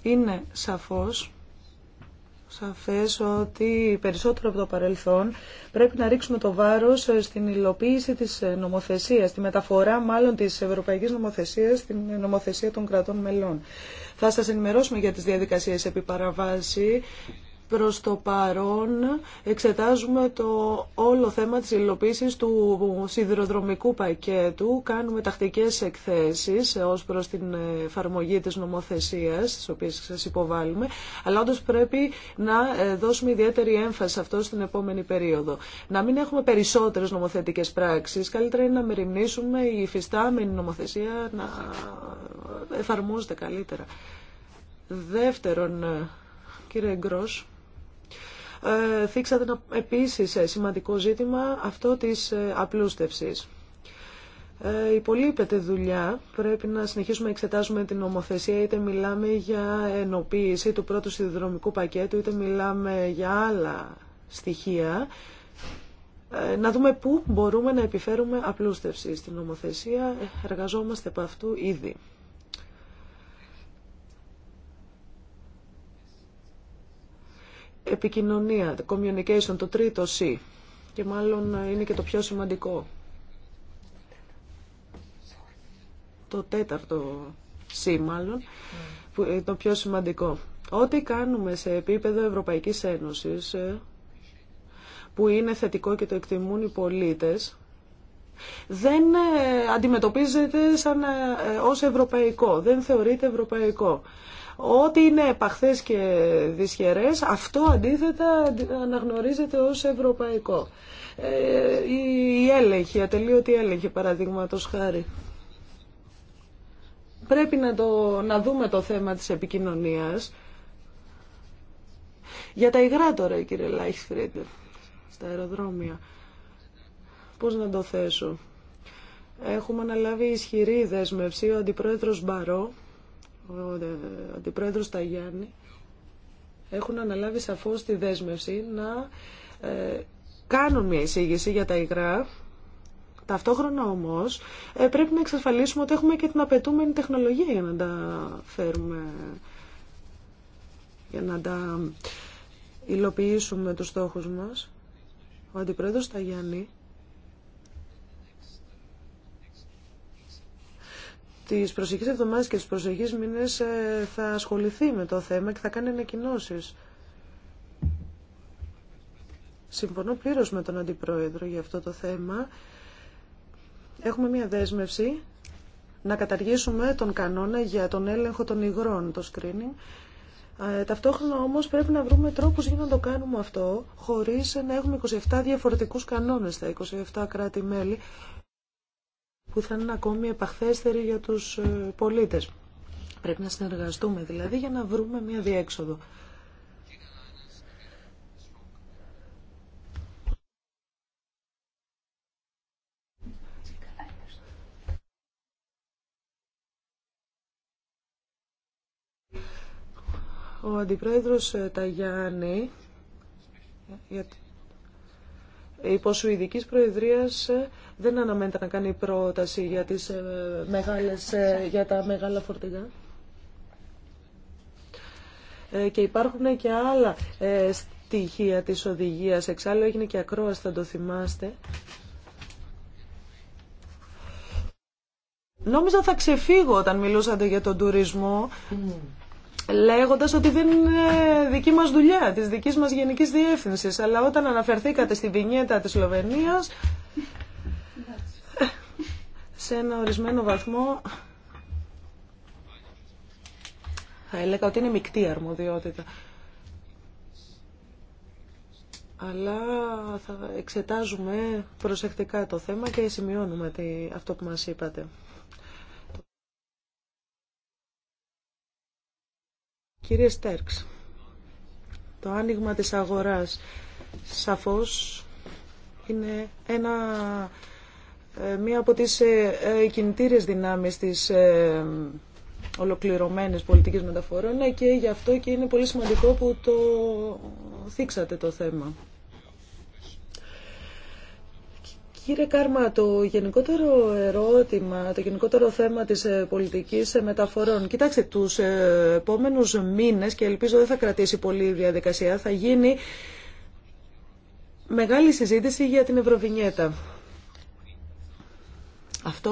είναι σαφώς σαφές ότι περισσότερο από το παρελθόν πρέπει να ρίξουμε το βάρος στην υλοποίηση της νομοθεσίας, στη μεταφορά μάλλον της ευρωπαϊκής νομοθεσίας στην νομοθεσία των κρατών μελών. Θα σας ενημερώσουμε για τις διαδικασίες επί παραβάση Προς το παρόν εξετάζουμε το όλο θέμα της υλοποίησης του σιδηροδρομικού πακέτου. Κάνουμε τακτικές εκθέσεις ως προς την εφαρμογή της νομοθεσίας, τις οποίες σας υποβάλλουμε. Αλλά όντως πρέπει να ε, δώσουμε ιδιαίτερη έμφαση σε αυτό στην επόμενη περίοδο. Να μην έχουμε περισσότερες νομοθετικές πράξεις. Καλύτερα είναι να μεριμνήσουμε η υφιστάμενη νομοθεσία να εφαρμόζεται καλύτερα. Δεύτερον, ε, κύριε Γκρός, θίξατε ε, ένα επίσης ε, σημαντικό ζήτημα, αυτό της ε, απλούστευσης. Ε, υπολείπεται δουλειά. Πρέπει να συνεχίσουμε να εξετάζουμε την νομοθεσία, είτε μιλάμε για ενοποίηση του πρώτου συνδρομικού πακέτου, είτε μιλάμε για άλλα στοιχεία. να δούμε πού μπορούμε να επιφέρουμε απλούστευση στην νομοθεσία. Εργαζόμαστε από αυτού ήδη. επικοινωνία, communication, το τρίτο C και μάλλον είναι και το πιο σημαντικό. Το τέταρτο C μάλλον, που είναι το πιο σημαντικό. Ό,τι κάνουμε σε επίπεδο Ευρωπαϊκής Ένωσης, ε, που είναι θετικό και το εκτιμούν οι πολίτες, δεν ε, αντιμετωπίζεται σαν, ε, ως ευρωπαϊκό, δεν θεωρείται ευρωπαϊκό. Ό,τι είναι επαχθές και δυσχερές, αυτό αντίθετα αναγνωρίζεται ως ευρωπαϊκό. Ε, η έλεγχη, ατελείωτη έλεγχη παραδείγματος χάρη. Πρέπει να, το, να δούμε το θέμα της επικοινωνίας. Για τα υγρά τώρα, κύριε Λάιχφριντ, στα αεροδρόμια. Πώς να το θέσω. Έχουμε αναλάβει ισχυρή δέσμευση. Ο αντιπρόεδρος Μπαρό ο Αντιπρόεδρος Ταγιάννη έχουν αναλάβει σαφώς τη δέσμευση να ε, κάνουν μια εισήγηση για τα υγρά. Ταυτόχρονα όμως ε, πρέπει να εξασφαλίσουμε ότι έχουμε και την απαιτούμενη τεχνολογία για να τα φέρουμε, για να τα υλοποιήσουμε τους στόχους μας. Ο Αντιπρόεδρος Ταγιάννη τις προσεχείς εβδομάδες και τις προσεχείς μήνες ε, θα ασχοληθεί με το θέμα και θα κάνει ανακοινώσει. Συμφωνώ πλήρως με τον Αντιπρόεδρο για αυτό το θέμα. Έχουμε μία δέσμευση να καταργήσουμε τον κανόνα για τον έλεγχο των υγρών, το screening. Ε, ταυτόχρονα όμως πρέπει να βρούμε τρόπους για να το κάνουμε αυτό χωρίς να έχουμε 27 διαφορετικούς κανόνες στα 27 κράτη-μέλη που θα είναι ακόμη επαχθέστερη για τους ε, πολίτες. Πρέπει να συνεργαστούμε δηλαδή για να βρούμε μια διέξοδο. Ο Αντιπρόεδρος ε, Ταγιάννη, υπό ειδικής προεδρία ε, δεν αναμένεται να κάνει πρόταση για, τις ε, μεγάλες, ε, για τα μεγάλα φορτηγά. Και υπάρχουν και άλλα στοιχεία της οδηγίας. Εξάλλου έγινε και ακρόαση, θα το θυμάστε. Νόμιζα θα ξεφύγω όταν μιλούσατε για τον τουρισμό. Mm λέγοντας ότι δεν είναι δική μας δουλειά, της δικής μας γενικής διεύθυνσης. Αλλά όταν αναφερθήκατε στη βινιέτα της Σλοβενίας, ε, σε ένα ορισμένο βαθμό θα έλεγα ότι είναι μεικτή αρμοδιότητα. Αλλά θα εξετάζουμε προσεκτικά το θέμα και σημειώνουμε αυτό που μας είπατε. Κύριε Στέρξ, το άνοιγμα της αγοράς σαφώς είναι ένα, ε, μία από τις ε, ε, κινητήρες δυνάμεις της ολοκληρωμένης πολιτικής μεταφορών ναι, και γι' αυτό και είναι πολύ σημαντικό που το θίξατε το θέμα. Κύριε Κάρμα, το γενικότερο ερώτημα, το γενικότερο θέμα της ε, πολιτικής ε, μεταφορών. Κοιτάξτε, τους ε, επόμενους μήνες, και ελπίζω δεν θα κρατήσει πολύ η διαδικασία, θα γίνει μεγάλη συζήτηση για την Ευρωβινιέτα. Αυτό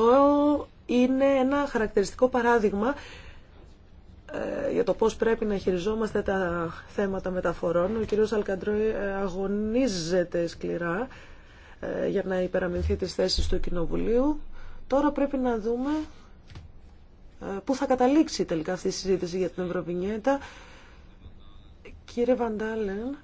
είναι ένα χαρακτηριστικό παράδειγμα για το πώς πρέπει να χειριζόμαστε τα θέματα μεταφορών. Ο κύριος Αλκαντρόη αγωνίζεται σκληρά ε, για να υπεραμεινθεί τις θέσεις του Κοινοβουλίου. Τώρα πρέπει να δούμε ε, πού θα καταλήξει τελικά αυτή η συζήτηση για την Ευρωβινιέτα. Κύριε Βαντάλεν,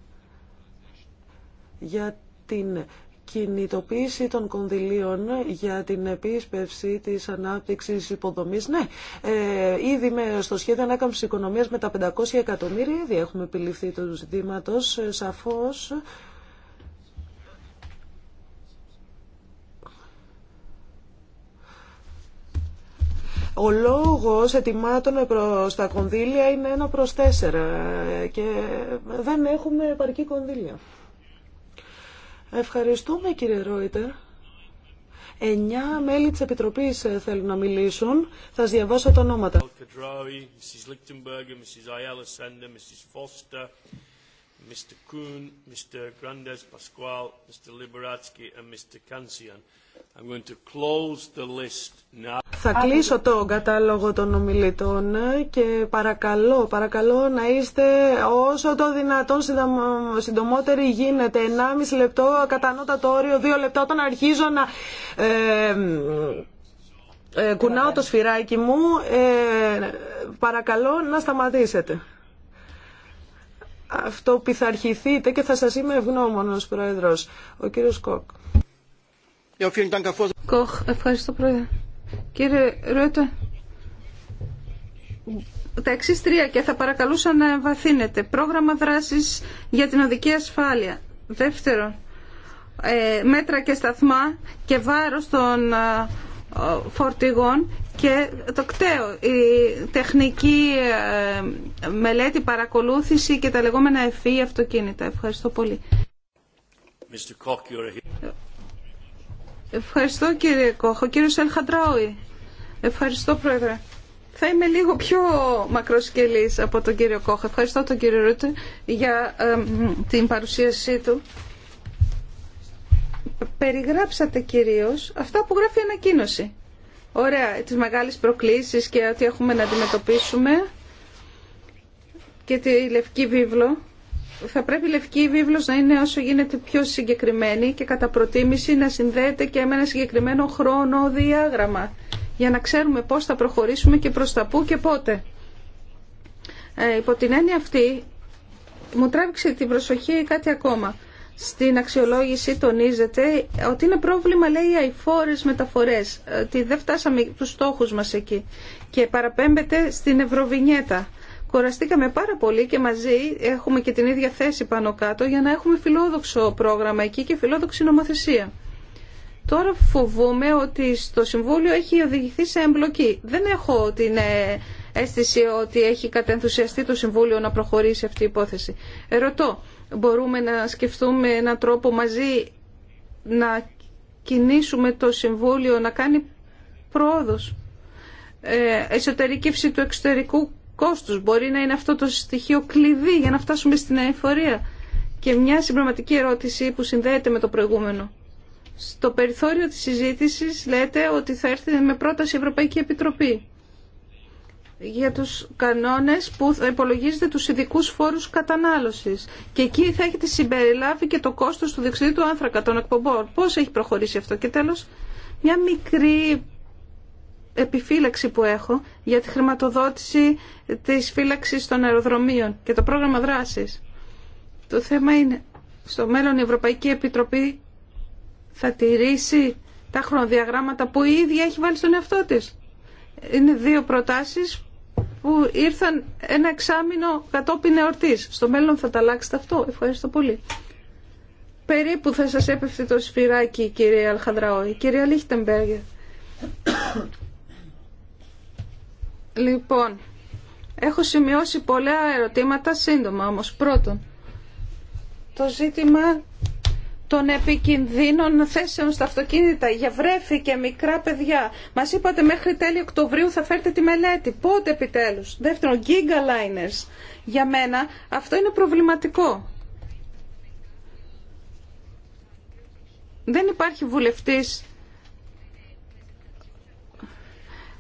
για την κινητοποίηση των κονδυλίων για την επίσπευση της ανάπτυξης υποδομής. Ναι, ε, ήδη με, στο σχέδιο ανάκαμψης οικονομίας με τα 500 εκατομμύρια ήδη έχουμε επιληφθεί του ζητήματος. σαφώς Ο λόγος ετοιμάτων προ τα κονδύλια είναι ένα προς τέσσερα και δεν έχουμε επαρκή κονδύλια. Ευχαριστούμε κύριε Ρόιτερ. Εννιά μέλη της Επιτροπής θέλουν να μιλήσουν. Θα διαβάσω τα ονόματα. Mr. Mr. Grandes Mr. Mr. Θα κλείσω το κατάλογο των ομιλητών και παρακαλώ, παρακαλώ να είστε όσο το δυνατόν συντομότεροι γίνεται. 1,5 λεπτό, το όριο, 2 λεπτά. Όταν αρχίζω να ε, ε, κουνάω το σφυράκι μου, ε, παρακαλώ να σταματήσετε αυτό πειθαρχηθείτε και θα σας είμαι ευγνώμονος, Πρόεδρος. Ο κύριος Κόκ. Κοκ, ευχαριστώ, Πρόεδρε. Κύριε Ρούτε, τα εξή τρία και θα παρακαλούσα να εμβαθύνετε. Πρόγραμμα δράσης για την οδική ασφάλεια. Δεύτερον, ε, μέτρα και σταθμά και βάρος των ε, φορτηγών και το κταίο, η τεχνική ε, μελέτη, παρακολούθηση και τα λεγόμενα ευφύ αυτοκίνητα. Ευχαριστώ πολύ. Ευχαριστώ κύριε Κόχο. Ο κύριος Ελχαντράουι. Ευχαριστώ πρόεδρε. Θα είμαι λίγο πιο μακροσκελής από τον κύριο Κόχο. Ευχαριστώ τον κύριο Ρούτε για την παρουσίασή του. Περιγράψατε κυρίως αυτά που γράφει η ανακοίνωση. Ωραία, τις μεγάλες προκλήσεις και ό,τι έχουμε να αντιμετωπίσουμε και τη Λευκή Βίβλο. Θα πρέπει η Λευκή Βίβλος να είναι όσο γίνεται πιο συγκεκριμένη και κατά προτίμηση να συνδέεται και με ένα συγκεκριμένο χρόνο διάγραμμα για να ξέρουμε πώς θα προχωρήσουμε και προς τα πού και πότε. Ε, υπό την έννοια αυτή μου τράβηξε την προσοχή κάτι ακόμα. Στην αξιολόγηση τονίζεται ότι είναι πρόβλημα, λέει, οι αηφόρες μεταφορές, ότι δεν φτάσαμε τους στόχους μας εκεί και παραπέμπεται στην Ευρωβινιέτα. Κοραστήκαμε πάρα πολύ και μαζί έχουμε και την ίδια θέση πάνω κάτω για να έχουμε φιλόδοξο πρόγραμμα εκεί και φιλόδοξη νομοθεσία. Τώρα φοβούμαι ότι στο Συμβούλιο έχει οδηγηθεί σε εμπλοκή. Δεν έχω την ε, αίσθηση ότι έχει κατενθουσιαστεί το Συμβούλιο να προχωρήσει αυτή η υπόθεση. Ερωτώ, μπορούμε να σκεφτούμε έναν τρόπο μαζί να κινήσουμε το Συμβούλιο να κάνει πρόοδος. Ε, εσωτερική του εξωτερικού κόστους μπορεί να είναι αυτό το στοιχείο κλειδί για να φτάσουμε στην αεφορία. Και μια συμπληρωματική ερώτηση που συνδέεται με το προηγούμενο. Στο περιθώριο της συζήτησης λέτε ότι θα έρθει με πρόταση η Ευρωπαϊκή Επιτροπή για τους κανόνες που θα τους ειδικού φόρους κατανάλωσης. Και εκεί θα έχετε συμπεριλάβει και το κόστος του διεξουδίου του άνθρακα των εκπομπών. Πώς έχει προχωρήσει αυτό. Και τέλος, μια μικρή επιφύλαξη που έχω για τη χρηματοδότηση της φύλαξης των αεροδρομίων και το πρόγραμμα δράσης. Το θέμα είναι, στο μέλλον η Ευρωπαϊκή Επιτροπή θα τηρήσει τα χρονοδιαγράμματα που η ίδια έχει βάλει στον εαυτό της. Είναι δύο προτάσεις που ήρθαν ένα εξάμεινο κατόπιν εορτή. Στο μέλλον θα τα αλλάξετε αυτό. Ευχαριστώ πολύ. Περίπου θα σας έπεφτε το σφυράκι κύριε κυρία Κύριε κυρία λοιπόν, έχω σημειώσει πολλά ερωτήματα σύντομα όμως. Πρώτον, το ζήτημα των επικινδύνων θέσεων στα αυτοκίνητα για βρέφη και μικρά παιδιά. Μας είπατε μέχρι τέλη Οκτωβρίου θα φέρετε τη μελέτη. Πότε επιτέλου, Δεύτερον, gigaliners. Για μένα αυτό είναι προβληματικό. Δεν υπάρχει βουλευτής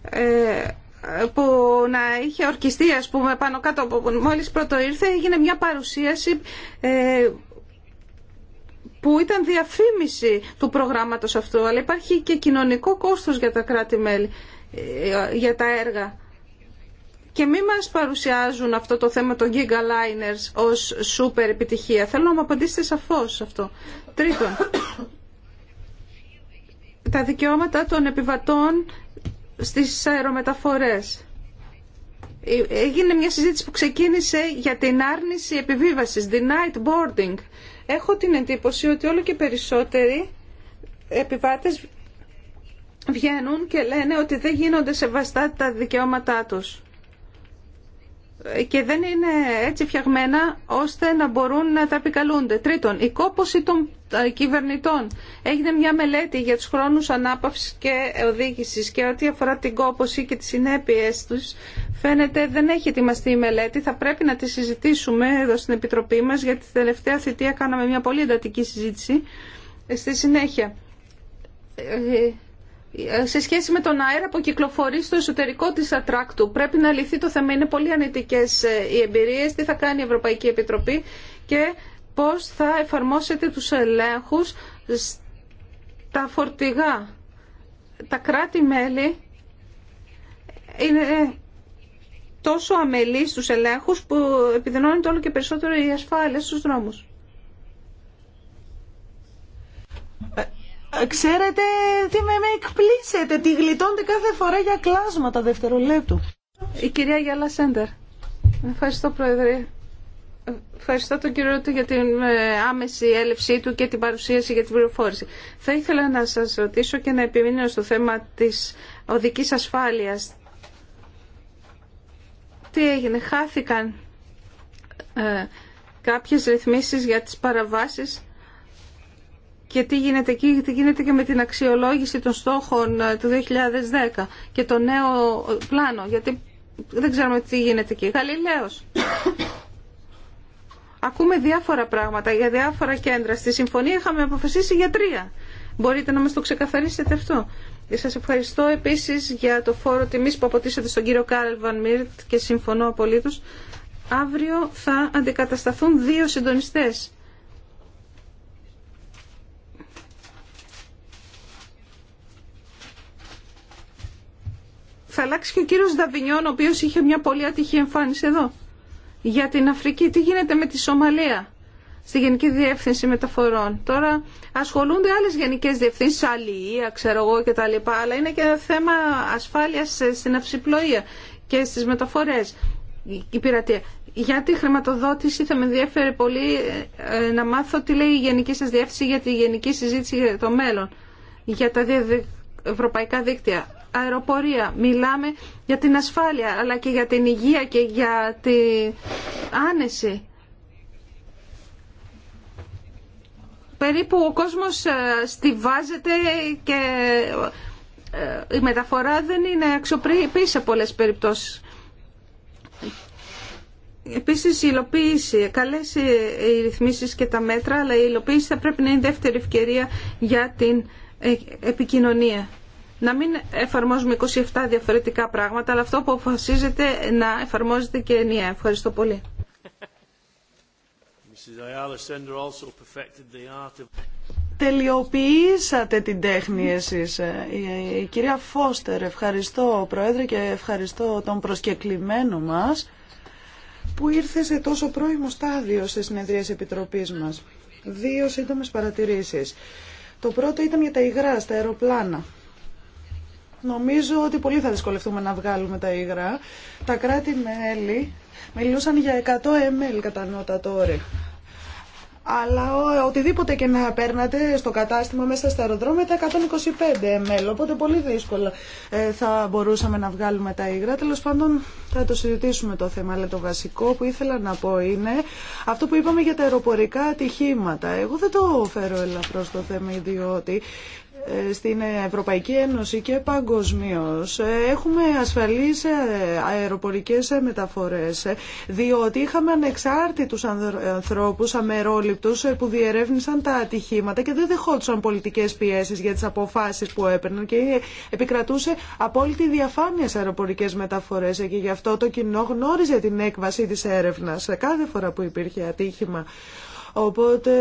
ε, που να είχε ορκιστεί, ας πούμε, πάνω κάτω. Μόλις πρώτο ήρθε έγινε μια παρουσίαση ε, που ήταν διαφήμιση του προγράμματος αυτού, αλλά υπάρχει και κοινωνικό κόστος για τα κράτη-μέλη, ε, για τα έργα. Και μη μας παρουσιάζουν αυτό το θέμα των gigaliners ως σούπερ επιτυχία. Θέλω να μου απαντήσετε σαφώς αυτό. Τρίτον, τα δικαιώματα των επιβατών στις αερομεταφορές. Ε, έγινε μια συζήτηση που ξεκίνησε για την άρνηση επιβίβασης, denied boarding Έχω την εντύπωση ότι όλο και περισσότεροι επιβάτες βγαίνουν και λένε ότι δεν γίνονται σεβαστά τα δικαιώματά τους και δεν είναι έτσι φτιαγμένα ώστε να μπορούν να τα επικαλούνται. Τρίτον, η κόπωση των ε, κυβερνητών. Έγινε μια μελέτη για τους χρόνους ανάπαυσης και οδήγησης και ό,τι αφορά την κόπωση και τις συνέπειες τους φαίνεται δεν έχει ετοιμαστεί η μελέτη. Θα πρέπει να τη συζητήσουμε εδώ στην Επιτροπή μας γιατί τη τελευταία θητεία κάναμε μια πολύ εντατική συζήτηση ε, στη συνέχεια ε, σε σχέση με τον αέρα που κυκλοφορεί στο εσωτερικό της ατράκτου. Πρέπει να λυθεί το θέμα. Είναι πολύ ανετικές ε, οι εμπειρίες. Τι θα κάνει η Ευρωπαϊκή Επιτροπή και πώς θα εφαρμόσετε τους ελέγχους στα φορτηγά. Τα κράτη-μέλη είναι τόσο αμελείς στους ελέγχους που επιδεινώνεται όλο και περισσότερο η ασφάλεια στους δρόμους. Ε, Ξέρετε τι με, με εκπλήσετε, τι γλιτώνετε κάθε φορά για κλάσματα δευτερολέπτου. Η κυρία Γιάλα Σέντερ. Ευχαριστώ, Πρόεδρε. Ευχαριστώ τον κύριο του για την ε, άμεση έλευσή του και την παρουσίαση για την πληροφόρηση. Θα ήθελα να σας ρωτήσω και να επιμείνω στο θέμα της οδικής ασφάλειας. Τι έγινε, χάθηκαν ε, κάποιες ρυθμίσεις για τις παραβάσεις και τι γίνεται εκεί, τι γίνεται και με την αξιολόγηση των στόχων ε, του 2010 και το νέο ε, πλάνο, γιατί δεν ξέρουμε τι γίνεται εκεί. Γαλιλαίος. Ακούμε διάφορα πράγματα για διάφορα κέντρα. Στη συμφωνία είχαμε αποφασίσει για τρία. Μπορείτε να μας το ξεκαθαρίσετε αυτό. Σας ευχαριστώ επίσης για το φόρο τιμής που αποτίσατε στον κύριο Κάλβαν Μίρτ και συμφωνώ απολύτως. Αύριο θα αντικατασταθούν δύο συντονιστές θα αλλάξει και ο κύριος Δαβινιών, ο οποίος είχε μια πολύ ατυχή εμφάνιση εδώ. Για την Αφρική, τι γίνεται με τη Σομαλία στη Γενική Διεύθυνση Μεταφορών. Τώρα ασχολούνται άλλες γενικές διευθύνσεις, αλληλεία, ξέρω εγώ και τα αλλά είναι και θέμα ασφάλειας στην αυσιπλοεία και στις μεταφορές. Η πειρατεία. Για τη χρηματοδότηση θα με ενδιαφέρει πολύ ε, να μάθω τι λέει η Γενική σας Διεύθυνση για τη Γενική Συζήτηση για το μέλλον, για τα ευρωπαϊκά δίκτυα αεροπορία, μιλάμε για την ασφάλεια, αλλά και για την υγεία και για την άνεση. Περίπου ο κόσμος ε, στηβάζεται και ε, η μεταφορά δεν είναι αξιοπρεπή σε πολλές περιπτώσεις. Επίσης η υλοποίηση, καλές οι ρυθμίσεις και τα μέτρα, αλλά η υλοποίηση θα πρέπει να είναι δεύτερη ευκαιρία για την ε, επικοινωνία να μην εφαρμόζουμε 27 διαφορετικά πράγματα, αλλά αυτό που αποφασίζεται να εφαρμόζεται και ενιαία. Ευχαριστώ πολύ. Τελειοποιήσατε την τέχνη εσείς. Ε, η κυρία Φώστερ, ευχαριστώ Πρόεδρε και ευχαριστώ τον προσκεκλημένο μας που ήρθε σε τόσο πρώιμο στάδιο σε συνεδρίες Επιτροπής μας. Δύο σύντομες παρατηρήσεις. Το πρώτο ήταν για τα υγρά στα αεροπλάνα. Νομίζω ότι πολύ θα δυσκολευτούμε να βγάλουμε τα υγρά. Τα κράτη-μέλη μιλούσαν για 100 ml κατά νότα τώρα. Αλλά οτιδήποτε και να παίρνατε στο κατάστημα μέσα στα αεροδρόμια τα 125 ml. Οπότε πολύ δύσκολα ε, θα μπορούσαμε να βγάλουμε τα υγρά. Τέλο πάντων θα το συζητήσουμε το θέμα. Αλλά το βασικό που ήθελα να πω είναι αυτό που είπαμε για τα αεροπορικά ατυχήματα. Εγώ δεν το φέρω ελαφρώ το θέμα, διότι στην Ευρωπαϊκή Ένωση και παγκοσμίω έχουμε ασφαλεί ε, αεροπορικές μεταφορές διότι είχαμε ανεξάρτητους ανθρώπους αμερόληπτους ε, που διερεύνησαν τα ατυχήματα και δεν δεχόντουσαν πολιτικές πιέσεις για τις αποφάσεις που έπαιρναν και επικρατούσε απόλυτη διαφάνεια σε αεροπορικές μεταφορές και γι' αυτό το κοινό γνώριζε την έκβαση τη έρευνα κάθε φορά που υπήρχε ατύχημα. Οπότε,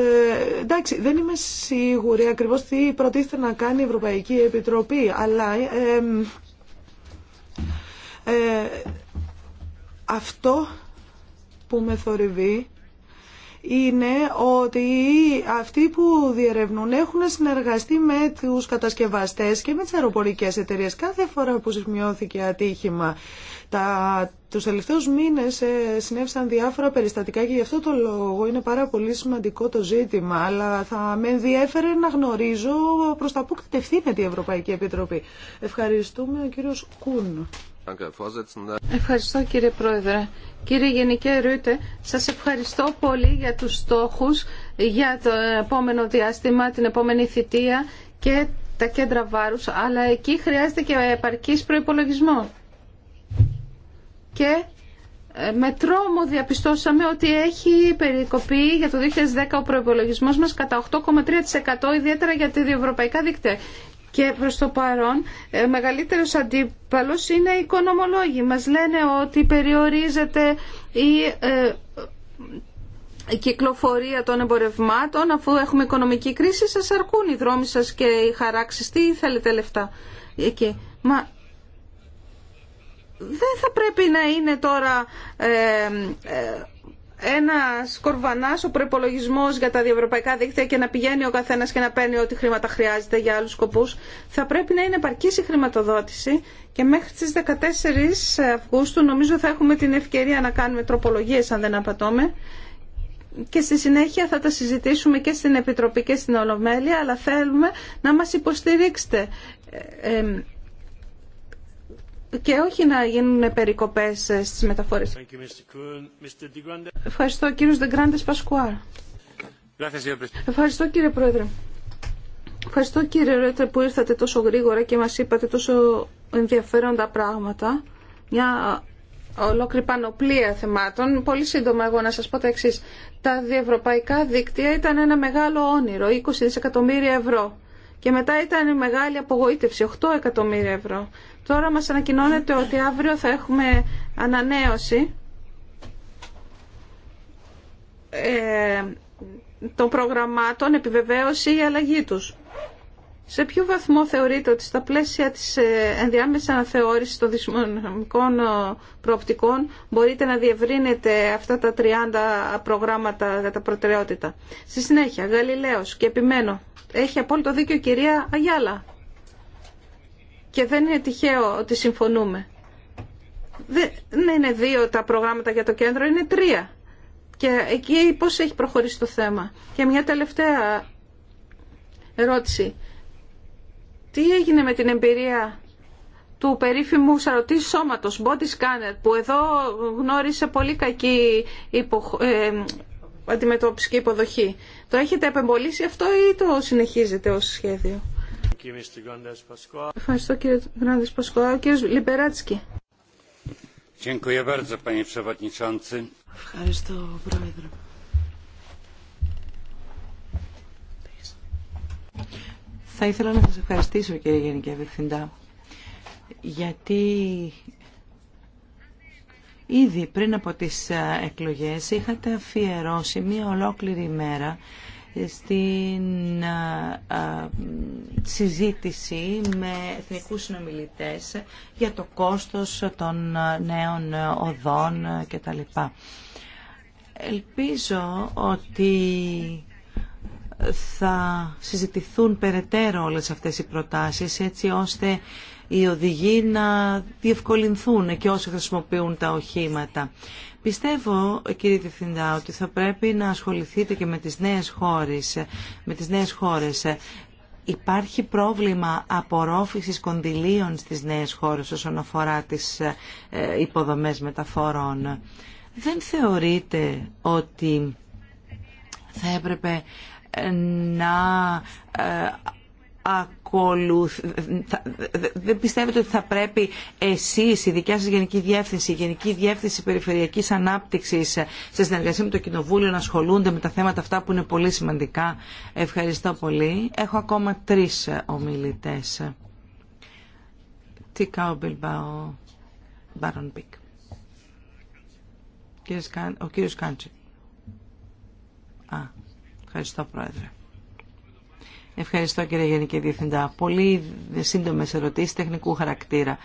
εντάξει, δεν είμαι σίγουρη ακριβώς τι προτίθεται να κάνει η Ευρωπαϊκή Επιτροπή, αλλά... Ε, αυτό που με θορυβεί είναι ότι αυτοί που διερευνούν έχουν συνεργαστεί με τους κατασκευαστές και με τις αεροπορικές εταιρείες κάθε φορά που σημειώθηκε ατύχημα. Τα, τους τελευταίους μήνες ε, συνέβησαν διάφορα περιστατικά και γι' αυτό το λόγο είναι πάρα πολύ σημαντικό το ζήτημα, αλλά θα με ενδιέφερε να γνωρίζω προς τα που κατευθύνεται η Ευρωπαϊκή Επιτροπή. Ευχαριστούμε ο κύριος Κούν. Ευχαριστώ κύριε Πρόεδρε. Κύριε Γενικέ Ρούτε, σας ευχαριστώ πολύ για τους στόχους για το επόμενο διάστημα, την επόμενη θητεία και τα κέντρα βάρους, αλλά εκεί χρειάζεται και επαρκής προϋπολογισμό. Και ε, με τρόμο διαπιστώσαμε ότι έχει περικοπεί για το 2010 ο προπολογισμό μας κατά 8,3% ιδιαίτερα για τη διευρωπαϊκά δίκτυα και προς το παρόν ε, μεγαλύτερος αντίπαλος είναι οι οικονομολόγοι. Μας λένε ότι περιορίζεται ε, η κυκλοφορία των εμπορευμάτων αφού έχουμε οικονομική κρίση σας αρκούν οι δρόμοι σας και οι χαράξεις. Τι θέλετε λεφτά εκεί. Μα δεν θα πρέπει να είναι τώρα... Ε, ένα κορβανά ο προπολογισμό για τα διευρωπαϊκά δίκτυα και να πηγαίνει ο καθένα και να παίρνει ό,τι χρήματα χρειάζεται για άλλου σκοπού. Θα πρέπει να είναι επαρκή η χρηματοδότηση και μέχρι τι 14 Αυγούστου νομίζω θα έχουμε την ευκαιρία να κάνουμε τροπολογίε, αν δεν απατώμε. Και στη συνέχεια θα τα συζητήσουμε και στην Επιτροπή και στην Ολομέλεια, αλλά θέλουμε να μας υποστηρίξετε ε, ε, και όχι να γίνουν περικοπές ε, στις μεταφορές. Ευχαριστώ Δεγκράντες Πασκουάρ. Ευχαριστώ κύριε Πρόεδρε. Ευχαριστώ κύριε Ρέτρε που ήρθατε τόσο γρήγορα και μας είπατε τόσο ενδιαφέροντα πράγματα. Μια ολόκληρη πανοπλία θεμάτων. Πολύ σύντομα εγώ να σας πω τα εξής. Τα διευρωπαϊκά δίκτυα ήταν ένα μεγάλο όνειρο, 20 δισεκατομμύρια ευρώ. Και μετά ήταν η μεγάλη απογοήτευση, 8 εκατομμύρια ευρώ. Τώρα μας ανακοινώνεται ότι αύριο θα έχουμε ανανέωση ε, των προγραμμάτων, επιβεβαίωση ή αλλαγή τους. Σε ποιο βαθμό θεωρείτε ότι στα πλαίσια της ε, ενδιάμεσης αναθεώρησης των δυσμονικών ε, προοπτικών μπορείτε να διευρύνετε αυτά τα 30 προγράμματα για τα προτεραιότητα. Στη συνέχεια, Γαλιλαίος και επιμένω, έχει απόλυτο δίκιο η κυρία Αγιάλα. Και δεν είναι τυχαίο ότι συμφωνούμε. Δεν ναι, είναι δύο τα προγράμματα για το κέντρο, είναι τρία. Και εκεί πώς έχει προχωρήσει το θέμα. Και μια τελευταία ερώτηση. Τι έγινε με την εμπειρία του περίφημου σαρωτή σώματος, body scanner, που εδώ γνώρισε πολύ κακή ε, αντιμετώπιση και υποδοχή. Το έχετε επεμπολίσει αυτό ή το συνεχίζετε ως σχέδιο. Ευχαριστώ κύριε Γκράνδης Πασκουά. Κύριος Λιμπεράτσκι. Ευχαριστώ πρόεδρε. Θα ήθελα να σας ευχαριστήσω κύριε Γενική Απευθυντά γιατί ήδη πριν από τις εκλογές είχατε αφιερώσει μία ολόκληρη ημέρα στην συζήτηση με εθνικούς συνομιλητές για το κόστος των νέων οδών κτλ. Ελπίζω ότι θα συζητηθούν περαιτέρω όλες αυτές οι προτάσεις έτσι ώστε οι οδηγοί να διευκολυνθούν και όσοι χρησιμοποιούν τα οχήματα. Πιστεύω, κύριε Διευθυντά, ότι θα πρέπει να ασχοληθείτε και με τις νέες χώρες. Με τις νέες χώρες. Υπάρχει πρόβλημα απορρόφησης κονδυλίων στις νέες χώρες όσον αφορά τις ε, υποδομές μεταφορών. Δεν θεωρείτε ότι θα έπρεπε ε, να ε, δεν πιστεύετε ότι θα πρέπει εσείς, η δικιά σα Γενική Διεύθυνση, η Γενική Διεύθυνση Περιφερειακής Ανάπτυξης σε συνεργασία με το Κοινοβούλιο να ασχολούνται με τα θέματα αυτά που είναι πολύ σημαντικά. Ευχαριστώ πολύ. Έχω ακόμα τρεις ομιλητές. Τι Μπιλμπάο Μπάρον Ο κύριος Κάντσι. Α, ευχαριστώ Πρόεδρε. Ευχαριστώ κύριε Γενική Διευθυντά. Πολύ σύντομε ερωτήσεις τεχνικού χαρακτήρα.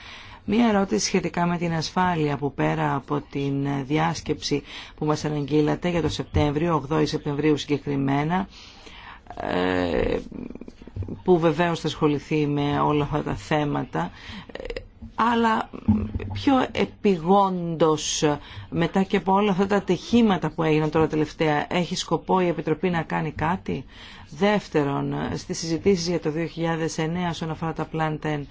Μία ερώτηση σχετικά με την ασφάλεια που πέρα από την διάσκεψη που μας αναγγείλατε για το Σεπτέμβριο, 8 Σεπτεμβρίου συγκεκριμένα, ε, που βεβαίως θα ασχοληθεί με όλα αυτά τα θέματα αλλά πιο επιγόντως μετά και από όλα αυτά τα ατυχήματα που έγιναν τώρα τελευταία έχει σκοπό η Επιτροπή να κάνει κάτι. Δεύτερον, στις συζητήσεις για το 2009 όσον αφορά τα πλάντεν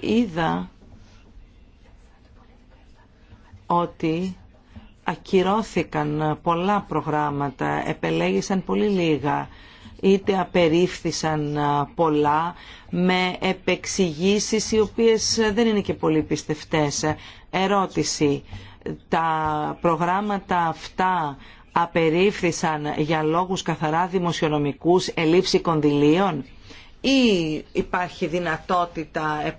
είδα ότι ακυρώθηκαν πολλά προγράμματα, επελέγησαν πολύ λίγα είτε απερίφθησαν πολλά με επεξηγήσεις οι οποίες δεν είναι και πολύ πιστευτές. Ερώτηση. Τα προγράμματα αυτά απερίφθησαν για λόγους καθαρά δημοσιονομικούς ελήψη κονδυλίων ή υπάρχει δυνατότητα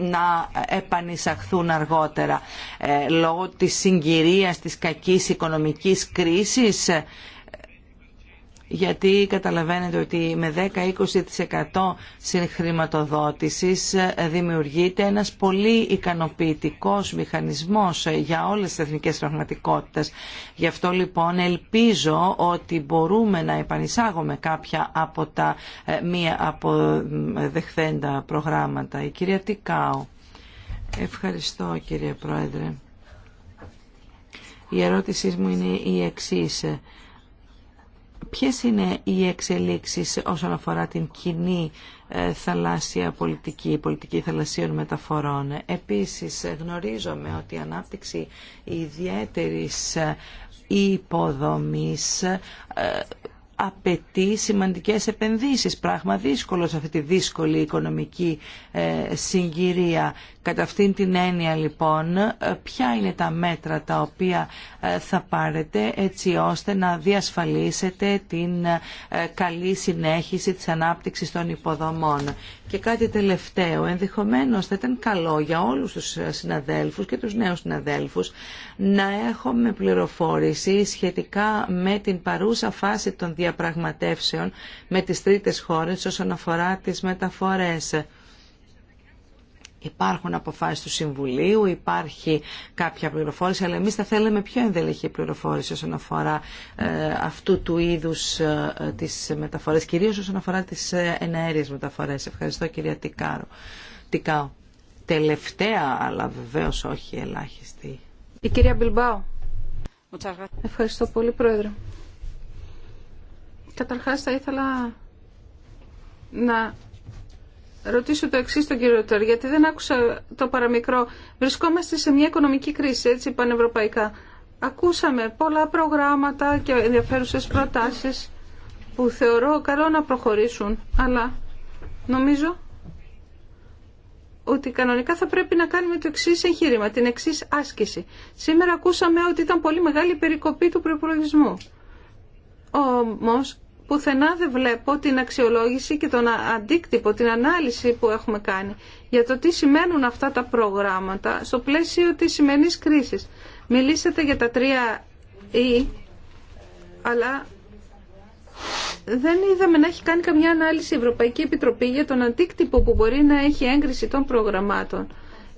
να επανεισαχθούν αργότερα ε, λόγω της συγκυρίας της κακής οικονομικής κρίσης γιατί καταλαβαίνετε ότι με 10-20% συγχρηματοδότησης ε, δημιουργείται ένας πολύ ικανοποιητικός μηχανισμός ε, για όλες τις εθνικές πραγματικότητες. Γι' αυτό λοιπόν ελπίζω ότι μπορούμε να επανεισάγουμε κάποια από τα ε, μία από δεχθέντα προγράμματα. Η κυρία Τικάου. Ευχαριστώ κύριε Πρόεδρε. Η ερώτησή μου είναι η εξής Ποιες είναι οι εξελίξεις όσον αφορά την κοινή ε, θαλάσσια πολιτική, πολιτική θαλασσίων μεταφορών. Επίσης γνωρίζομαι ότι η ανάπτυξη ιδιαίτερης ε, υποδομής ε, απαιτεί σημαντικές επενδύσεις, πράγμα δύσκολο σε αυτή τη δύσκολη οικονομική ε, συγκυρία. Κατά αυτήν την έννοια λοιπόν, ε, ποια είναι τα μέτρα τα οποία ε, θα πάρετε έτσι ώστε να διασφαλίσετε την καλή συνέχιση της ανάπτυξης των υποδομών και κάτι τελευταίο, ενδεχομένως θα ήταν καλό για όλους τους συναδέλφους και τους νέους συναδέλφους να έχουμε πληροφόρηση σχετικά με την παρούσα φάση των διαπραγματεύσεων με τις τρίτες χώρες όσον αφορά τις μεταφορές Υπάρχουν αποφάσεις του Συμβουλίου, υπάρχει κάποια πληροφόρηση, αλλά εμείς θα θέλαμε πιο ενδελεχή πληροφόρηση όσον αφορά ε, αυτού του είδους ε, τις μεταφορές, κυρίως όσον αφορά τις ε, εναέριες μεταφορές. Ευχαριστώ κυρία Τικάρο. Τικάο. Τελευταία, αλλά βεβαίω όχι ελάχιστη. Η κυρία Μπιλμπάου. Ευχαριστώ πολύ, Πρόεδρε. Καταρχάς θα ήθελα να ρωτήσω το εξή τον κύριο Τόρ, γιατί δεν άκουσα το παραμικρό. Βρισκόμαστε σε μια οικονομική κρίση, έτσι, πανευρωπαϊκά. Ακούσαμε πολλά προγράμματα και ενδιαφέρουσε προτάσεις που θεωρώ καλό να προχωρήσουν, αλλά νομίζω ότι κανονικά θα πρέπει να κάνουμε το εξή εγχείρημα, την εξή άσκηση. Σήμερα ακούσαμε ότι ήταν πολύ μεγάλη περικοπή του προπολογισμού. Όμω πουθενά δεν βλέπω την αξιολόγηση και τον αντίκτυπο, την ανάλυση που έχουμε κάνει για το τι σημαίνουν αυτά τα προγράμματα στο πλαίσιο της σημερινής κρίσης. Μιλήσατε για τα τρία ή, e, αλλά δεν είδαμε να έχει κάνει καμιά ανάλυση η Ευρωπαϊκή Επιτροπή για τον αντίκτυπο που μπορεί να έχει έγκριση των προγραμμάτων.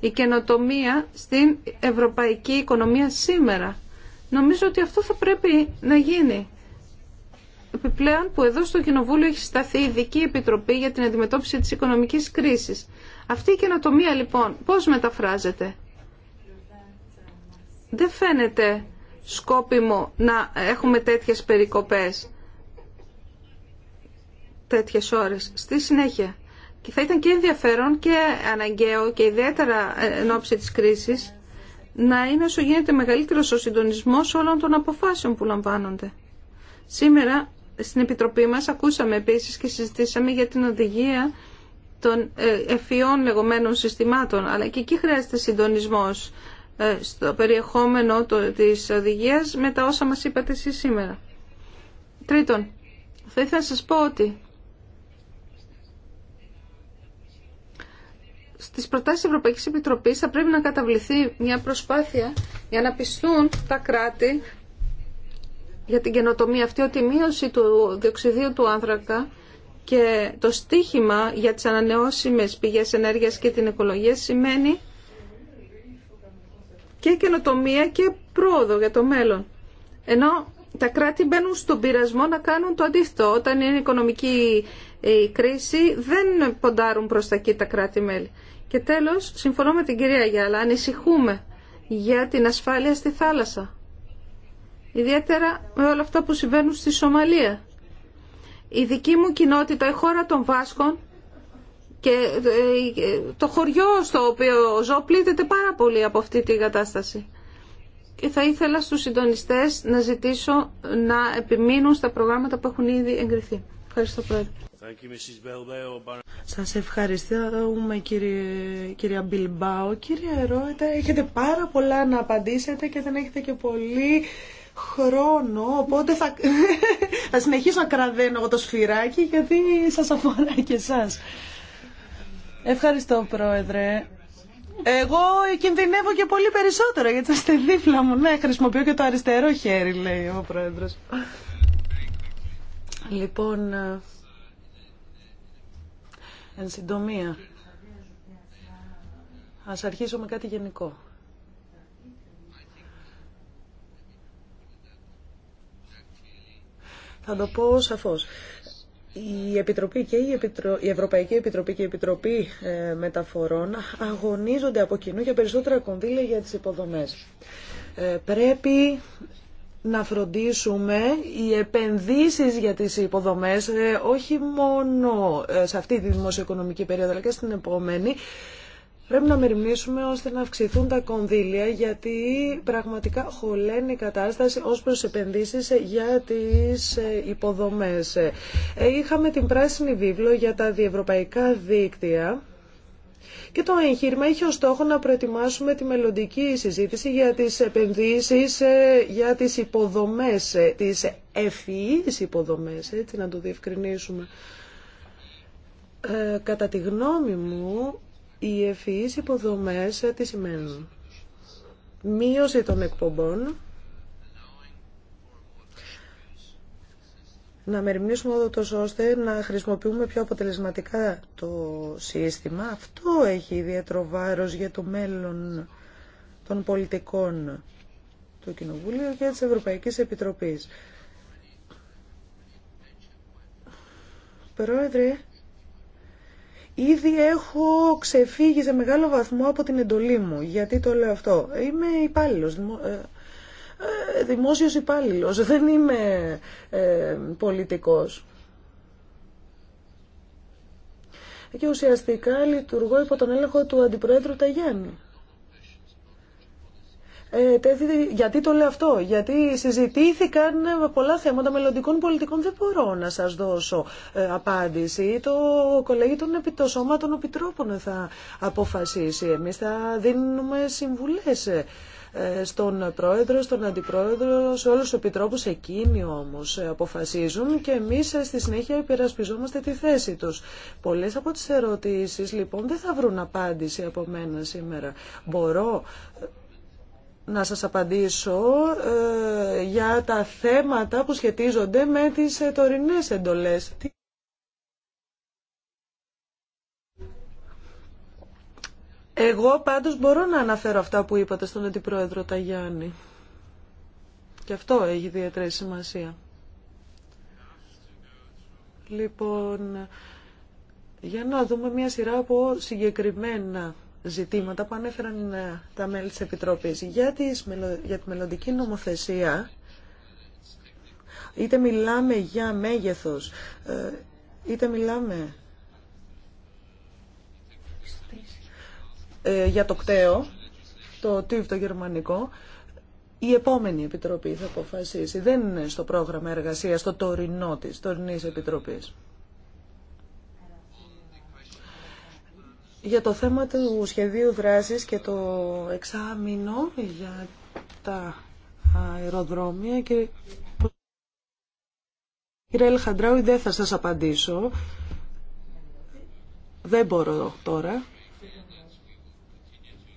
Η καινοτομία στην ευρωπαϊκή οικονομία σήμερα. Νομίζω ότι αυτό θα πρέπει να γίνει επιπλέον που εδώ στο Κοινοβούλιο έχει σταθεί ειδική επιτροπή για την αντιμετώπιση της οικονομικής κρίσης. Αυτή η καινοτομία λοιπόν πώς μεταφράζεται. Δεν φαίνεται σκόπιμο να έχουμε τέτοιες περικοπές τέτοιες ώρες. Στη συνέχεια. Και θα ήταν και ενδιαφέρον και αναγκαίο και ιδιαίτερα εν ώψη της κρίσης να είναι όσο γίνεται μεγαλύτερος ο συντονισμός όλων των αποφάσεων που λαμβάνονται. Σήμερα στην Επιτροπή μας ακούσαμε επίσης και συζητήσαμε για την οδηγία των ευφυών λεγόμενων συστημάτων, αλλά και εκεί χρειάζεται συντονισμός ε, στο περιεχόμενο της οδηγίας με τα όσα μας είπατε εσείς σήμερα. Τρίτον, θα ήθελα να σας πω ότι στις προτάσεις της Ευρωπαϊκής Επιτροπής θα πρέπει να καταβληθεί μια προσπάθεια για να πιστούν τα κράτη για την καινοτομία αυτή ότι η μείωση του διοξιδίου του άνθρακα και το στίχημα για τις ανανεώσιμες πηγές ενέργειας και την οικολογία σημαίνει και καινοτομία και πρόοδο για το μέλλον. Ενώ τα κράτη μπαίνουν στον πειρασμό να κάνουν το αντίθετο. Όταν είναι οικονομική η κρίση δεν ποντάρουν προς τα εκεί τα κράτη-μέλη. Και τέλος, συμφωνώ με την κυρία Γιάλα, ανησυχούμε για την ασφάλεια στη θάλασσα. Ιδιαίτερα με όλα αυτά που συμβαίνουν στη Σομαλία. Η δική μου κοινότητα, η χώρα των Βάσκων και ε, το χωριό στο οποίο ζω πλήττεται πάρα πολύ από αυτή την κατάσταση. Και θα ήθελα στους συντονιστές να ζητήσω να επιμείνουν στα προγράμματα που έχουν ήδη εγκριθεί. Ευχαριστώ Πρόεδρε. Σας ευχαριστώ, κύριε, κυρία Μπιλμπάου. Κύριε Ρόιτα, έχετε πάρα πολλά να απαντήσετε και δεν έχετε και πολύ χρόνο, οπότε θα, θα συνεχίσω να κραδένω εγώ το σφυράκι γιατί σας αφορά και εσάς. Ευχαριστώ Πρόεδρε. Εγώ κινδυνεύω και πολύ περισσότερο γιατί είστε δίπλα μου. Ναι, χρησιμοποιώ και το αριστερό χέρι λέει ο Πρόεδρος. Λοιπόν, ε, εν συντομία, ας αρχίσω με κάτι γενικό. Θα το πω σαφώς. Η, Επιτροπή και η, Επιτρο... η Ευρωπαϊκή Επιτροπή και η Επιτροπή ε, Μεταφορών αγωνίζονται από κοινού για περισσότερα κονδύλια για τις υποδομές. Ε, πρέπει να φροντίσουμε οι επενδύσεις για τις υποδομές ε, όχι μόνο σε αυτή τη δημοσιοοικονομική περίοδο αλλά και στην επόμενη Πρέπει να μεριμνήσουμε ώστε να αυξηθούν τα κονδύλια γιατί πραγματικά χωλαίνει η κατάσταση ως προς επενδύσεις για τις ε, υποδομές. Ε, είχαμε την πράσινη βίβλο για τα διευρωπαϊκά δίκτυα και το εγχείρημα είχε ως στόχο να προετοιμάσουμε τη μελλοντική συζήτηση για τις επενδύσεις, ε, για τις υποδομές, τις ευφυείς υποδομές, έτσι να το διευκρινίσουμε. Ε, κατά τη γνώμη μου, οι ευφυείς υποδομές ε, τι σημαίνουν. Μείωση των εκπομπών. Να μεριμνήσουμε εδώ τόσο ώστε να χρησιμοποιούμε πιο αποτελεσματικά το σύστημα. Αυτό έχει ιδιαίτερο βάρος για το μέλλον των πολιτικών του Κοινοβουλίου και της Ευρωπαϊκής Επιτροπής. Πρόεδρε, Ήδη έχω ξεφύγει σε μεγάλο βαθμό από την εντολή μου. Γιατί το λέω αυτό. Είμαι υπάλληλος, δημο... ε, ε δημόσιος υπάλληλος. Δεν είμαι ε, πολιτικός. Και ουσιαστικά λειτουργώ υπό τον έλεγχο του Αντιπροέδρου Ταγιάννη. Ε, γιατί το λέω αυτό, γιατί συζητήθηκαν πολλά θέματα μελλοντικών πολιτικών, δεν μπορώ να σας δώσω ε, απάντηση. Το κολέγιο των το σώμα επιτρόπων θα αποφασίσει. Εμείς θα δίνουμε συμβουλές ε, στον πρόεδρο, στον αντιπρόεδρο, σε όλους τους επιτρόπους. Εκείνοι όμως αποφασίζουν και εμείς στη συνέχεια υπερασπιζόμαστε τη θέση τους. Πολλές από τις ερωτήσεις λοιπόν δεν θα βρουν απάντηση από μένα σήμερα. Μπορώ να σας απαντήσω ε, για τα θέματα που σχετίζονται με τις ε, τωρινές εντολές. Εγώ πάντως μπορώ να αναφέρω αυτά που είπατε στον Αντιπρόεδρο Ταγιάννη. Και αυτό έχει ιδιαίτερη σημασία. Λοιπόν, για να δούμε μια σειρά από συγκεκριμένα ζητήματα που ανέφεραν ε, τα μέλη της Επιτροπής. Για, για τη μελλοντική νομοθεσία, είτε μιλάμε για μέγεθος, ε, είτε μιλάμε ε, για το κταίο, το ΤΥΒ το γερμανικό, η επόμενη επιτροπή θα αποφασίσει. Δεν είναι στο πρόγραμμα εργασίας, το τωρινό της, επιτροπής. Για το θέμα του σχεδίου δράσης και το εξάμεινο για τα αεροδρόμια και... Κύριε Ελχαντράου, δεν θα σας απαντήσω. Δεν μπορώ τώρα.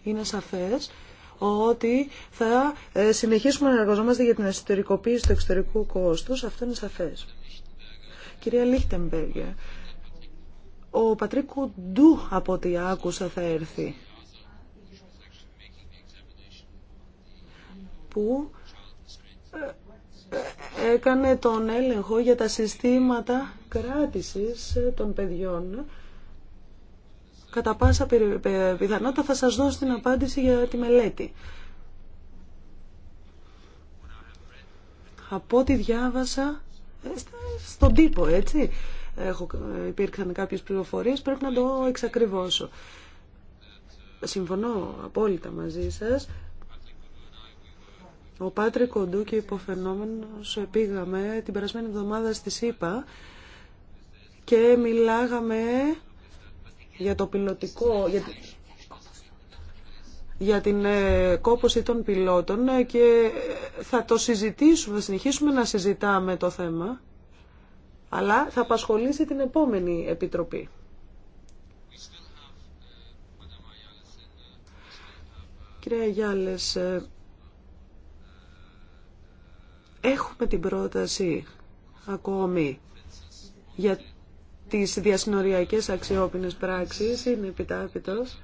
Είναι σαφές ότι θα ε, συνεχίσουμε να εργαζόμαστε για την εσωτερικοποίηση του εξωτερικού κόστους. Αυτό είναι σαφές. Κυρία Λίχτεμπέργε, ο Πατρίκου Ντού, από ό,τι άκουσα, θα έρθει. Που ε, ε, έκανε τον έλεγχο για τα συστήματα κράτησης ε, των παιδιών. Κατά πάσα πιθανότητα θα σας δώσω την απάντηση για τη μελέτη. Από ό,τι διάβασα, στον τύπο, έτσι, έχω, υπήρξαν κάποιες πληροφορίες, πρέπει να το εξακριβώσω. Συμφωνώ απόλυτα μαζί σας. Ο Πάτρικο Κοντού και υποφαινόμενος πήγαμε την περασμένη εβδομάδα στη ΣΥΠΑ και μιλάγαμε για το πιλωτικό, για, για την ε, κόπωση των πιλότων και θα το συζητήσουμε, θα συνεχίσουμε να συζητάμε το θέμα αλλά θα απασχολήσει την επόμενη Επιτροπή. Κυρία Γιάλες, ε, έχουμε την πρόταση ακόμη για τις διασυνοριακές αξιόπινες πράξεις, είναι επιτάπητος.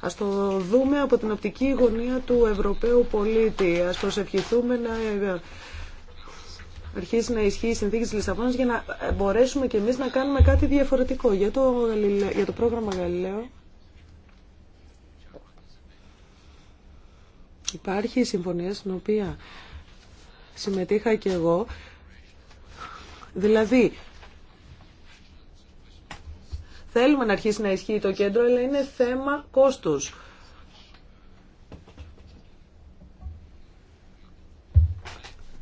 Ας το δούμε από την οπτική γωνία του Ευρωπαίου πολίτη. Ας προσευχηθούμε να αρχίσει να ισχύει η συνθήκη της Λισαβόνας για να ε, μπορέσουμε κι εμείς να κάνουμε κάτι διαφορετικό για το, για το πρόγραμμα Γαλιλαίο. Υπάρχει η συμφωνία στην οποία συμμετείχα κι εγώ. Δηλαδή, θέλουμε να αρχίσει να ισχύει το κέντρο, αλλά είναι θέμα κόστους.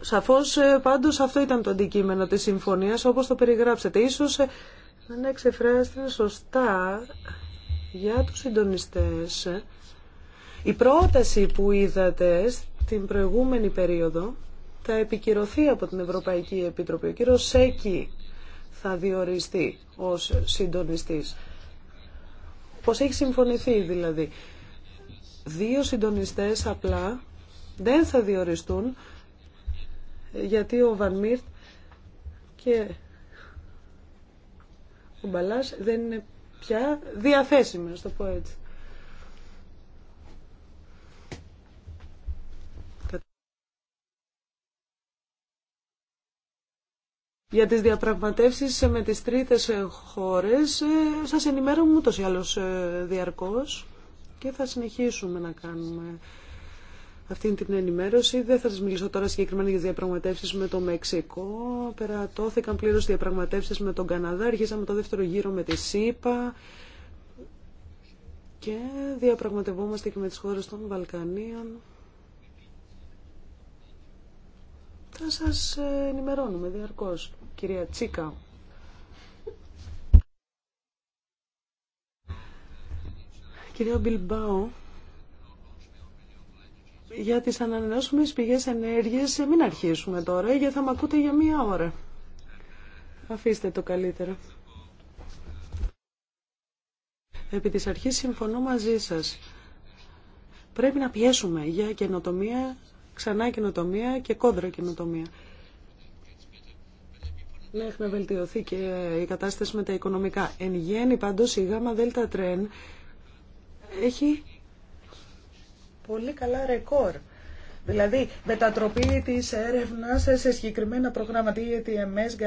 Σαφώς ε, πάντως αυτό ήταν το αντικείμενο της συμφωνίας όπως το περιγράψετε. Ίσως δεν εξεφράστηκε σωστά για τους συντονιστές. Ε, η πρόταση που είδατε στην προηγούμενη περίοδο θα επικυρωθεί από την Ευρωπαϊκή Επιτροπή. Ο κύριος Σέκη θα διοριστεί ως συντονιστής. Πώς έχει συμφωνηθεί δηλαδή. Δύο συντονιστές απλά δεν θα διοριστούν γιατί ο Βαν και ο Μπαλάς δεν είναι πια διαθέσιμοι, να το πω έτσι. Για τις διαπραγματεύσεις με τις τρίτες χώρες ε, σας ενημέρω ούτως ή άλλως ε, διαρκώς και θα συνεχίσουμε να κάνουμε αυτή την ενημέρωση. Δεν θα σα μιλήσω τώρα συγκεκριμένα για τι διαπραγματεύσει με το Μεξικό. Περατώθηκαν πλήρω διαπραγματεύσει με τον Καναδά. Αρχίσαμε το δεύτερο γύρο με τη ΣΥΠΑ. Και διαπραγματευόμαστε και με τις χώρες των Βαλκανίων. Θα σα ε, ενημερώνουμε διαρκώς, κυρία Τσίκα. Κυρία Μπιλμπάου, για τις ανανεώσιμες πηγές ενέργειας μην αρχίσουμε τώρα γιατί θα με ακούτε για μία ώρα. Αφήστε το καλύτερα. Επί της αρχής συμφωνώ μαζί σας. Πρέπει να πιέσουμε για καινοτομία, ξανά καινοτομία και κόντρα καινοτομία. Ναι, έχουν βελτιωθεί και η κατάσταση με τα οικονομικά. Εν γέννη πάντως η γάμα δέλτα τρέν έχει πολύ καλά ρεκόρ. Δηλαδή, μετατροπή της έρευνα σε συγκεκριμένα προγράμματα, ή ETMS,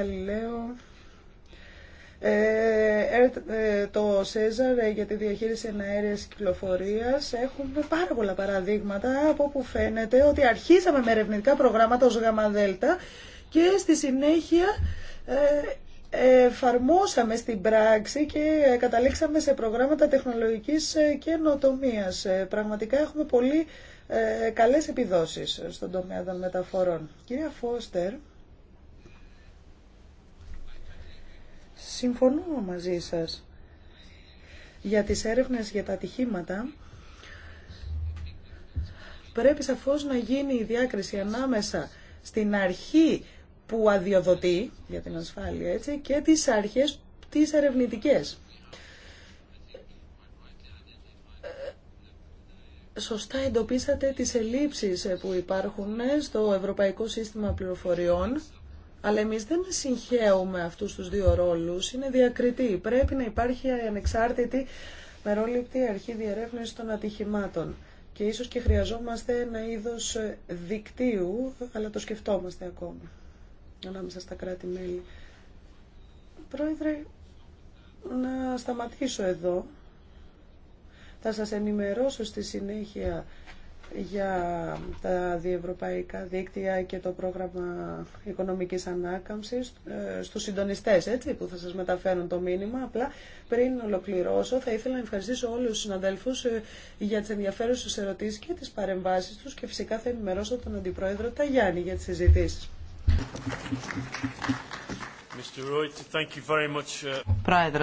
ε, ε, το ΣΕΖΑΡ ε, για τη διαχείριση εναέρειας κυκλοφορίας έχουμε πάρα πολλά παραδείγματα από όπου φαίνεται ότι αρχίσαμε με ερευνητικά προγράμματα ως γαμαδέλτα και στη συνέχεια ε, εφαρμόσαμε στην πράξη και καταλήξαμε σε προγράμματα τεχνολογικής ε, καινοτομίας. Ε, πραγματικά έχουμε πολύ ε, καλές επιδόσεις στον τομέα των μεταφορών. Κυρία Φώστερ, συμφωνώ μαζί σας για τις έρευνες για τα ατυχήματα. Πρέπει σαφώς να γίνει η διάκριση ανάμεσα στην αρχή που αδειοδοτεί για την ασφάλεια έτσι, και τις αρχές τις ερευνητικές. Ε, σωστά εντοπίσατε τις ελλείψεις ε, που υπάρχουν ε, στο Ευρωπαϊκό Σύστημα Πληροφοριών, αλλά εμείς δεν συγχαίουμε αυτούς τους δύο ρόλους, είναι διακριτή. Πρέπει να υπάρχει ανεξάρτητη μερόληπτη αρχή διερεύνηση των ατυχημάτων. Και ίσως και χρειαζόμαστε ένα είδος δικτύου, αλλά το σκεφτόμαστε ακόμα ανάμεσα στα κράτη-μέλη. Πρόεδρε, να σταματήσω εδώ. Θα σας ενημερώσω στη συνέχεια για τα διευρωπαϊκά δίκτυα και το πρόγραμμα οικονομικής ανάκαμψης ε, στους συντονιστές έτσι, που θα σας μεταφέρουν το μήνυμα. Απλά πριν ολοκληρώσω θα ήθελα να ευχαριστήσω όλους τους συναδέλφους ε, για τις ενδιαφέρουσες ερωτήσεις και τις παρεμβάσεις τους και φυσικά θα ενημερώσω τον Αντιπρόεδρο Ταγιάννη για τις συζητήσεις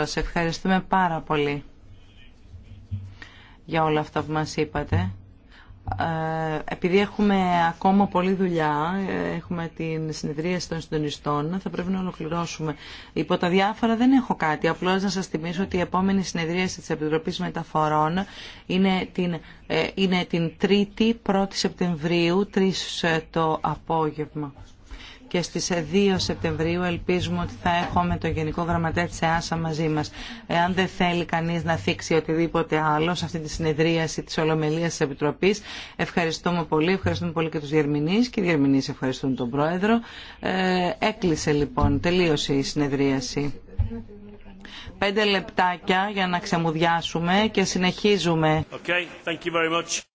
σε uh, ευχαριστούμε πάρα πολύ για όλα αυτά που μας είπατε. Ε, επειδή έχουμε ακόμα πολλή δουλειά, ε, έχουμε την συνεδρίαση των συντονιστών, θα πρέπει να ολοκληρώσουμε. Υπό τα διάφορα δεν έχω κάτι, απλώς να σας θυμίσω ότι η επόμενη συνεδρίαση της Επιτροπής Μεταφορών είναι την, ε, είναι την 3η 1η Σεπτεμβρίου, 3 το απόγευμα και στις 2 ε, Σεπτεμβρίου ελπίζουμε ότι θα έχουμε τον Γενικό Γραμματέα της ΕΑΣΑ μαζί μας. Εάν δεν θέλει κανείς να θίξει οτιδήποτε άλλο σε αυτή τη συνεδρίαση της Ολομελίας της Επιτροπής, ευχαριστούμε πολύ, ευχαριστούμε πολύ και τους διερμηνείς και οι διερμηνείς ευχαριστούν τον Πρόεδρο. Ε, έκλεισε λοιπόν, τελείωσε η συνεδρίαση. Πέντε λεπτάκια για να ξεμουδιάσουμε και συνεχίζουμε. Okay,